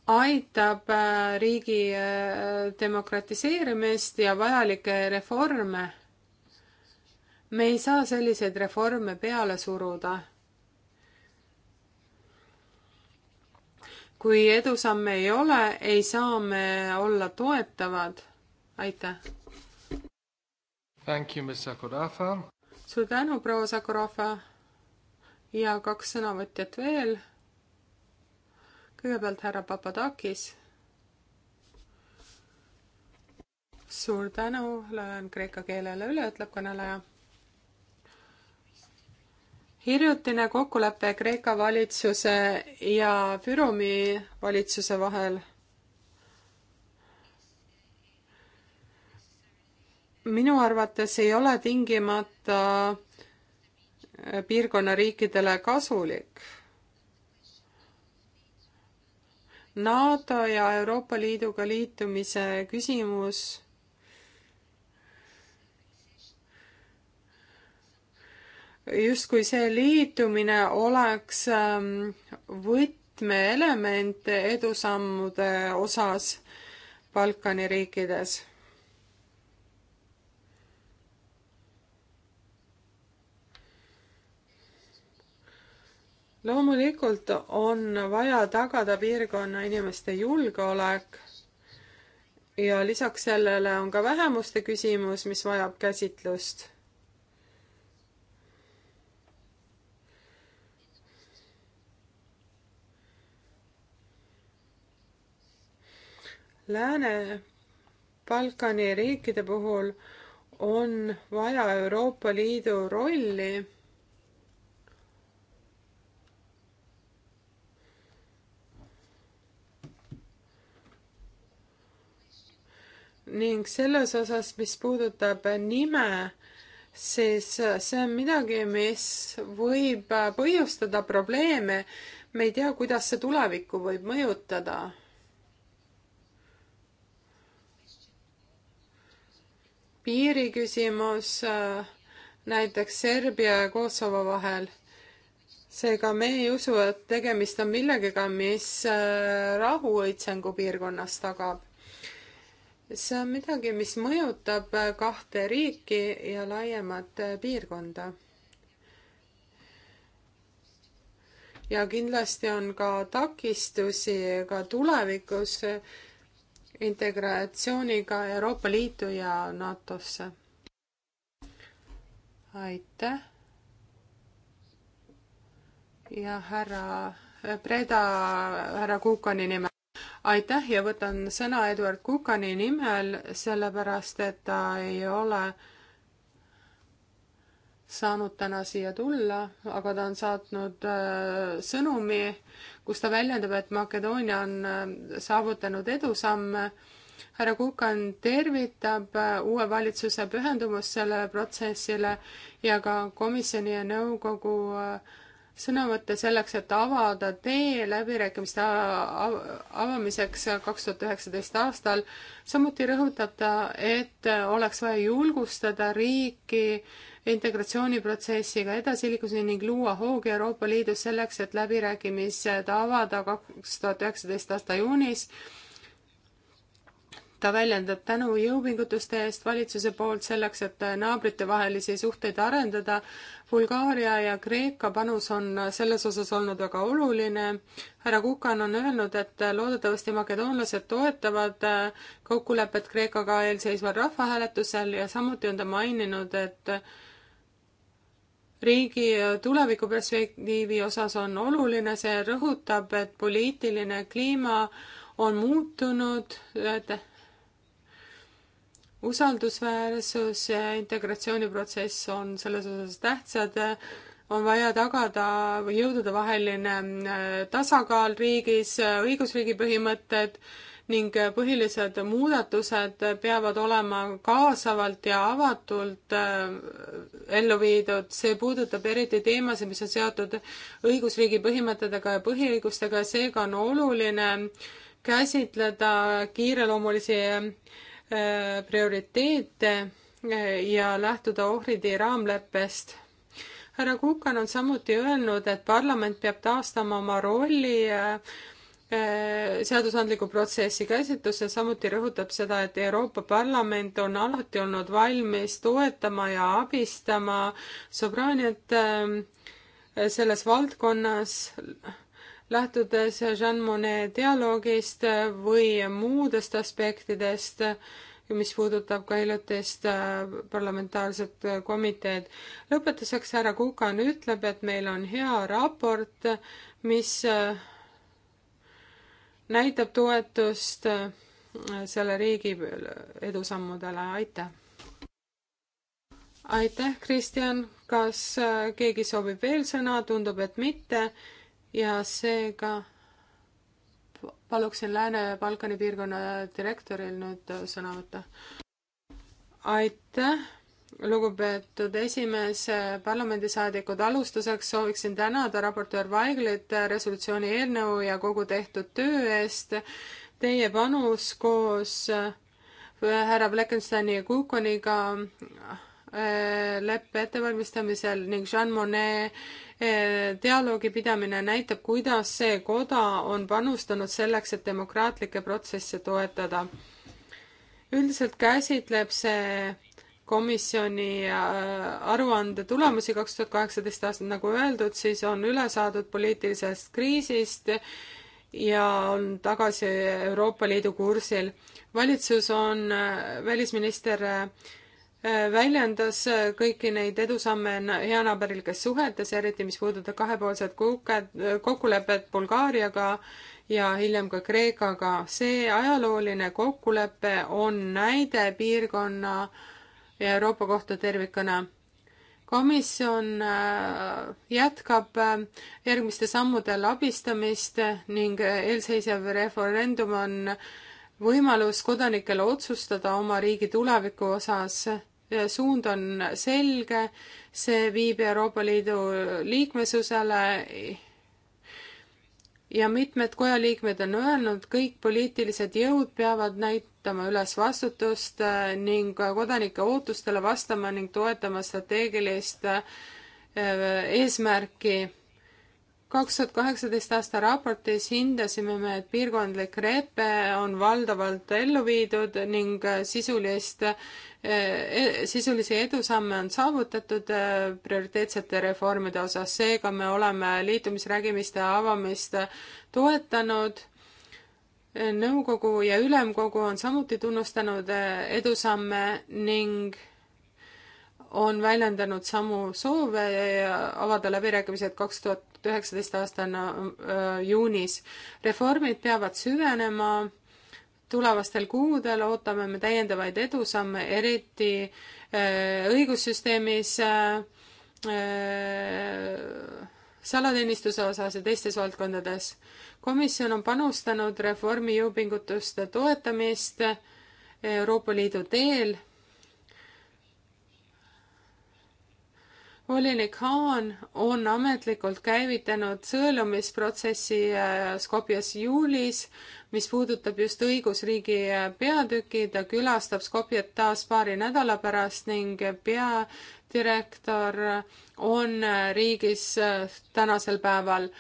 aitab äh, riigi äh, demokratiseerimist ja vajalikke reforme. me ei saa selliseid reforme peale suruda. kui edusamme ei ole, ei saa me olla toetavad. aitäh! Thank you, Miss Sakorafa. suur tänu, proua Sakorafa. ja kaks sõnavõtjat veel kõigepealt härra Papadakis. suur tänu, loen kreeka keelele üle, ütleb kõneleja. hiljutine kokkulepe Kreeka valitsuse ja Füromi valitsuse vahel minu arvates ei ole tingimata piirkonna riikidele kasulik NATO ja Euroopa Liiduga liitumise küsimus justkui see liitumine oleks ähm, võtmeelement edusammude osas Balkani riikides. loomulikult on vaja tagada piirkonna inimeste julgeolek ja lisaks sellele on ka vähemuste küsimus, mis vajab käsitlust. Lääne-Balkani riikide puhul on vaja Euroopa Liidu rolli ning selles osas, mis puudutab nime, siis see on midagi, mis võib põhjustada probleeme. me ei tea, kuidas see tulevikku võib mõjutada. piiri küsimus näiteks Serbia ja Kosovo vahel. seega me ei usu, et tegemist on millegagi, mis rahu õitsengu piirkonnas tagab see on midagi, mis mõjutab kahte riiki ja laiemat piirkonda. ja kindlasti on ka takistusi ka tulevikus integratsiooniga Euroopa Liitu ja NATO-sse. aitäh. ja härra Preda, härra Kuukani nimel aitäh ja võtan sõna Eduard Kukani nimel, sellepärast et ta ei ole saanud täna siia tulla, aga ta on saatnud äh, sõnumi, kus ta väljendab, et Makedoonia on äh, saavutanud edusamme. härra Kukan tervitab äh, uue valitsuse pühendumust sellele protsessile ja ka komisjoni ja nõukogu äh, sõnavõtte selleks, et avada tee läbirääkimiste avamiseks kaks tuhat üheksateist aastal. samuti rõhutab ta, et oleks vaja julgustada riiki integratsiooniprotsessiga edasiliikumiseni ning luua hoogi Euroopa Liidus selleks, et läbirääkimised avada kaks tuhat üheksateist aasta juunis ta väljendab tänu jõupingutuste eest valitsuse poolt selleks, et naabritevahelisi suhteid arendada. Bulgaaria ja Kreeka panus on selles osas olnud väga oluline. härra Kukan on öelnud, et loodetavasti makedoonlased toetavad kokkulepet Kreekaga eelseisval rahvahääletusel ja samuti on ta maininud, et riigi tulevikuperspektiivi osas on oluline, see rõhutab, et poliitiline kliima on muutunud, et usaldusväärsus ja integratsiooniprotsess on selles osas tähtsad, on vaja tagada jõudude vaheline äh, tasakaal riigis, äh, õigusriigi põhimõtted ning äh, põhilised muudatused peavad olema kaasavalt ja avatult ellu viidud. see puudutab eriti teemasid, mis on seotud õigusriigi põhimõtetega ja põhiõigustega ja seega on oluline käsitleda kiireloomulisi Äh, prioriteete äh, ja lähtuda ohvridi raamleppest. härra Kukan on samuti öelnud, et parlament peab taastama oma rolli äh, seadusandliku protsessi käsitlus ja samuti rõhutab seda, et Euroopa Parlament on alati olnud valmis toetama ja abistama Sobraniat selles valdkonnas lähtudes Jean Monnet dialoogist või muudest aspektidest, mis puudutab ka hiljutist äh, parlamentaarset äh, komiteed. lõpetuseks härra Kukan ütleb, et meil on hea raport, mis äh, näitab toetust selle riigi edusammudele, aitäh! aitäh, Kristjan, kas keegi soovib veel sõna, tundub, et mitte ja seega paluksin Lääne-Balkani piirkonna direktoril nüüd sõna võtta. aitäh, lugupeetud esimees, parlamendisaadikud, alustuseks sooviksin tänada raportöör Vaiglit resolutsiooni eelnõu ja kogu tehtud töö eest. Teie panus koos äh, härra Fleckensteini ja Kukoniga äh, leppe ettevalmistamisel ning Jean Monnet Eh, dialoogi pidamine näitab, kuidas see koda on panustanud selleks, et demokraatlikke protsesse toetada. üldiselt käsitleb see komisjoni äh, aruande tulemusi kaks tuhat kaheksateist aastal, nagu öeldud, siis on üle saadud poliitilisest kriisist ja on tagasi Euroopa Liidu kursil. valitsus on, äh, välisminister äh, väljendas kõiki neid edusamme heanaaberlikes suhetes, eriti mis puudutab kahepoolset kokkulepet Bulgaariaga ja hiljem ka Kreekaga. see ajalooline kokkulepe on näide piirkonna ja Euroopa kohta tervikuna. komisjon äh, jätkab äh, järgmiste sammudel abistamist ning äh, eelseisev referendum on võimalus kodanikele otsustada oma riigi tuleviku osas. suund on selge, see viib Euroopa Liidu liikmesusele ja mitmed koja liikmed on öelnud, kõik poliitilised jõud peavad näitama üles vastutust ning kodanike ootustele vastama ning toetama strateegilist eh, eesmärki kaks tuhat kaheksateist aasta raportis hindasime me, et piirkondlik repe on valdavalt ellu viidud ning sisulist, eh, e-, sisulisi edusamme on saavutatud eh, prioriteetsete reformide osas, seega me oleme liitumisräägimiste avamist toetanud nõukogu ja ülemkogu on samuti tunnustanud eh, edusamme ning on väljendanud samu soove avada läbirääkimised kaks tuhat tuhat üheksateist aastana äh, juunis. reformid peavad süvenema tulevastel kuudel ootame me täiendavaid edusamme, eriti äh, õigussüsteemis äh, äh salateenistuse osas ja teistes valdkondades. komisjon on panustanud reformi jõupingutuste toetamist Euroopa Liidu teel volinik Haan on ametlikult käivitanud sõelumisprotsessi äh, Skopjas juulis, mis puudutab just õigusriigi äh, peatüki, ta külastab Skopjat taas paari nädala pärast ning peadirektor äh, on riigis tänasel päeval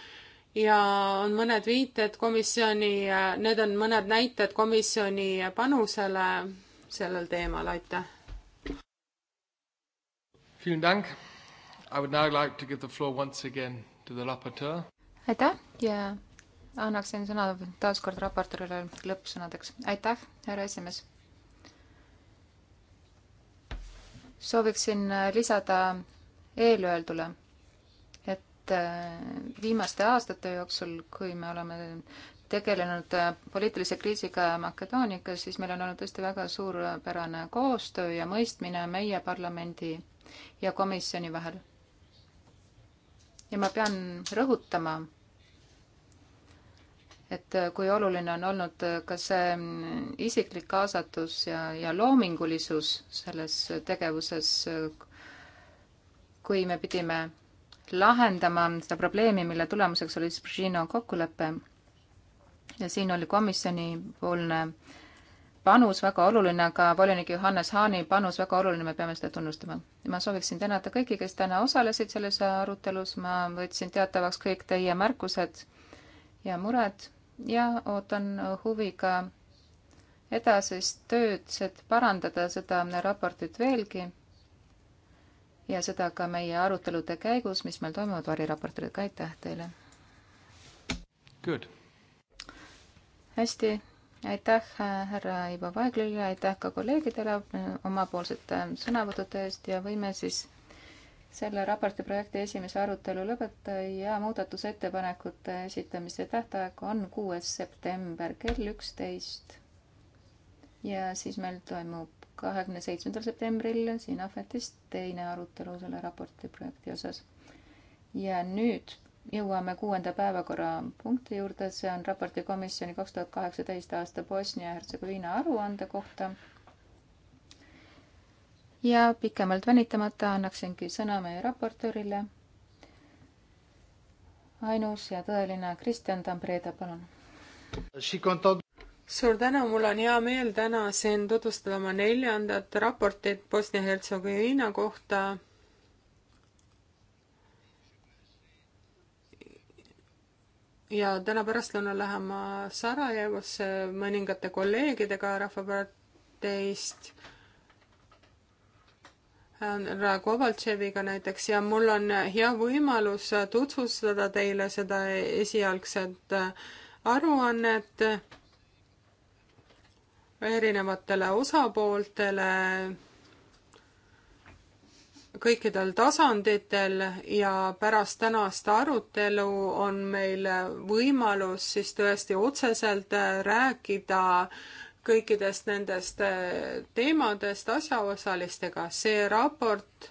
ja on mõned viited komisjoni, need on mõned näited komisjoni panusele sellel teemal, aitäh! I would now like to give the floor once again to the raporteur. aitäh ja annaksin sõna taas kord raportöörile lõppsõnadeks. aitäh, härra esimees. sooviksin lisada eelöeldule, et äh, viimaste aastate jooksul, kui me oleme tegelenud äh, poliitilise kriisiga Makedoonikas, siis meil on olnud tõesti väga suurepärane koostöö ja mõistmine meie parlamendi ja komisjoni vahel ja ma pean rõhutama, et kui oluline on olnud ka see isiklik kaasatus ja, ja loomingulisus selles tegevuses, kui me pidime lahendama seda probleemi, mille tulemuseks oli Sprežino kokkulepe ja siin oli komisjonipoolne äh, panus väga oluline, ka volinik Johannes Haani panus väga oluline, me peame seda tunnustama. ma sooviksin tänada kõiki, kes täna osalesid selles arutelus, ma võtsin teatavaks kõik teie märkused ja mured ja ootan huviga edasist tööd, et parandada seda raportit veelgi ja seda ka meie arutelude käigus, mis meil toimuvad variraportidega, aitäh teile! hästi, aitäh härra Ivo Vaeglile, aitäh ka kolleegidele omapoolsete sõnavõtute eest ja võime siis selle raporti projekti esimese arutelu lõpetada ja muudatusettepanekute esitamise tähtaeg on kuues september kell üksteist. ja siis meil toimub kahekümne seitsmendal septembril siin ahvetis teine arutelu selle raporti projekti osas. ja nüüd jõuame kuuenda päevakorrapunkti juurde, see on raporti komisjoni kaks tuhat kaheksateist aasta Bosnia-Hertsegoviina aruande kohta. ja pikemalt venitamata annaksingi sõna meie raportöörile. ainus ja tõeline Kristjan Tambreda, palun. suur tänu, mul on hea meel täna siin tutvustada oma neljandat raportit Bosnia-Hertsegoviina kohta ja täna pärastlõunal lähen ma Sarajevosse mõningate kolleegidega Rahvaparteist, härra äh, Kovaltševiga näiteks, ja mul on hea võimalus tutvustada teile seda esialgset äh, aruannet erinevatele osapooltele kõikidel tasanditel ja pärast tänast arutelu on meil võimalus siis tõesti otseselt äh, rääkida kõikidest nendest äh, teemadest asjaosalistega. see raport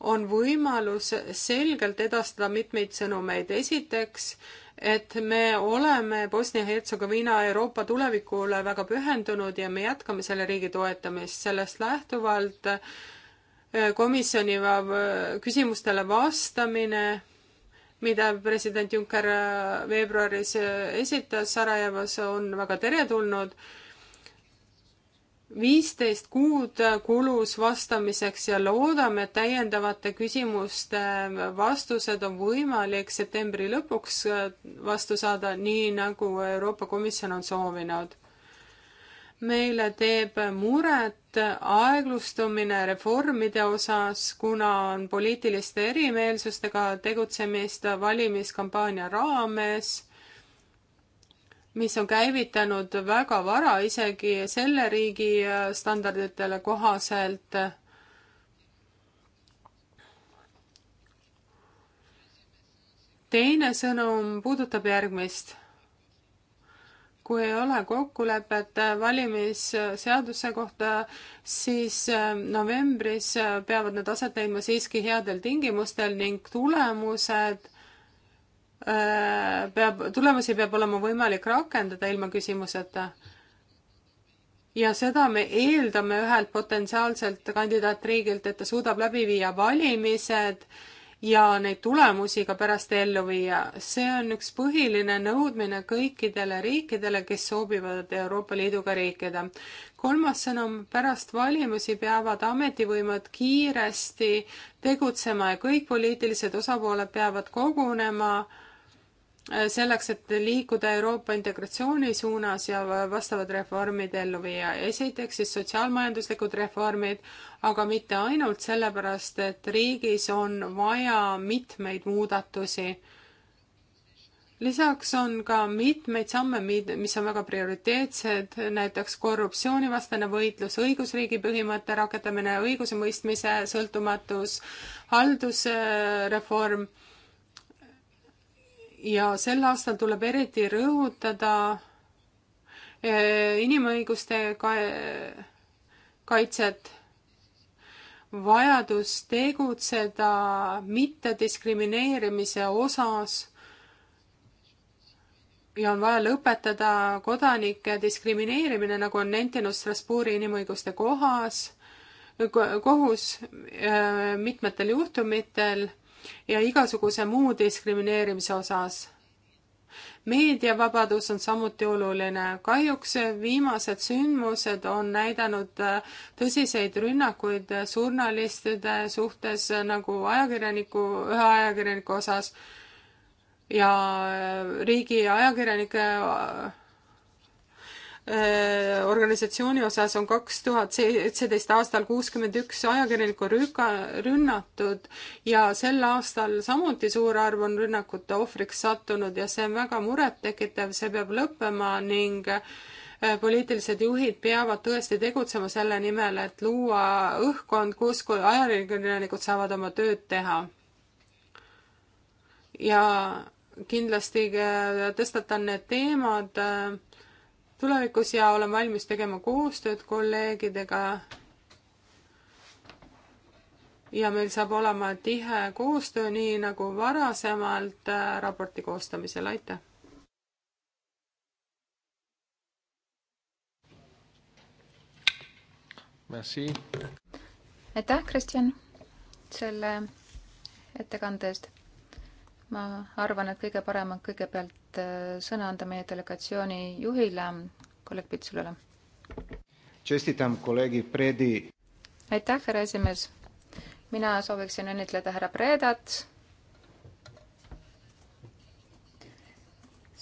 on võimalus selgelt edastada mitmeid sõnumeid. esiteks, et me oleme Bosnia-Hertsegoviina Euroopa tulevikule väga pühendunud ja me jätkame selle riigi toetamist. sellest lähtuvalt komisjoni küsimustele vastamine, mida president Juncker veebruaris esitas Sarajevas, on väga teretulnud. viisteist kuud kulus vastamiseks ja loodame, et täiendavate küsimuste vastused on võimalik septembri lõpuks vastu saada, nii nagu Euroopa Komisjon on soovinud meile teeb muret aeglustumine reformide osas, kuna on poliitiliste erimeelsustega tegutsemist valimiskampaania raames, mis on käivitanud väga vara, isegi selle riigi standarditele kohaselt teine sõnum puudutab järgmist kui ei ole kokkulepet valimisseaduse kohta, siis äh, novembris äh, peavad need aset leidma siiski headel tingimustel ning tulemused äh, peab, tulemusi peab olema võimalik rakendada ilma küsimuseta. ja seda me eeldame ühelt potentsiaalselt kandidaatriigilt, et ta suudab läbi viia valimised äh, ja neid tulemusi ka pärast ellu viia. see on üks põhiline nõudmine kõikidele riikidele, kes soovivad Euroopa Liiduga riikida. kolmas sõnum, pärast valimisi peavad ametivõimud kiiresti tegutsema ja kõik poliitilised osapooled peavad kogunema Äh, selleks, et liikuda Euroopa integratsiooni suunas ja vastavad reformid ellu viia. esiteks siis sotsiaalmajanduslikud reformid, aga mitte ainult sellepärast, et riigis on vaja mitmeid muudatusi. lisaks on ka mitmeid samme, mis on väga prioriteetsed, näiteks korruptsioonivastane võitlus, õigusriigi põhimõtte rakendamine, õigusemõistmise sõltumatus, haldusreform ja sel aastal tuleb eriti rõhutada eh, inimõiguste kaitset, vajadus tegutseda mittediskrimineerimise osas ja on vaja lõpetada kodanike diskrimineerimine, nagu on nentinud Strasbourgi inimõiguste kohas, kohus eh, mitmetel juhtumitel ja igasuguse muu diskrimineerimise osas. meediavabadus on samuti oluline. kahjuks viimased sündmused on näidanud äh, tõsiseid rünnakuid äh, žurnalistide suhtes äh, nagu ajakirjaniku, ühe ajakirjaniku osas ja riigi ajakirjanike Äh, organisatsiooni osas on kaks tuhat seitseteist aastal kuuskümmend üks ajakirjanikku rüka-, rünnatud ja sel aastal samuti suur arv on rünnakute ohvriks sattunud ja see on väga murettekitav, see peab lõppema ning äh, poliitilised juhid peavad tõesti tegutsema selle nimel, et luua õhkkond, kus ajakirjanikud saavad oma tööd teha. ja kindlasti äh, tõstatan need teemad tulevikus ja olen valmis tegema koostööd kolleegidega. ja meil saab olema tihe koostöö, nii nagu varasemalt äh, raporti koostamisel, aitäh. aitäh, Kristjan, selle ettekande eest ma arvan, et kõige parem on kõigepealt äh, sõna anda meie delegatsiooni juhile, kolleeg Pitsulale. aitäh, härra esimees. mina sooviksin õnnitleda härra Predat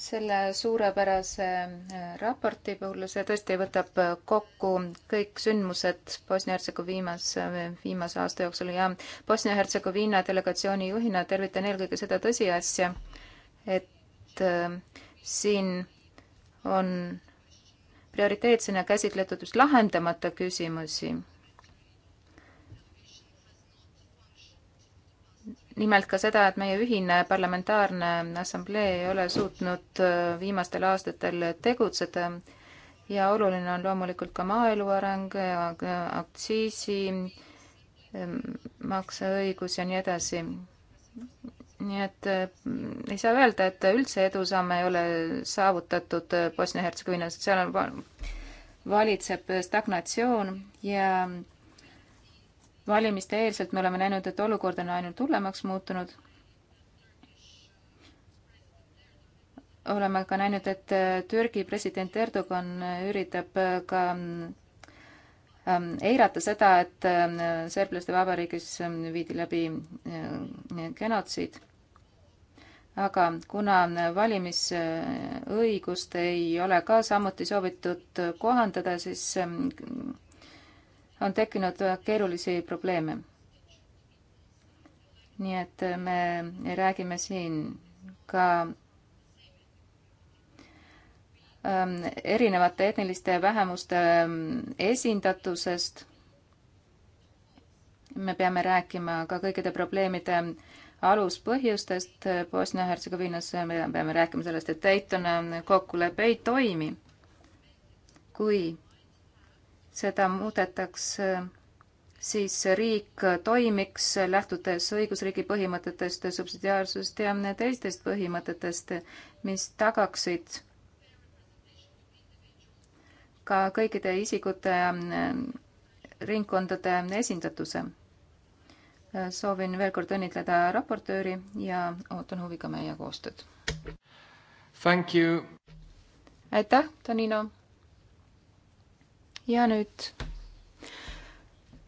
selle suurepärase äh, raporti puhul, see tõesti võtab äh, kokku kõik sündmused Bosnia-Hertsegoviinas äh, viimase aasta jooksul ja Bosnia-Hertsegoviina delegatsiooni juhina tervitan eelkõige seda tõsiasja, et siin on prioriteetsena käsitletud just lahendamata küsimusi nimelt ka seda, et meie ühine parlamentaarne assamblee ei ole suutnud äh, viimastel aastatel tegutseda ja oluline on loomulikult ka maaelu areng, aktsiisi, ähm, makseõigus ja nii edasi. nii et äh, ei saa öelda, et üldse edusamme ei ole saavutatud äh, Bosnia-Hertsegoviinas, et seal on, valitseb stagnatsioon ja valimiste eelselt me oleme näinud, et olukord on ainult hullemaks muutunud. oleme ka näinud, et äh, Türgi president Erdogan üritab äh, ka ähm, eirata seda, et ähm, serblaste vabariigis ähm, viidi läbi äh, genotsiid. aga kuna valimisõigust ei ole ka samuti soovitud kohandada, siis on tekkinud keerulisi probleeme. nii et me räägime siin ka ähm, erinevate etniliste vähemuste ähm, esindatusest. me peame rääkima ka kõikide probleemide aluspõhjustest Bosnia-Hertsegoviinas, me peame rääkima sellest, et Daytona kokkulepe ei toimi. kui seda muudetaks, siis riik toimiks lähtudes õigusriigi põhimõtetest, subsidiaarsust ja teistest põhimõtetest, mis tagaksid ka kõikide isikute ringkondade esindatuse. soovin veel kord õnnitleda raportööri ja ootan huviga meie koostööd. aitäh, Tanino ja nüüd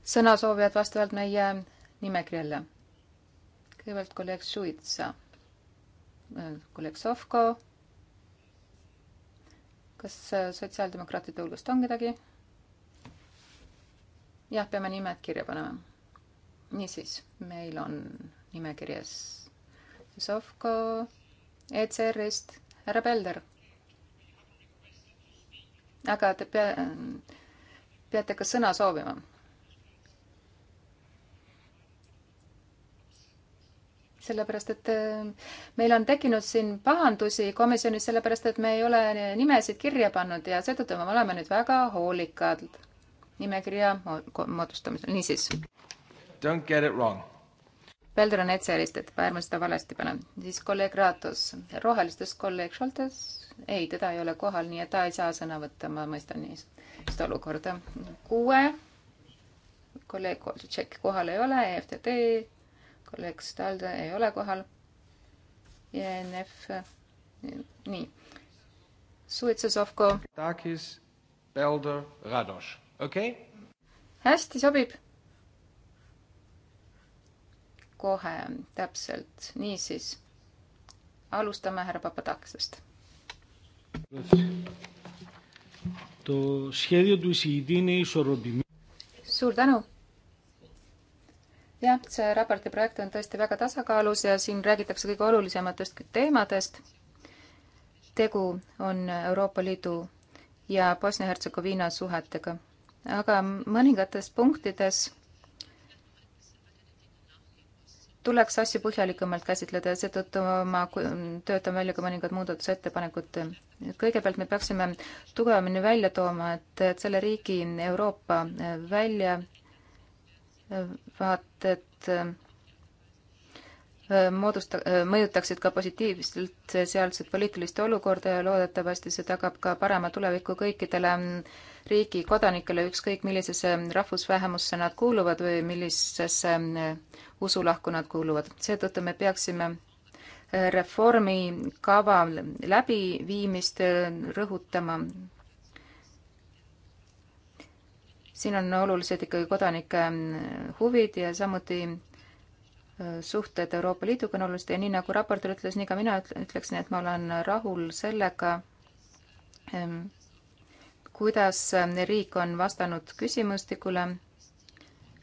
sõnasoovijad vastavalt meie nimekirjale. kõigepealt kolleeg Suitsa, kolleeg Sovko. kas sotsiaaldemokraatide hulgast on kedagi? jah, peame nimed kirja panema. niisiis, meil on nimekirjas Sovko ECR-ist, härra Pelder. aga te pea- peate ka sõna soovima. sellepärast, et äh, meil on tekkinud siin pahandusi komisjonis, sellepärast et me ei ole nimesid kirja pannud ja seetõttu me oleme nüüd väga hoolikad nimekirja moodustamisel, niisiis. Don't get it wrong. Peldur on Etserist, et ärme seda valesti pane. siis kolleeg Raatos, rohelistest kolleeg Šoltes, ei, teda ei ole kohal, nii et ta ei saa sõna võtta, ma mõistan niiviisi seda olukorda. kuue, kolleeg Koltšek kohal ei ole, EFTD, kolleeg Stalde ei ole kohal. ENF, nii. Suitsesovko. Takis, Belder, Radoš, okei okay.? hästi sobib. kohe, täpselt, niisiis. alustame härra Papadakisest. Το σχέδιο του εισηγητή είναι ισορροπημένο. Suur tänu! jah, see raporti projekt on tõesti väga tasakaalus ja siin räägitakse kõige olulisematest teemadest. tegu on Euroopa Liidu ja Bosnia-Hertsegoviina suhetega. aga mõningates punktides tuleks asju põhjalikumalt käsitleda ja seetõttu ma töötan välja ka mõningad muudatusettepanekud. kõigepealt me peaksime tugevamini välja tooma, et, et selle riigi Euroopa äh, väljavaated äh, äh, moodusta-, mõjutaksid ka positiivselt sealset poliitilist olukorda ja loodetavasti see tagab ka parema tuleviku kõikidele ähm, riigi kodanikele, ükskõik millisesse rahvusvähemusse nad kuuluvad või millisesse usulahku nad kuuluvad. seetõttu me peaksime äh, reformikava läbiviimist äh, rõhutama. siin on olulised ikkagi kodanike äh, huvid ja samuti suhted Euroopa Liiduga on olulised ja nii nagu raportöör ütles, nii ka mina ütleksin, et ma olen rahul sellega, ähm, kuidas riik on vastanud küsimustikule,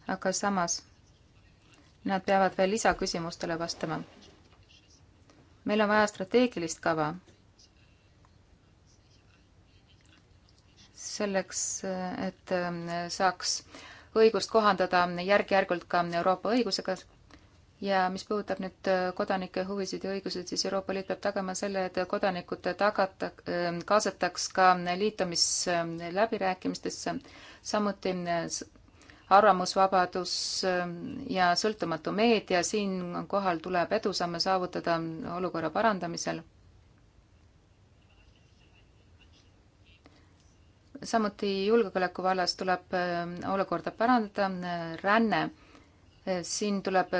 aga samas Nad peavad veel lisaküsimustele vastama. meil on vaja strateegilist kava. selleks, et ähm, saaks õigust kohandada järk-järgult ka Euroopa õigusega ja mis puudutab nüüd äh, kodanike huvisid ja õigused, siis Euroopa Liit peab tagama selle, et kodanikud tagata, ähm, kaasataks ka liitumisläbirääkimistesse, ähm, samuti äh, arvamusvabadus ähm, ja sõltumatu meedia, siinkohal tuleb edusamme saavutada olukorra parandamisel. samuti julgeoleku vallas tuleb äh, olukorda parandada, ränne, äh, siin tuleb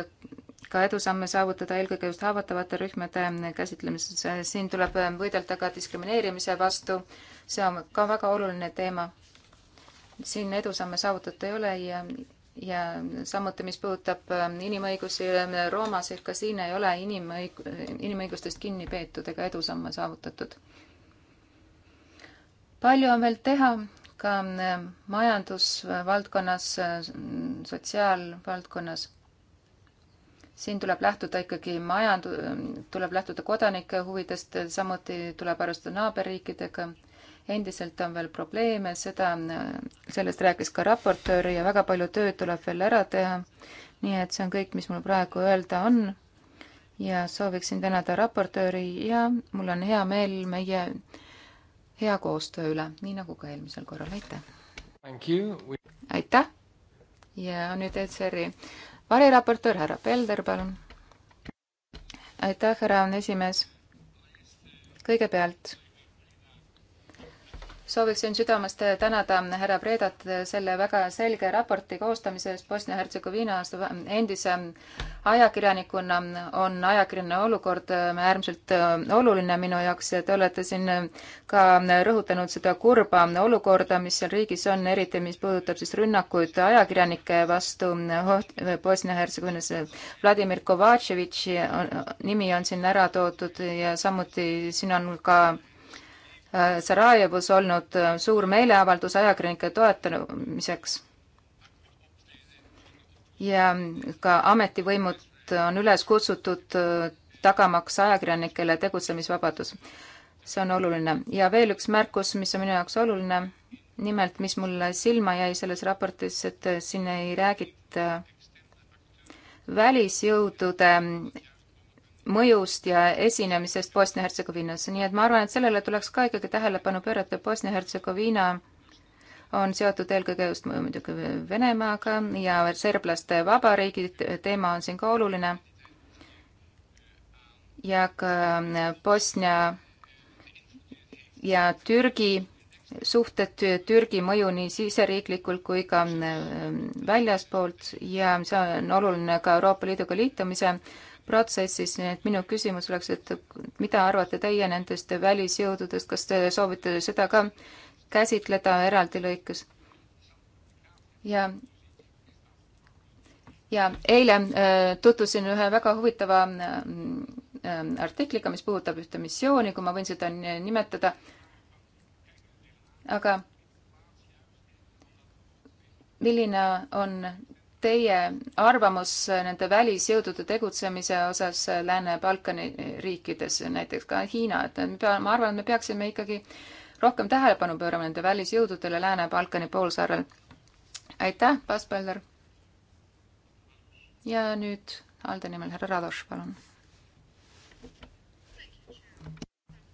ka edusamme saavutada eelkõige just haavatavate rühmade käsitlemises, siin tuleb võidelda ka diskrimineerimise vastu, see on ka väga oluline teema siin edusamme saavutatud ei ole ja, ja samuti, mis puudutab ähm, inimõigusi ähm, Roomas, et ka siin ei ole inimõig-, inimõigustest kinni peetud ega edusamme saavutatud. palju on veel teha ka ähm, majandusvaldkonnas, äh, sotsiaalvaldkonnas siin tuleb lähtuda ikkagi majand-, tuleb lähtuda kodanike huvidest, samuti tuleb arvestada naaberriikidega endiselt on veel probleeme, seda, sellest rääkis ka raportöör ja väga palju tööd tuleb veel ära teha. nii et see on kõik, mis mul praegu öelda on. ja sooviksin tänada raportööri ja mul on hea meel meie hea koostöö üle, nii nagu ka eelmisel korral, aitäh! aitäh! ja nüüd ECR-i variraportöör härra Pelder, palun! aitäh, härra esimees! kõigepealt sooviksin südamest tänada härra Predat selle väga selge raporti koostamise eest Bosnia-Hertsegoviinas. endise ajakirjanikuna on ajakirjanduse olukord äärmiselt oluline minu jaoks ja te olete siin ka rõhutanud seda kurba olukorda, mis seal riigis on, eriti mis puudutab siis rünnakuid ajakirjanike vastu Bosnia-Hertsegoviinas. Vladimir Kovatševitši nimi on siin ära toodud ja samuti siin on ka Äh, Sarajevos olnud äh, suur meeleavaldus ajakirjanike toetamiseks. ja ka ametivõimud on üles kutsutud äh, tagamaks ajakirjanikele tegutsemisvabadus. see on oluline. ja veel üks märkus, mis on minu jaoks oluline, nimelt, mis mulle silma jäi selles raportis, et siin ei räägita välisjõudude mõjust ja esinemisest Bosnia-Hertsegoviinas, nii et ma arvan, et sellele tuleks ka ikkagi tähelepanu pöörata, Bosnia-Hertsegoviina on seotud eelkõige just muidugi Venemaaga ja serblaste vabariigi teema on siin ka oluline. ja ka Bosnia ja Türgi suhted, Türgi mõju nii siseriiklikult kui ka äh, väljaspoolt ja see on oluline ka Euroopa Liiduga liitumise protsessis, nii et minu küsimus oleks, et mida arvate teie nendest välisjõududest, kas te soovite seda ka käsitleda eraldi lõikes? ja, ja eile äh, tutvusin ühe väga huvitava äh, äh, artikliga, mis puudutab ühte missiooni, kui ma võin seda nimetada, aga milline on teie arvamus nende välisjõudude tegutsemise osas Lääne-Balkani riikides, näiteks ka Hiina, et me pea-, ma arvan, et me peaksime ikkagi rohkem tähelepanu pöörama nende välisjõududele Lääne-Balkani poolsaarel. aitäh, Bas Põlder! ja nüüd Alde nimel härra Radoš, palun!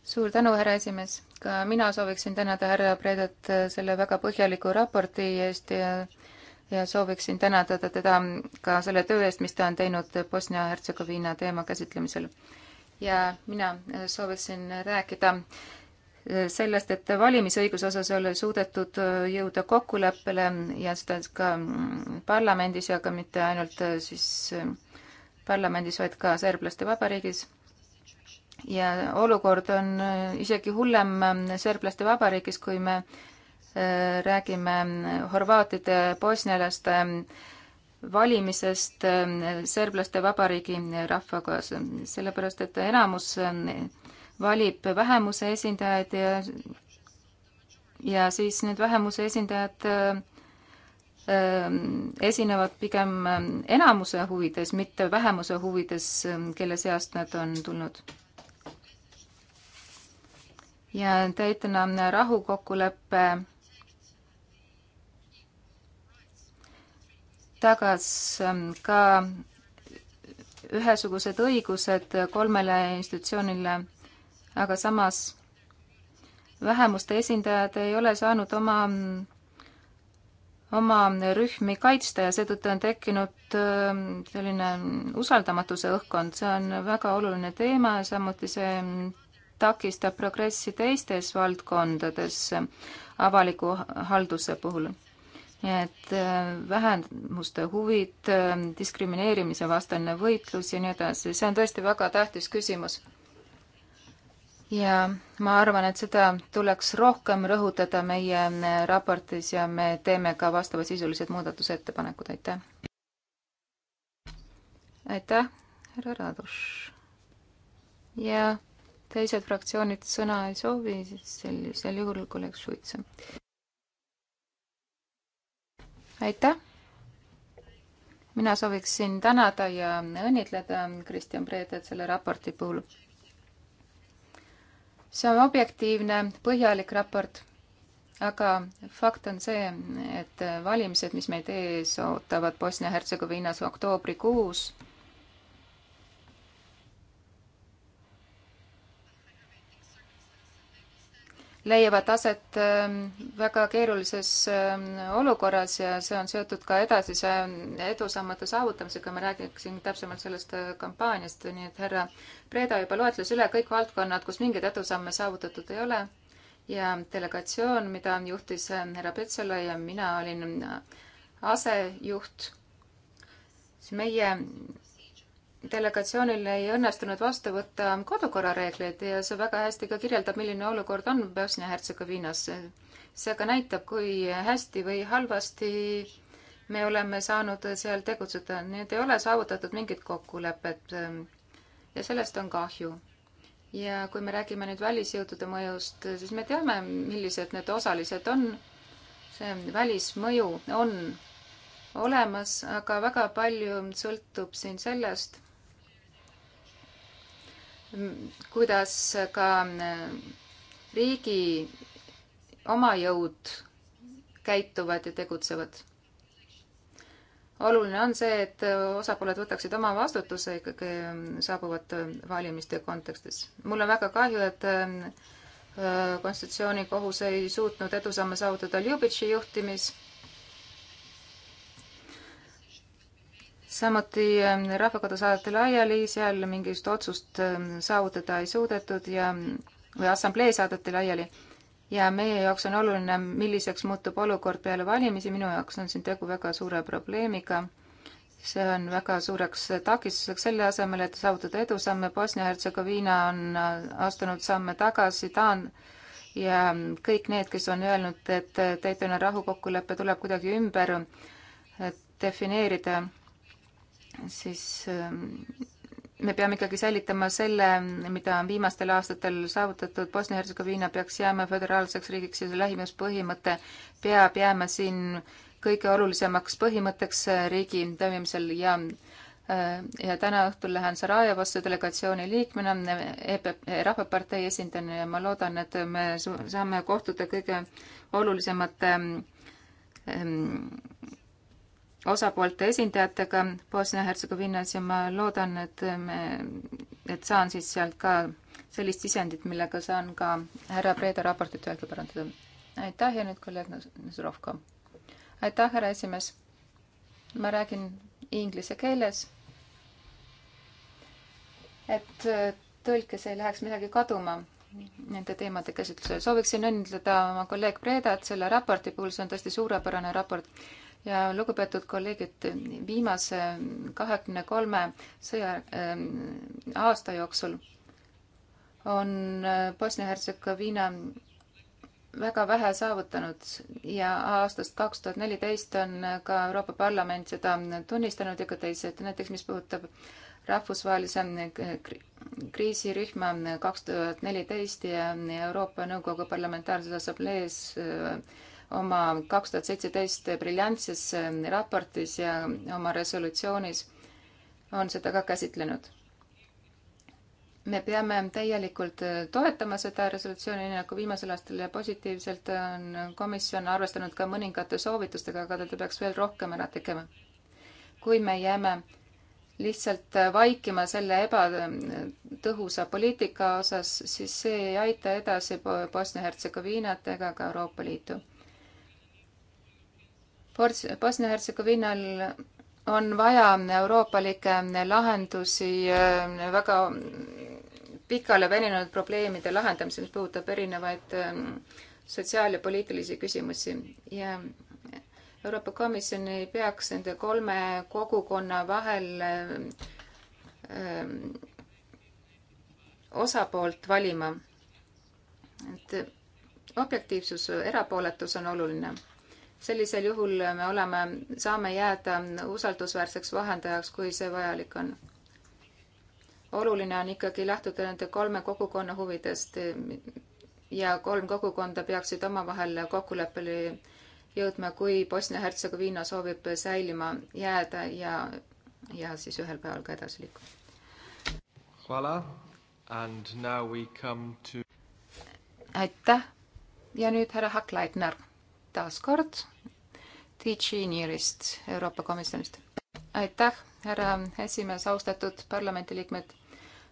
suur tänu, härra esimees! ka mina sooviksin tänada härra Predet selle väga põhjaliku raporti eest ja ja sooviksin tänada teda ka selle töö eest, mis ta on teinud Bosnia-Hertsegoviina teema käsitlemisel. ja mina äh, sooviksin rääkida äh, sellest, et valimisõiguse osas ei ole suudetud äh, jõuda kokkuleppele ja seda ka mm, parlamendis ja ka mitte ainult siis parlamendis, vaid ka serblaste vabariigis. ja olukord on isegi hullem serblaste vabariigis, kui me Äh, räägime horvaatide, bosnialaste ähm, valimisest ähm, serblaste vabariigi rahvaga, sellepärast et enamus ähm, valib vähemuse esindajaid ja, ja siis need vähemuse esindajad äh, esinevad pigem enamuse huvides, mitte vähemuse huvides, kelle seast nad on tulnud. ja Daytona rahukokkulepe tagas ähm, ka ühesugused õigused kolmele institutsioonile, aga samas vähemuste esindajad ei ole saanud oma, oma rühmi kaitsta ja seetõttu on tekkinud ähm, selline usaldamatuse õhkkond, see on väga oluline teema ja samuti see takistab progressi teistes valdkondades avaliku halduse puhul et äh, vähemuste huvid, äh, diskrimineerimise vastane võitlus ja nii edasi, see on tõesti väga tähtis küsimus. ja ma arvan, et seda tuleks rohkem rõhutada meie äh, raportis ja me teeme ka vastavasisulised muudatusettepanekud, aitäh. aitäh, härra Radoš. ja teised fraktsioonid sõna ei soovi, siis sellisel juhul kolleeg Šuitsa aitäh! mina sooviksin tänada ja õnnitleda Kristjan Preedet selle raporti puhul. see on objektiivne, põhjalik raport, aga fakt on see, et valimised, mis meid ees ootavad Bosnia-Hertsegoviinas oktoobrikuus, leiavad aset ähm, väga keerulises ähm, olukorras ja see on seotud ka edasise ähm, edusammade saavutamisega, ma räägiksin täpsemalt sellest äh, kampaaniast, nii et härra Preda juba loetles üle kõik valdkonnad, kus mingeid edusamme saavutatud ei ole ja delegatsioon, mida juhtis äh, härra Petsala ja mina olin äh, asejuht, siis meie delegatsioonil ei õnnestunud vastu võtta kodukorrareegleid ja see väga hästi ka kirjeldab, milline olukord on Bosnia-Hertsegoviinas. see aga näitab, kui hästi või halvasti me oleme saanud seal tegutseda, nii et ei ole saavutatud mingit kokkulepet. ja sellest on kahju. ja kui me räägime nüüd välisjõudude mõjust, siis me teame, millised need osalised on. see välismõju on olemas, aga väga palju sõltub siin sellest kuidas ka riigi oma jõud käituvad ja tegutsevad. oluline on see, et osapooled võtaksid oma vastutuse ikkagi saabuvate valimiste kontekstis. mul on väga kahju, et äh, konstitutsioonikohus ei suutnud edusamme saavutada Ljubitši juhtimis samuti ähm, rahvakodu saadeti laiali, seal mingit otsust ähm, saavutada ei suudetud ja, või assamblee saadeti laiali. ja meie jaoks on oluline, milliseks muutub olukord peale valimisi, minu jaoks on siin tegu väga suure probleemiga. see on väga suureks takistuseks selle asemel, et saavutada edusamme, Bosnia-Hertsegoviina on äh, astunud samme tagasi, ta on ja ähm, kõik need, kes on öelnud, et Daytona äh, rahukokkulepe tuleb kuidagi ümber äh, defineerida siis ähm, me peame ikkagi säilitama selle, mida on viimastel aastatel saavutatud, Bosnia-Hertsegoviina peaks jääma föderaalseks riigiks ja see lähimuspõhimõte peab jääma siin kõige olulisemaks põhimõtteks äh, riigi toimimisel ja äh, ja täna õhtul lähen Sarajevosse delegatsiooni liikmena, EPP, Rahvapartei esindajana ja ma loodan, et me saame kohtuda kõige olulisemate ähm, osapoolte esindajatega Bosnia-Hertsegoviinas ja ma loodan, et me, et saan siis sealt ka sellist sisendit, millega saan ka härra Preeda raportit välja parandada. aitäh ja nüüd kolleeg Zurovko. aitäh, härra esimees. ma räägin inglise keeles. et tõlkes ei läheks midagi kaduma nende teemade käsitlusel. sooviksin õnnitleda oma kolleeg Predat selle raporti puhul, see on tõesti suurepärane raport ja lugupeetud kolleegid, viimase kahekümne kolme sõja äh, aasta jooksul on äh, Bosnia-Hertsegoviina väga vähe saavutanud ja aastast kaks tuhat neliteist on äh, ka Euroopa Parlament seda tunnistanud ja ka teised, näiteks mis puudutab rahvusvahelise äh, kriisirühma kaks tuhat neliteist ja Euroopa Nõukogu Parlamentaarses Assamblees oma kaks tuhat seitseteist briljantses ähm, raportis ja oma resolutsioonis on seda ka käsitlenud. me peame täielikult äh, toetama seda resolutsiooni, nii nagu viimasel aastal ja positiivselt on komisjon arvestanud ka mõningate soovitustega, aga ta peaks veel rohkem ära tegema. kui me jääme lihtsalt äh, vaikima selle ebatõhusa poliitika osas, siis see ei aita edasi Bosnia-Hertsegoviinat ega ka Euroopa Liitu. Bosnia-Hertsegoviinal on vaja euroopalikke lahendusi äh, väga pikale veninud probleemide lahendamisel, mis puudutab erinevaid äh, sotsiaal- ja poliitilisi küsimusi ja Euroopa Komisjon ei peaks nende kolme kogukonna vahel äh, osapoolt valima. et objektiivsus, erapooletus on oluline sellisel juhul me oleme, saame jääda usaldusväärseks vahendajaks, kui see vajalik on. oluline on ikkagi lähtuda nende kolme kogukonna huvidest ja kolm kogukonda peaksid omavahel kokkuleppele jõudma, kui Bosnia-Hertsegoviina soovib säilima jääda ja, ja siis ühel päeval ka edasi liikuda. To... aitäh ja nüüd härra Haklaitner taaskord DG Nearist, Euroopa Komisjonist. aitäh, härra esimees, austatud parlamendiliikmed.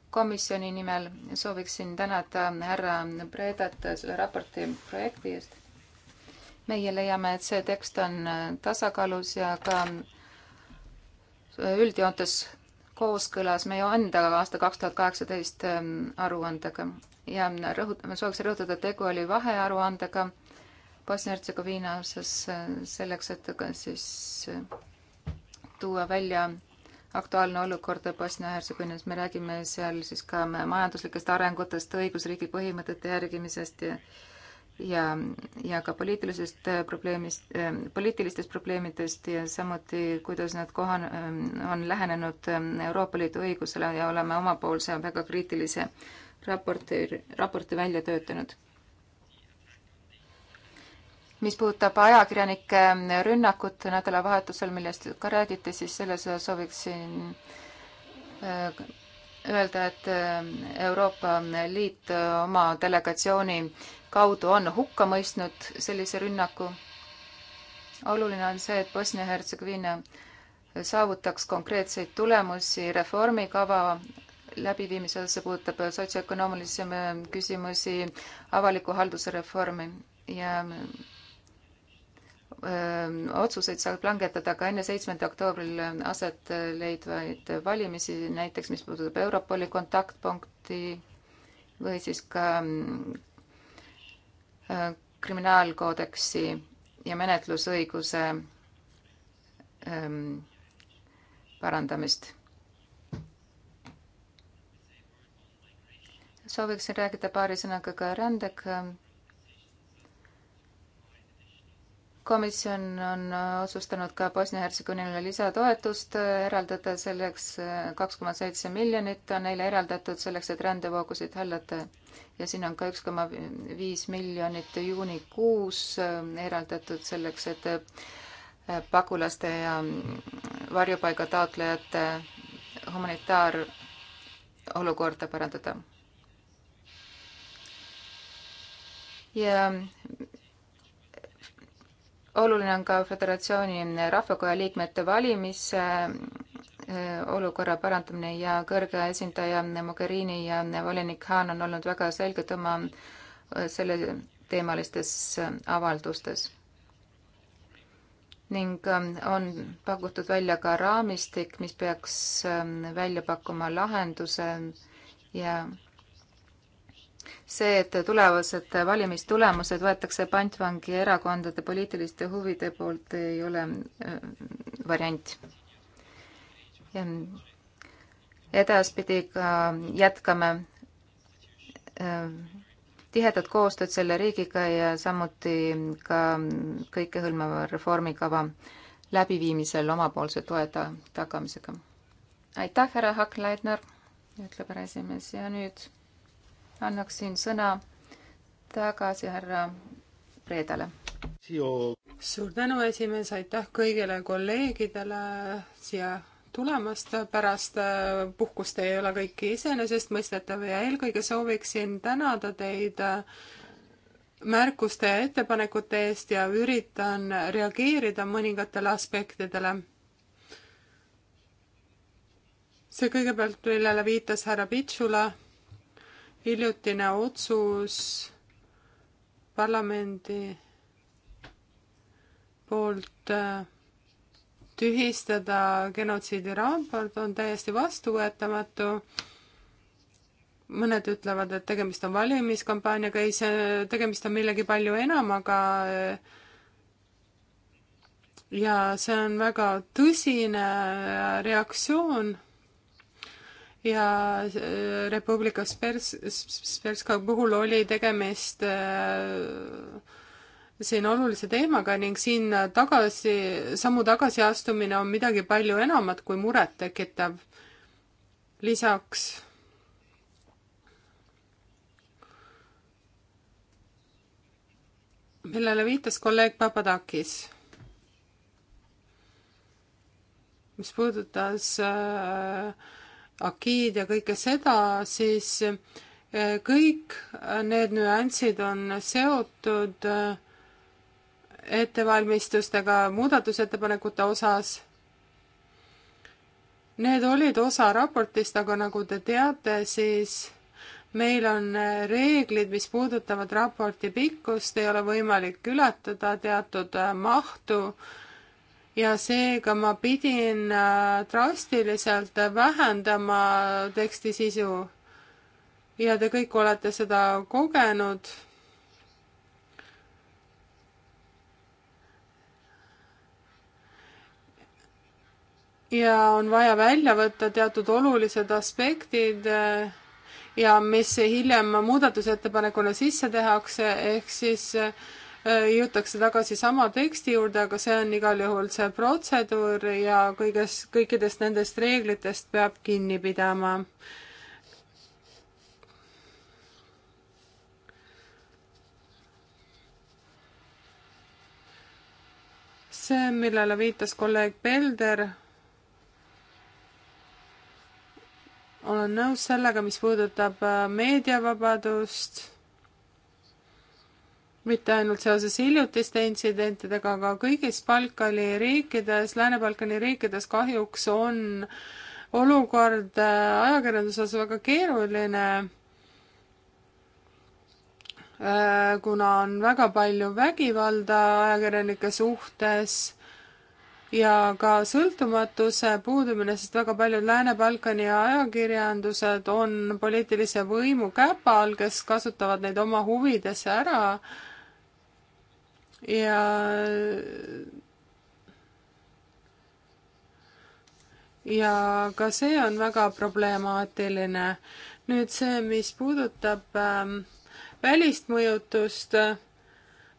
komisjoni nimel sooviksin tänada härra Bredat selle raporti projekti eest. meie leiame, et see tekst on tasakaalus ja ka üldjoontes kooskõlas meie enda aasta kaks tuhat kaheksateist ähm, aruandega ja rõhutame, sooviks rõhutada, et tegu oli vahearuandega Bosnia-Hertsegoviina osas äh, selleks, et ka siis äh, tuua välja aktuaalne olukord Bosnia-Hertsegoviinas, me räägime seal siis ka majanduslikest arengutest, õigusriigi põhimõtete järgimisest ja ja, ja ka poliitilisest äh, probleemist, poliitilistest probleemidest ja samuti, kuidas nad kohan-, on lähenenud Euroopa Liidu õigusele ja oleme omapoolse väga kriitilise raporti, raporti välja töötanud mis puudutab ajakirjanike rünnakut nädalavahetusel, millest ka räägiti, siis selles sooviksin äh, öelda, et äh, Euroopa Liit oma delegatsiooni kaudu on hukka mõistnud sellise rünnaku. oluline on see, et Bosnia-Hertsegoviina saavutaks konkreetseid tulemusi reformikava läbiviimise osas, see puudutab sotsioökonoomilisi küsimusi, avaliku halduse reformi ja otsuseid saab langetada ka enne seitsmenda oktoobril aset leidvaid valimisi, näiteks mis puudutab Europoli kontaktpunkti või siis ka kriminaalkoodeksi ja menetlusõiguse parandamist. sooviksin rääkida paari sõnaga ka rändega komisjon on äh, otsustanud ka Bosnia-Hertsegoviinale lisatoetust äh, eraldada selleks äh, kaks koma seitse miljonit on neile eraldatud selleks, et rändevoogusid hallata. ja siin on ka üks koma viis miljonit juunikuus eraldatud selleks, et pagulaste ja mm, varjupaiga taotlejate humanitaarolukorda parandada ja oluline on ka Föderatsiooni Rahvakoja liikmete valimise äh, olukorra parandamine ja kõrge esindaja Mogherini ja volinik Haan on olnud väga selged oma äh, selleteemalistes äh, avaldustes. ning on pakutud välja ka raamistik, mis peaks välja pakkuma lahenduse ja see, et tulevased valimistulemused võetakse pantvangi erakondade poliitiliste huvide poolt, ei ole äh, variant. edaspidi ka jätkame äh, tihedat koostööd selle riigiga ja samuti ka kõikehõlmava reformikava läbiviimisel omapoolse toe ta-, tagamisega. aitäh, härra Hakk-Leitner, ütleb härra esimees ja nüüd annaksin sõna tagasi härra Reedale. suur tänu, esimees, aitäh kõigile kolleegidele siia tulemast, pärast äh, puhkust ei ole kõik iseenesestmõistetav ja eelkõige sooviksin tänada teid äh, märkuste ja ettepanekute eest ja üritan reageerida mõningatele aspektidele. see kõigepealt, millele viitas härra Pitsula hiljutine otsus parlamendi poolt äh, tühistada genotsiidi raport on täiesti vastuvõetamatu. mõned ütlevad, et tegemist on valimiskampaaniaga, ei see, tegemist on millegi palju enamaga. Äh, ja see on väga tõsine äh, reaktsioon ja äh, Republika Spers-, Sperska puhul oli tegemist äh, siin olulise teemaga ning siin tagasi, sammu tagasiastumine on midagi palju enamat kui murettekitav. lisaks millele viitas kolleeg Papadakis, mis puudutas äh, akiid ja kõike seda, siis eh, kõik need nüansid on seotud eh, ettevalmistustega muudatusettepanekute osas. Need olid osa raportist, aga nagu te teate, siis meil on eh, reeglid, mis puudutavad raporti pikkust, ei ole võimalik ületada teatud mahtu ja seega ma pidin äh, drastiliselt vähendama teksti sisu. ja te kõik olete seda kogenud ja on vaja välja võtta teatud olulised aspektid äh, ja mis hiljem muudatusettepanekuna sisse tehakse, ehk siis äh, Äh, jõutakse tagasi sama teksti juurde, aga see on igal juhul see protseduur ja kõiges, kõikidest nendest reeglitest peab kinni pidama. see, millele viitas kolleeg Pelder, olen nõus sellega, mis puudutab äh, meediavabadust mitte ainult seoses hiljutiste intsidentidega, aga kõigis Balkani riikides, Lääne-Balkani riikides kahjuks on olukord äh, ajakirjanduses väga keeruline, äh, kuna on väga palju vägivalda ajakirjanike suhtes ja ka sõltumatuse puudumine, sest väga paljud Lääne-Balkani ajakirjandused on poliitilise võimu käpa all, kes kasutavad neid oma huvides ära ja ja ka see on väga problemaatiline. nüüd see, mis puudutab ähm, välist mõjutust,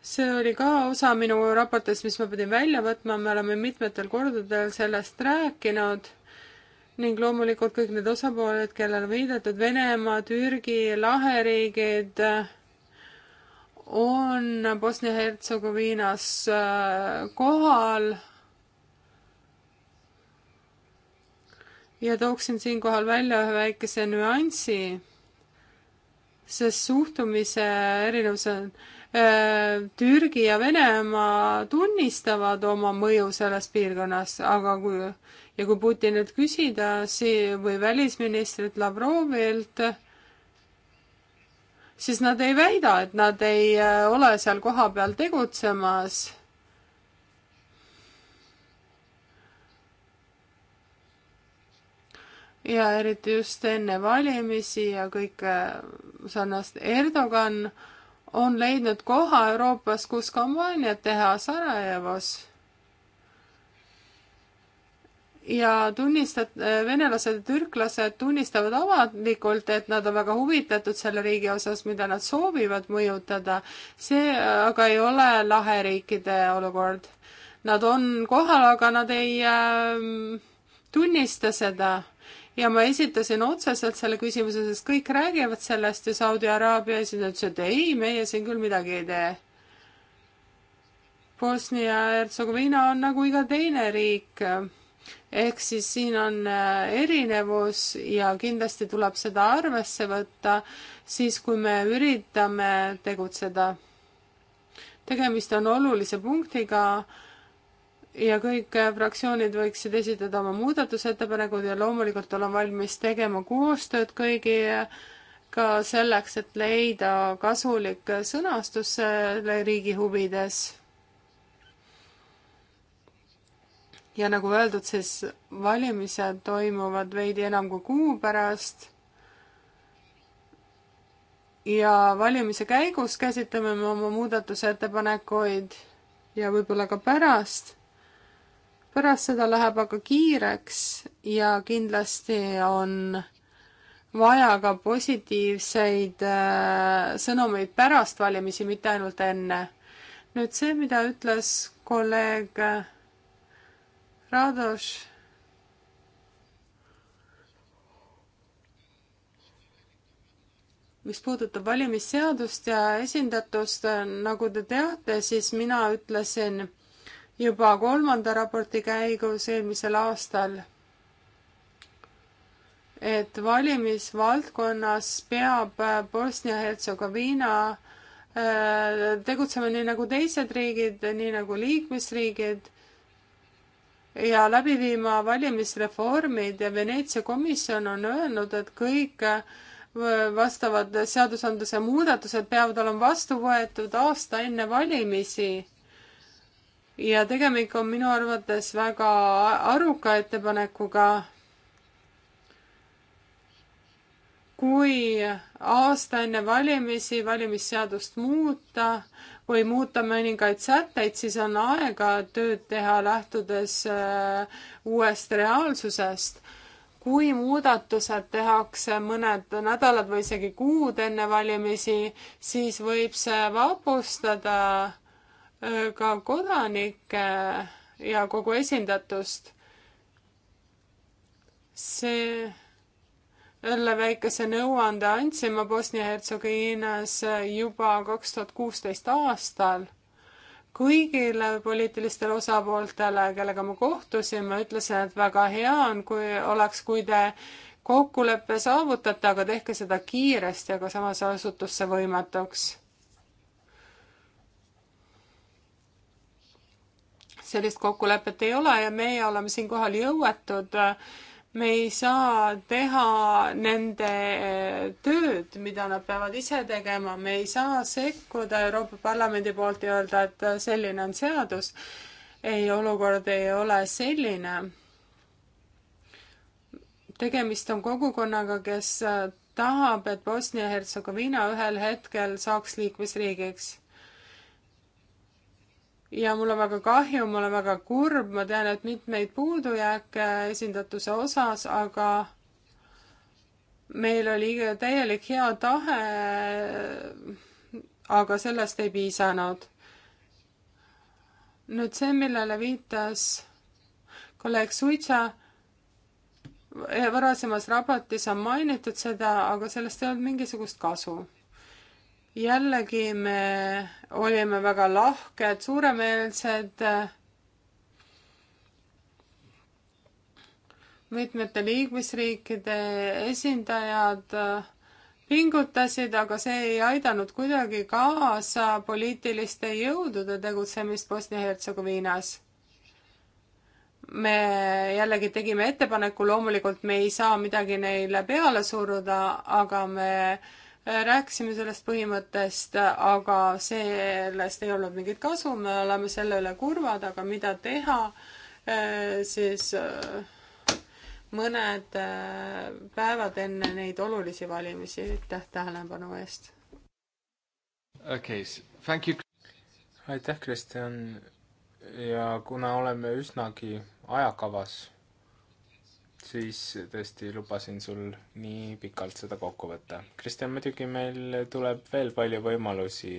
see oli ka osa minu raportist, mis ma pidin välja võtma, me oleme mitmetel kordadel sellest rääkinud ning loomulikult kõik need osapooled, kellele viidatud, Venemaa, Türgi, laheriigid äh,, on Bosnia-Hertsegoviinas äh, kohal ja tooksin siinkohal välja ühe väikese nüansi, sest suhtumise erinevus on äh, Türgi ja Venemaa tunnistavad oma mõju selles piirkonnas, aga kui ja kui Putinilt küsida sii- või välisministrilt Lavrovilt, siis nad ei väida, et nad ei äh, ole seal kohapeal tegutsemas ja eriti just enne valimisi ja kõike äh, sarnast. Erdogan on leidnud koha Euroopas, kus kampaaniat teha Sarajevos ja tunnistad, venelased ja türklased tunnistavad avalikult, et nad on väga huvitatud selle riigi osas, mida nad soovivad mõjutada. see aga ei ole laheriikide olukord. Nad on kohal, aga nad ei äh, tunnista seda. ja ma esitasin otseselt selle küsimuse, sest kõik räägivad sellest ja Saudi Araabia esindaja ütles, et ei, meie siin küll midagi ei tee Bosnia-Hertsegoviina on nagu iga teine riik ehk siis siin on äh, erinevus ja kindlasti tuleb seda arvesse võtta siis, kui me üritame tegutseda. tegemist on olulise punktiga ja kõik äh, fraktsioonid võiksid esitada oma muudatusettepanekud ja loomulikult olen valmis tegema koostööd kõigi äh, ka selleks, et leida kasulik sõnastus selle riigi huvides ja nagu öeldud, siis valimised toimuvad veidi enam kui kuu pärast. ja valimise käigus käsitleme me oma muudatusettepanekuid ja võib-olla ka pärast. pärast seda läheb aga kiireks ja kindlasti on vaja ka positiivseid äh, sõnumeid pärast valimisi, mitte ainult enne. nüüd see, mida ütles kolleeg äh, Radoš. mis puudutab valimisseadust ja esindatust, nagu te teate, siis mina ütlesin juba kolmanda raporti käigus eelmisel aastal, et valimisvaldkonnas peab Bosnia-Hertsegoviina äh, tegutsema nii nagu teised riigid, nii nagu liikmesriigid ja läbi viima valimisreformid ja Veneetsia komisjon on öelnud, et kõik äh, vastavad seadusandluse muudatused peavad olema vastu võetud aasta enne valimisi. ja tegemik on minu arvates väga aruka ettepanekuga. kui aasta enne valimisi valimisseadust muuta, või muuta mõningaid sätteid, siis on aega tööd teha lähtudes äh, uuest reaalsusest. kui muudatused tehakse mõned nädalad või isegi kuud enne valimisi, siis võib see vabustada äh, ka kodanikke ja kogu esindatust. see jälle väikese nõuande andsin ma Bosnia-Hertsegiinas juba kaks tuhat kuusteist aastal kõigile poliitilistele osapooltele, kellega ma kohtusin, ma ütlesin, et väga hea on, kui oleks, kui te kokkuleppe saavutate, aga tehke seda kiiresti, aga samas osutus see võimatuks. sellist kokkulepet ei ole ja meie oleme siinkohal jõuetud äh, me ei saa teha nende eh, tööd, mida nad peavad ise tegema, me ei saa sekkuda Euroopa Parlamendi poolt ja öelda, et eh, selline on seadus. ei, olukord ei ole selline. tegemist on kogukonnaga, kes eh, tahab, et Bosnia-Hertsegoviina ühel hetkel saaks liikmesriigiks ja mul on väga kahju, ma olen väga kurb, ma tean, et mitmeid puudujääke esindatuse osas, aga meil oli täielik hea tahe, aga sellest ei piisanud. nüüd see, millele viitas kolleeg Suitsa, varasemas raportis on mainitud seda, aga sellest ei olnud mingisugust kasu jällegi me olime väga lahked, suuremeelsed mitmete liikmesriikide esindajad pingutasid, aga see ei aidanud kuidagi kaasa poliitiliste jõudude tegutsemist Bosnia-Hertsegoviinas. me jällegi tegime ettepaneku, loomulikult me ei saa midagi neile peale suruda, aga me rääkisime sellest põhimõttest, aga sellest ei olnud mingit kasu, me oleme selle üle kurvad, aga mida teha, eh, siis eh, mõned eh, päevad enne neid olulisi valimisi, aitäh tähelepanu eest! okei okay,, aitäh, Kristjan, ja kuna oleme üsnagi ajakavas siis tõesti lubasin sul nii pikalt seda kokku võtta. Kristjan, muidugi meil tuleb veel palju võimalusi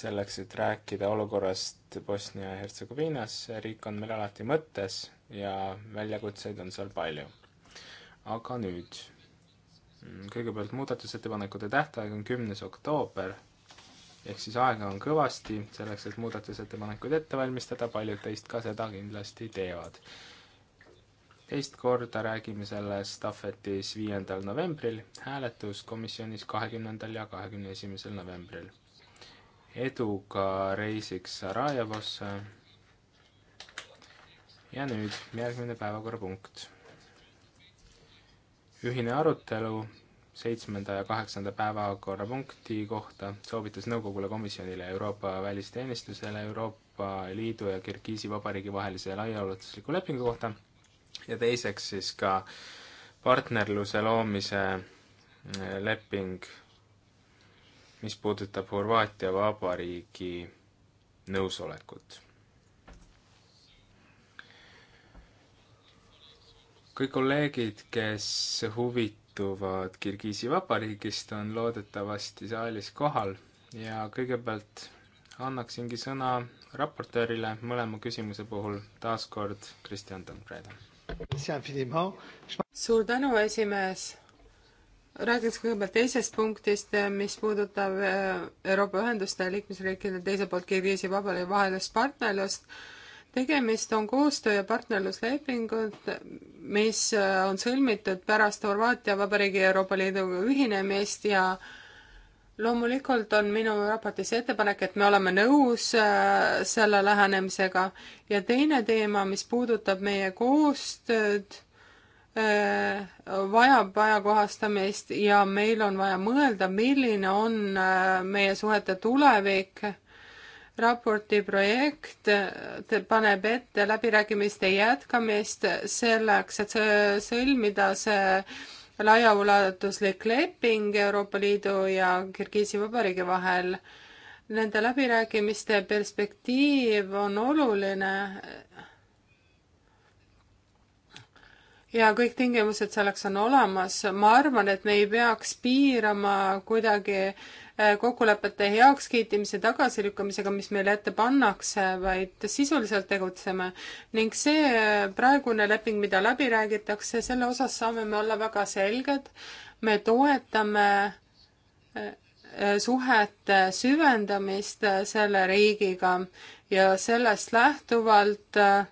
selleks, et rääkida olukorrast Bosnia ja Hertsegoviinas, riik on meil alati mõttes ja väljakutseid on seal palju. aga nüüd, kõigepealt muudatusettepanekute tähtaeg on kümnes oktoober, ehk siis aega on kõvasti selleks, et muudatusettepanekuid ette valmistada, paljud teist ka seda kindlasti teevad teist korda räägime sellest ahvetis viiendal novembril, hääletus komisjonis kahekümnendal ja kahekümne esimesel novembril. eduga reisiks Sarajevosse. ja nüüd järgmine päevakorrapunkt. ühine arutelu seitsmenda ja kaheksanda päevakorrapunkti kohta soovitas nõukogule komisjonile Euroopa välisteenistusele Euroopa Liidu ja Kirgiisi Vabariigi vahelise laiaulatusliku lepingu kohta ja teiseks siis ka partnerluse loomise eh, leping, mis puudutab Horvaatia Vabariigi nõusolekut. kõik kolleegid, kes huvituvad Kirgiisi Vabariigist, on loodetavasti saalis kohal ja kõigepealt annaksingi sõna raportöörile mõlema küsimuse puhul, taas kord Kristjan Tõnpreda suur tänu, esimees. räägiks kõigepealt teisest punktist, mis puudutab äh, Euroopa Ühenduste liikmesriikide teiselt poolt Kirgiisi Vabariigi vahelist partnerlust tegemist on koostöö- ja partnerluslepingud, mis äh, on sõlmitud pärast Horvaatia Vabariigi Euroopa Liiduga ühinemist ja loomulikult on minu raportis ettepanek, et me oleme nõus äh, selle lähenemisega ja teine teema, mis puudutab meie koostööd, äh, vajab ajakohastamist ja meil on vaja mõelda, milline on äh, meie suhete tulevik. raporti projekt paneb ette läbirääkimiste jätkamist selleks, et sõlmida see laiaulatuslik leping Euroopa Liidu ja Kirgiisi Vabariigi vahel. Nende läbirääkimiste perspektiiv on oluline ja kõik tingimused selleks on olemas. ma arvan, et me ei peaks piirama kuidagi Äh, kokkulepete heakskiitmise tagasilükkamisega, mis meile ette pannakse, vaid sisuliselt tegutseme. ning see äh, praegune leping, mida läbi räägitakse, selle osas saame me olla väga selged, me toetame äh, suhete süvendamist selle riigiga ja sellest lähtuvalt äh,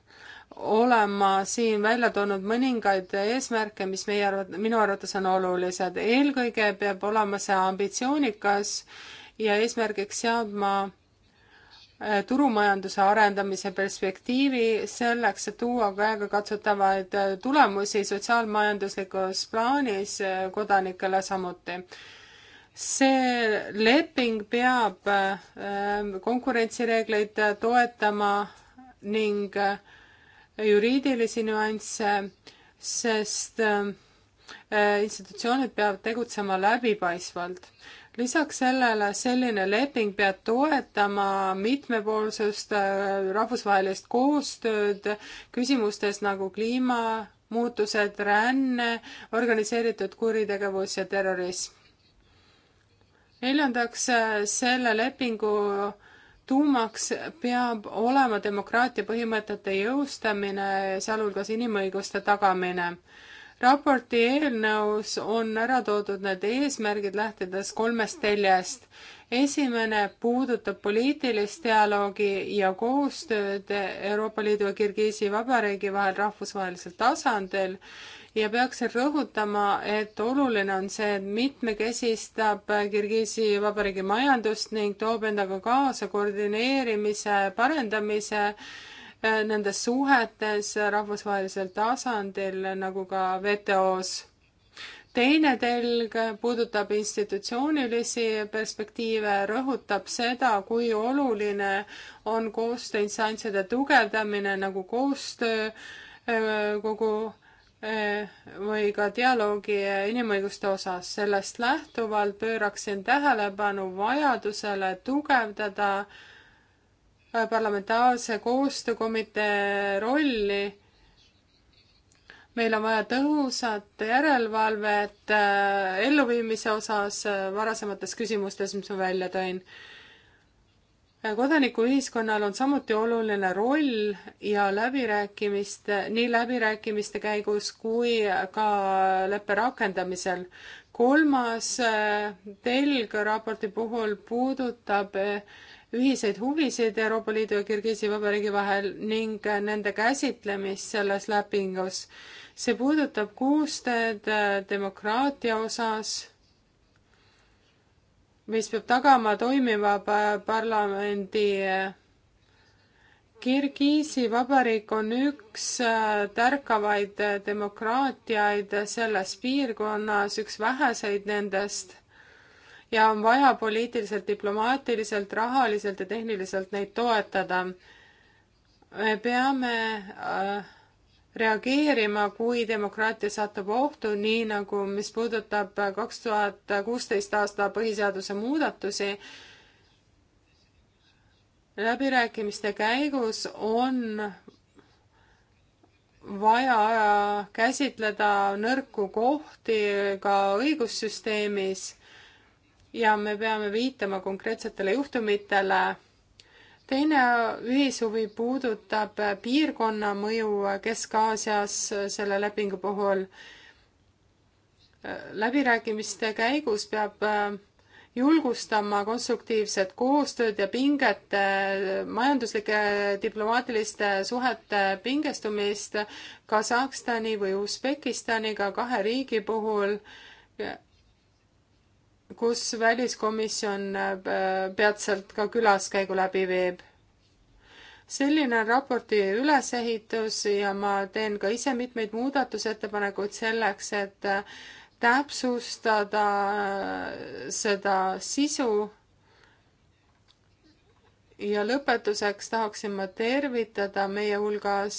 olema siin välja toonud mõningaid eesmärke, mis meie arvat-, minu arvates on olulised. eelkõige peab olema see ambitsioonikas ja eesmärgiks seadma eh, turumajanduse arendamise perspektiivi selleks, et tuua käegakatsutavaid eh, tulemusi sotsiaalmajanduslikus plaanis eh, kodanikele samuti. see leping peab konkurentsireegleid toetama ning äh, juriidilisi nüansse, sest äh, äh, institutsioonid peavad tegutsema läbipaistvalt. lisaks sellele selline leping peab toetama mitmepoolsust, äh, rahvusvahelist koostööd küsimustes nagu kliimamuutused, ränne, organiseeritud kuritegevus ja terrorism. neljandaks, selle lepingu tuumaks peab olema demokraatia põhimõtete jõustamine, sealhulgas inimõiguste tagamine. raporti eelnõus on ära toodud need eesmärgid, lähtudes kolmest teljest. esimene puudutab poliitilist dialoogi ja koostööd Euroopa Liidu ja Kirgiisi Vabariigi vahel rahvusvahelisel tasandil ja peaks rõhutama, et oluline on see, et mitmekesistab Kirgiisi Vabariigi majandust ning toob endaga kaasa koordineerimise parendamise eh, nendes suhetes rahvusvahelisel tasandil nagu ka WTO-s teine telg puudutab institutsioonilisi perspektiive, rõhutab seda, kui oluline on koostööinstantside tugevdamine nagu koostöö eh, kogu Äh, või ka dialoogi inimõiguste osas. sellest lähtuvalt pööraksin tähelepanu vajadusele tugevdada äh, parlamentaarse koostöökomitee rolli. meil on vaja tõhusat järelevalvet äh, elluviimise osas varasemates küsimustes, mis ma välja tõin kodanikuühiskonnal on samuti oluline roll ja läbirääkimiste, nii läbirääkimiste käigus kui ka leppe rakendamisel. kolmas eh, telg raporti puhul puudutab eh, ühiseid huvisid Euroopa Liidu ja Kirgiisi Vabariigi vahel ning eh, nende käsitlemist selles lepingus. see puudutab koostööd demokraatia osas mis peab tagama toimiva parlamendi eh, Kirgiisi vabariik on üks eh, tärkavaid eh, demokraatiaid selles piirkonnas, üks väheseid nendest ja on vaja poliitiliselt, diplomaatiliselt, rahaliselt ja tehniliselt neid toetada. me peame äh, reageerima, kui demokraatia satub ohtu, nii nagu mis puudutab kaks tuhat kuusteist aasta põhiseaduse muudatusi. läbirääkimiste käigus on vaja käsitleda nõrku kohti ka õigussüsteemis ja me peame viitama konkreetsetele juhtumitele teine ühishuvi puudutab piirkonna mõju Kesk-Aasias selle lepingu puhul. läbirääkimiste käigus peab äh, julgustama konstruktiivset koostööd ja pingete, äh, majanduslike diplomaatiliste suhete pingestumist Kasahstani või Usbekistaniga kahe riigi puhul kus väliskomisjon äh, peatselt ka külaskäigu läbi viib. selline on raporti ülesehitus ja ma teen ka ise mitmeid muudatusettepanekuid selleks, et äh, täpsustada äh, seda sisu. ja lõpetuseks tahaksin ma tervitada meie hulgas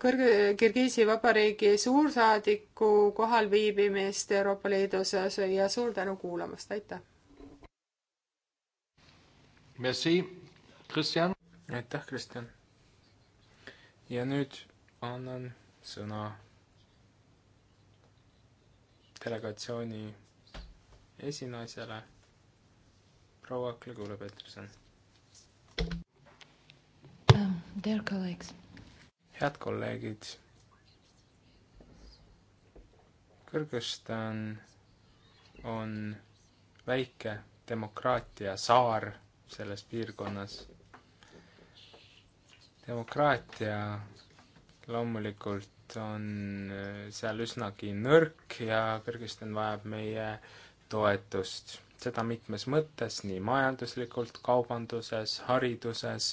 kõrge, Kirgiisi Vabariigi suursaadiku kohalviibimist Euroopa Liidus ja suur tänu kuulamast, aitäh! Merci, Kristjan! aitäh, Kristjan! ja nüüd annan sõna delegatsiooni esinaisele proua Klõgule Peterson um,. Dear colleagues head kolleegid, Kõrgõzstan on väike demokraatia saar selles piirkonnas. demokraatia loomulikult on äh, seal üsnagi nõrk ja Kõrgõzstan vajab meie toetust, seda mitmes mõttes, nii majanduslikult, kaubanduses, hariduses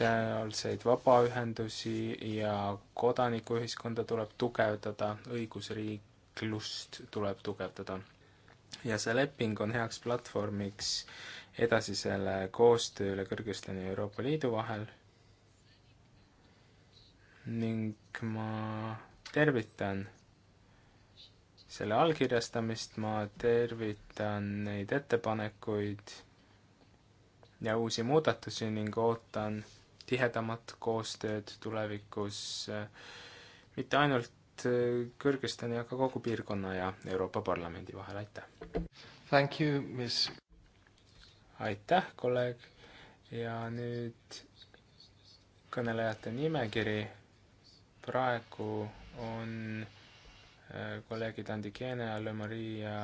sealseid vabaühendusi ja kodanikuühiskonda tuleb tugevdada, õigusriiklust tuleb tugevdada. ja see leping on heaks platvormiks edasisele koostööle Kõrgõzstani ja Euroopa Liidu vahel ning ma tervitan selle allkirjastamist, ma tervitan neid ettepanekuid ja uusi muudatusi ning ootan tihedamat koostööd tulevikus eh, mitte ainult eh, Kõrgõzstani, aga kogu piirkonna ja Euroopa Parlamendi vahel, aitäh! Thank you, miss! aitäh, kolleeg! ja nüüd kõnelejate nimekiri. praegu on eh, kolleegid Andi Keene, Alle-Maria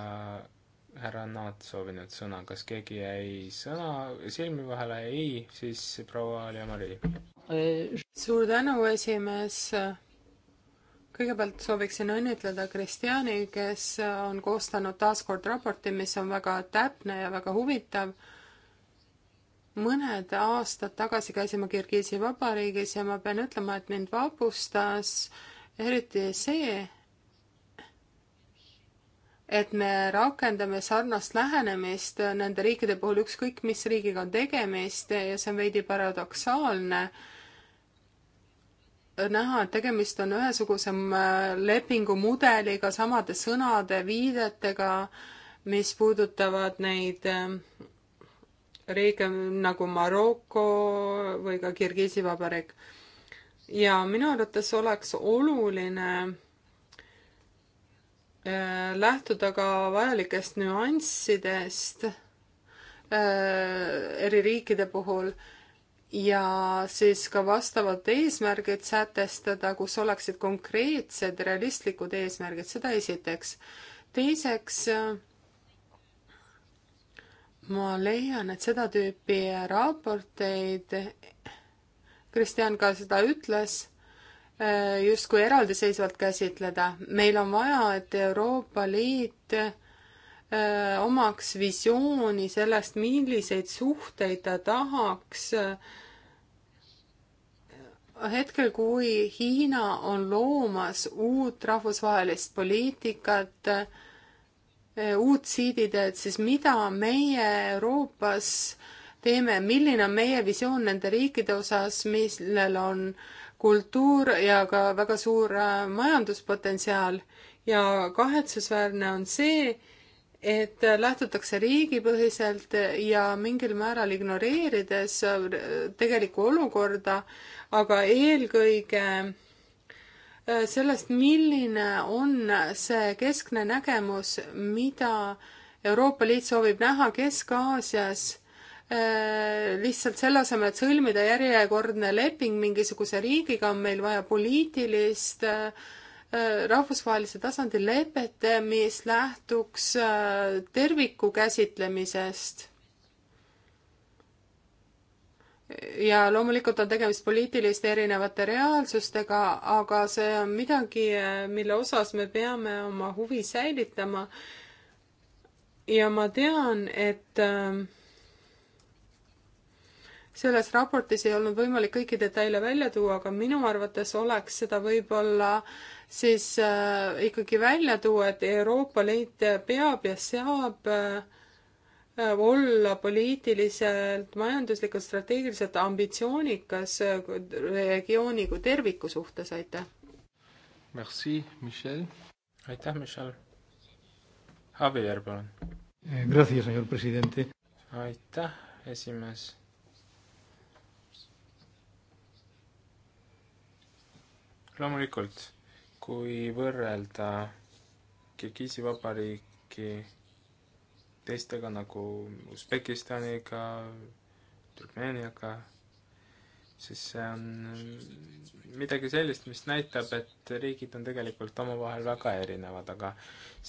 härra Naat soovinud sõna, kas keegi jäi sõna silmi vahele, ei, siis proua Alja-Mari. suur tänu, esimees. kõigepealt sooviksin õnnitleda Kristjani, kes on koostanud taas kord raporti, mis on väga täpne ja väga huvitav. mõned aastad tagasi käisin ma Kirgiisi Vabariigis ja ma pean ütlema, et mind vapustas eriti see, et me rakendame sarnast lähenemist nende riikide puhul, ükskõik mis riigiga on tegemist ja see on veidi paradoksaalne näha, et tegemist on ühesuguse äh, lepingumudeliga, samade sõnade, viidetega, mis puudutavad neid äh, riike nagu Maroko või ka Kirgiisi Vabariik. ja minu arvates oleks oluline Äh, lähtuda ka vajalikest nüanssidest äh, eri riikide puhul ja siis ka vastavad eesmärgid sätestada, kus oleksid konkreetsed realistlikud eesmärgid, seda esiteks. teiseks, äh, ma leian, et seda tüüpi raporteid, Kristjan ka seda ütles Äh, justkui eraldiseisvalt käsitleda. meil on vaja, et Euroopa Liit äh, omaks visiooni sellest, milliseid suhteid ta tahaks hetkel, kui Hiina on loomas uut rahvusvahelist poliitikat, äh, uut siiditööd, siis mida meie Euroopas teeme, milline on meie visioon nende riikide osas, millel on äh, kultuur ja ka väga suur äh, majanduspotentsiaal ja kahetsusväärne on see, et äh, lähtutakse riigipõhiselt ja mingil määral ignoreerides äh, tegelikku olukorda, aga eelkõige sellest, milline on see keskne nägemus, mida Euroopa Liit soovib näha Kesk-Aasias Äh, lihtsalt selle asemel, et sõlmida järjekordne leping mingisuguse riigiga, on meil vaja poliitilist äh, rahvusvahelise tasandi lepet, mis lähtuks äh, terviku käsitlemisest. ja loomulikult on tegemist poliitiliste erinevate reaalsustega, aga see on midagi, mille osas me peame oma huvi säilitama. ja ma tean, et äh, selles raportis ei olnud võimalik kõiki detaile välja tuua, aga minu arvates oleks seda võib-olla siis äh, ikkagi välja tuua, et Euroopa Liit peab ja saab äh, olla poliitiliselt, majanduslikult, strateegiliselt ambitsioonikas äh, regiooni kui terviku suhtes, aitäh. Merci, Michel. aitäh, Michel. Javier, palun. Eh, gracias, señor presidente. aitäh, esimees loomulikult, kui võrrelda Kirgiisi vabariiki teistega nagu Usbekistaniga, Türmeeniaga, siis see on midagi sellist, mis näitab, et riigid on tegelikult omavahel väga erinevad, aga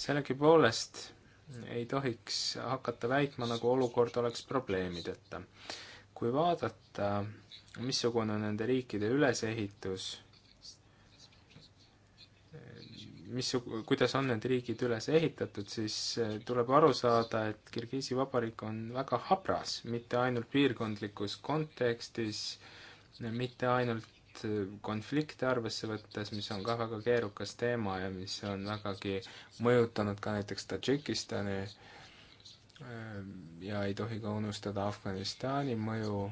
sellegipoolest ei tohiks hakata väitma, nagu olukord oleks probleemideta. kui vaadata, missugune on nende riikide ülesehitus mis, kuidas on need riigid üles ehitatud, siis äh, tuleb aru saada, et Kirgiisi Vabariik on väga habras, mitte ainult piirkondlikus kontekstis, mitte ainult äh, konflikte arvesse võttes, mis on ka väga keerukas teema ja mis on vägagi mõjutanud ka näiteks Tadžikistani äh, ja ei tohi ka unustada Afganistani mõju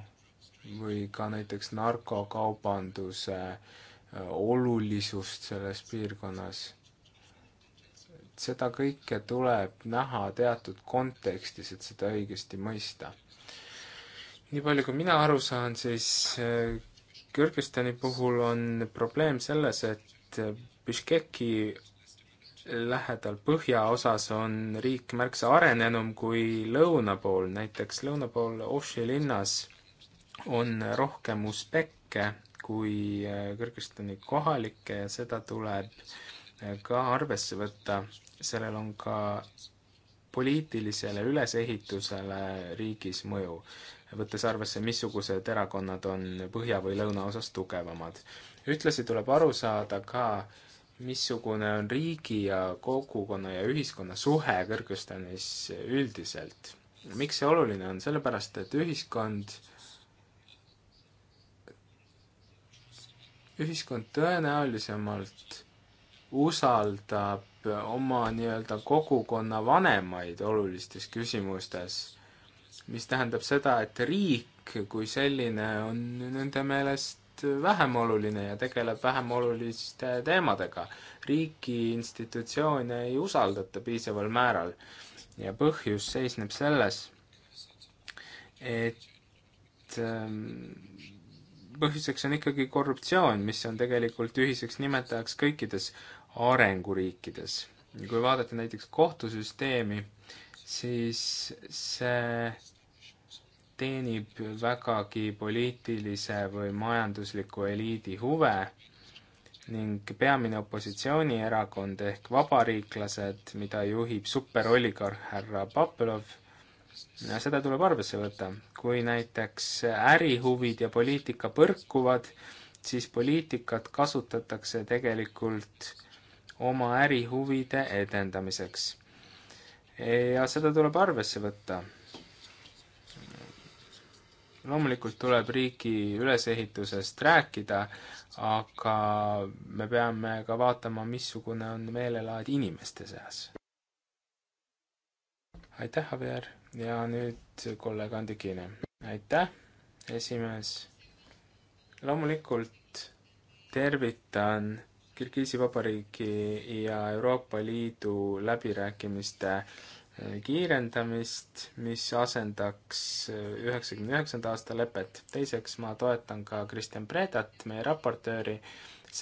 või ka näiteks narkokaubanduse olulisust selles piirkonnas seda kõike tuleb näha teatud kontekstis, et seda õigesti mõista. nii palju, kui mina aru saan, siis äh, Kõrgõzstani puhul on probleem selles, et äh, Biškeki lähedal põhjaosas on riik märksa arenenum kui lõuna pool, näiteks lõuna pool Oši linnas on rohkem usbekke kui äh, Kõrgõzstani kohalikke ja seda tuleb ka arvesse võtta sellel on ka poliitilisele ülesehitusele riigis mõju, võttes arvesse, missugused erakonnad on põhja või lõuna osas tugevamad. ühtlasi tuleb aru saada ka, missugune on riigi ja kogukonna ja ühiskonna suhe Kõrgõzstanis üldiselt. miks see oluline on, sellepärast et ühiskond ühiskond tõenäolisemalt usaldab oma nii-öelda kogukonna vanemaid olulistes küsimustes, mis tähendab seda, et riik kui selline on nende meelest vähem oluline ja tegeleb vähem oluliste teemadega. riiki institutsioone ei usaldata piisaval määral ja põhjus seisneb selles, et ähm, põhjuseks on ikkagi korruptsioon, mis on tegelikult ühiseks nimetajaks kõikides arenguriikides. kui vaadata näiteks kohtusüsteemi, siis see teenib vägagi poliitilise või majandusliku eliidi huve ning peamine opositsioonierakond ehk vabariiklased, mida juhib superoligarh härra Popelov, seda tuleb arvesse võtta. kui näiteks ärihuvid ja poliitika põrkuvad, siis poliitikat kasutatakse tegelikult oma ärihuvide edendamiseks. ja seda tuleb arvesse võtta. loomulikult tuleb riigi ülesehitusest rääkida, aga me peame ka vaatama, missugune on meelelaad inimeste seas. aitäh, Javier, ja nüüd kolleeg Andikine. aitäh, esimees loomulikult tervitan Kirgiisi Vabariigi ja Euroopa Liidu läbirääkimiste eh, kiirendamist, mis asendaks eh, üheksakümne üheksanda aasta lepet. teiseks, ma toetan ka Kristjan Predat, meie raportööri,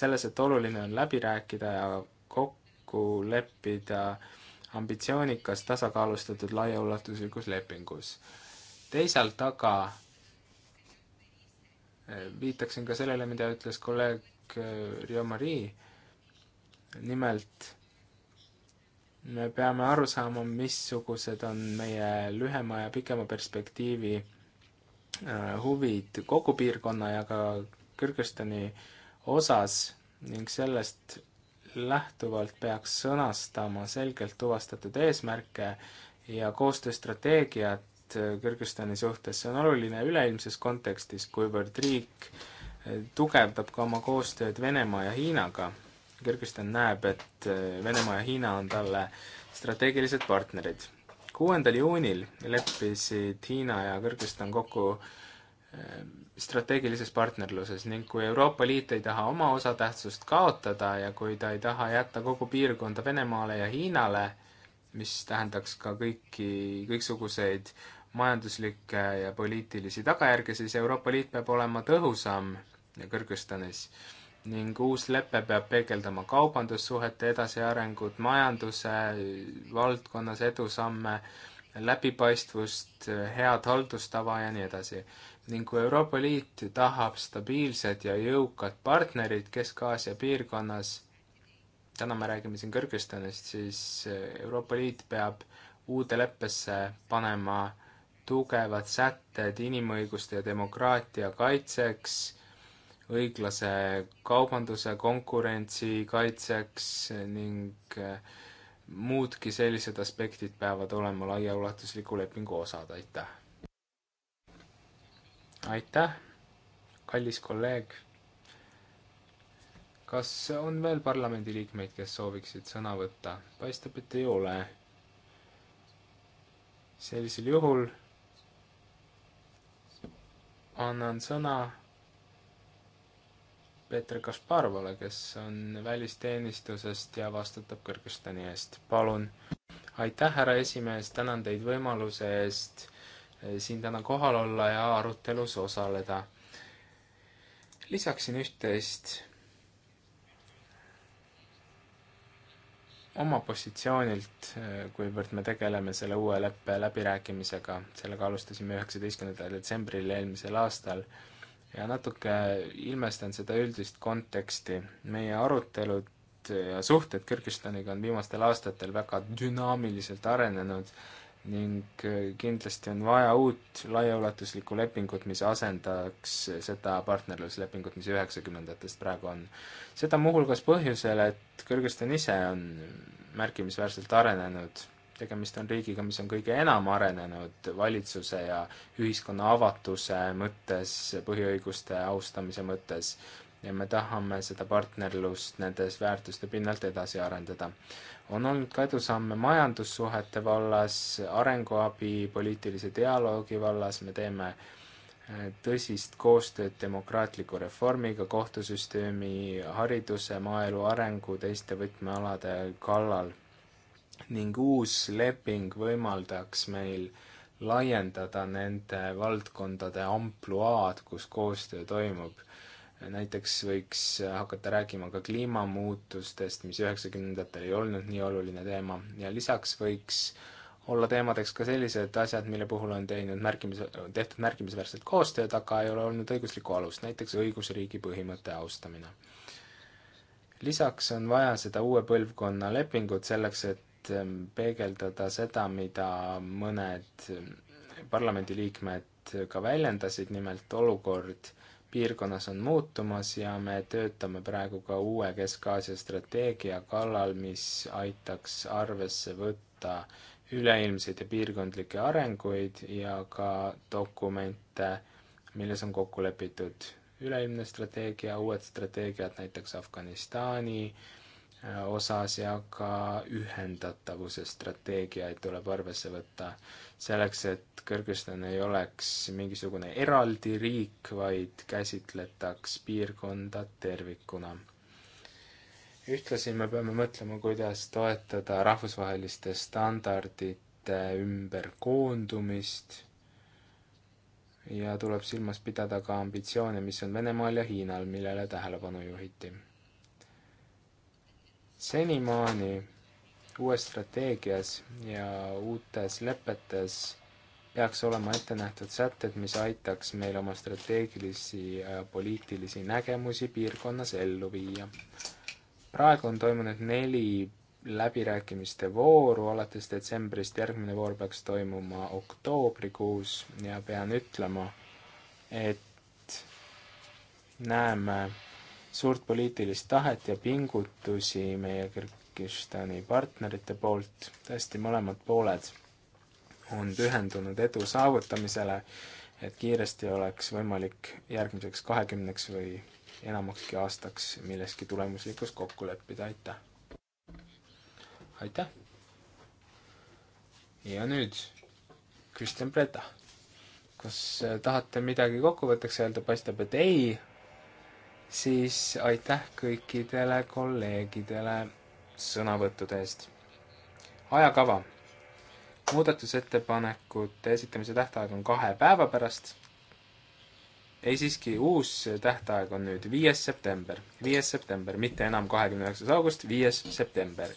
selles, et oluline on läbi rääkida ja kokku leppida ambitsioonikas, tasakaalustatud, laiaulatuslikus lepingus. teisalt aga eh, viitaksin ka sellele, mida ütles kolleeg Rio Marie, nimelt me peame aru saama, missugused on meie lühema ja pikema perspektiivi äh, huvid kogu piirkonna ja ka Kõrgõzstani osas ning sellest lähtuvalt peaks sõnastama selgelt tuvastatud eesmärke ja koostööstrateegiat äh, Kõrgõzstani suhtes, see on oluline üleilmses kontekstis, kuivõrd riik äh, tugevdab ka oma koostööd Venemaa ja Hiinaga Kõrgõzstan näeb, et äh, Venemaa ja Hiina on talle strateegilised partnerid. kuuendal juunil leppisid Hiina ja Kõrgõzstan kokku äh, strateegilises partnerluses ning kui Euroopa Liit ei taha oma osatähtsust kaotada ja kui ta ei taha jätta kogu piirkonda Venemaale ja Hiinale, mis tähendaks ka kõiki, kõiksuguseid majanduslikke ja poliitilisi tagajärgi, siis Euroopa Liit peab olema tõhusam Kõrgõzstanis ning uus lepe peab peegeldama kaubandussuhete edasiarengut, majanduse valdkonnas edusamme, läbipaistvust, head haldustava ja nii edasi. ning kui Euroopa Liit tahab stabiilsed ja jõukad partnerid Kesk-Aasia piirkonnas, täna me räägime siin Kõrgõzstanist, siis Euroopa Liit peab uude leppesse panema tugevad sätted inimõiguste ja demokraatia kaitseks õiglase kaubanduse, konkurentsi kaitseks ning eh, muudki sellised aspektid peavad olema laiaulatusliku lepingu osad, aitäh! aitäh, kallis kolleeg! kas on veel parlamendiliikmeid, kes sooviksid sõna võtta? paistab, et ei ole. sellisel juhul annan sõna Peeter Kasparovale, kes on välisteenistusest ja vastutab Kõrgõzstani eest. palun! aitäh, härra esimees, tänan teid võimaluse eest eh, siin täna kohal olla ja arutelus osaleda. lisaksin üht-teist oma positsioonilt, eh, kuivõrd me tegeleme selle uue leppe läbirääkimisega, sellega alustasime üheksateistkümnendal detsembril eelmisel aastal ja natuke ilmestan seda üldist konteksti. meie arutelud ja suhted Kõrgõzstaniga on viimastel aastatel väga dünaamiliselt arenenud ning kindlasti on vaja uut laiaulatuslikku lepingut, mis asendaks seda partnerluslepingut, mis üheksakümnendatest praegu on. seda muuhulgas põhjusel, et Kõrgõzstan ise on märkimisväärselt arenenud tegemist on riigiga, mis on kõige enam arenenud valitsuse ja ühiskonna avatuse mõttes, põhiõiguste austamise mõttes ja me tahame seda partnerlust nendes väärtuste pinnalt edasi arendada. on olnud ka edusamme majandussuhete vallas, arenguabi, poliitilise dialoogi vallas, me teeme eh, tõsist koostööd demokraatliku reformiga, kohtusüsteemi, hariduse, maaelu arengu, teiste võtmealade kallal ning uus leping võimaldaks meil laiendada nende valdkondade ampluaad, kus koostöö toimub. näiteks võiks hakata rääkima ka kliimamuutustest, mis üheksakümnendatel ei olnud nii oluline teema ja lisaks võiks olla teemadeks ka sellised asjad, mille puhul on teinud märkimis, tehtud märkimisväärset koostööd, aga ei ole olnud õiguslikku alust, näiteks õigusriigi põhimõtte austamine lisaks on vaja seda uue põlvkonna lepingut selleks, et Ähm, peegeldada seda, mida mõned parlamendiliikmed ka väljendasid, nimelt olukord piirkonnas on muutumas ja me töötame praegu ka uue Kesk-Aasia strateegia kallal, mis aitaks arvesse võtta üleilmseid ja piirkondlikke arenguid ja ka dokumente, milles on kokku lepitud üleilmne strateegia, uued strateegiad näiteks Afganistani äh, osas ja ka ühendatavuse strateegiaid tuleb arvesse võtta. selleks, et Kõrgõzstan ei oleks mingisugune eraldi riik, vaid käsitletaks piirkonda tervikuna. ühtlasi me peame mõtlema, kuidas toetada rahvusvaheliste standardite ümberkoondumist ja tuleb silmas pidada ka ambitsioone, mis on Venemaal ja Hiinal, millele tähelepanu juhiti senimaani uues strateegias ja uutes lepetes peaks olema ette nähtud sätted, mis aitaks meil oma strateegilisi ja äh, poliitilisi nägemusi piirkonnas ellu viia. praegu on toimunud neli läbirääkimiste vooru alates detsembrist, järgmine voor peaks toimuma oktoobrikuus ja pean ütlema, et näeme suurt poliitilist tahet ja pingutusi meie Kirgistani partnerite poolt, tõesti mõlemad pooled on pühendunud edu saavutamisele, et kiiresti oleks võimalik järgmiseks kahekümneks või enamakski aastaks milleski tulemuslikus kokku leppida, aitäh! aitäh! ja nüüd Kristjan Preda. kas äh, tahate midagi kokkuvõtteks öelda, paistab, et ei, siis aitäh kõikidele kolleegidele sõnavõttude eest. ajakava. muudatusettepanekute esitamise tähtaeg on kahe päeva pärast. ei siiski, uus tähtaeg on nüüd viies september, viies september, mitte enam kahekümne üheksas august, viies september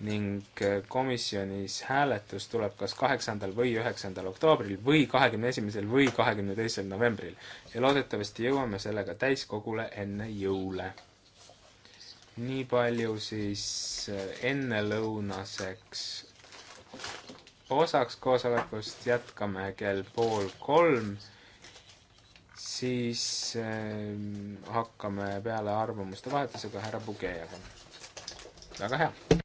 ning äh, komisjonis hääletus tuleb kas kaheksandal või üheksandal oktoobril või kahekümne esimesel või kahekümne teisel novembril. ja loodetavasti jõuame sellega täiskogule enne jõule. nii palju siis äh, ennelõunaseks osaks koosolekust, jätkame kell pool kolm, siis ähm, hakkame peale arvamuste vahetusega härra Bugejaga. väga hea!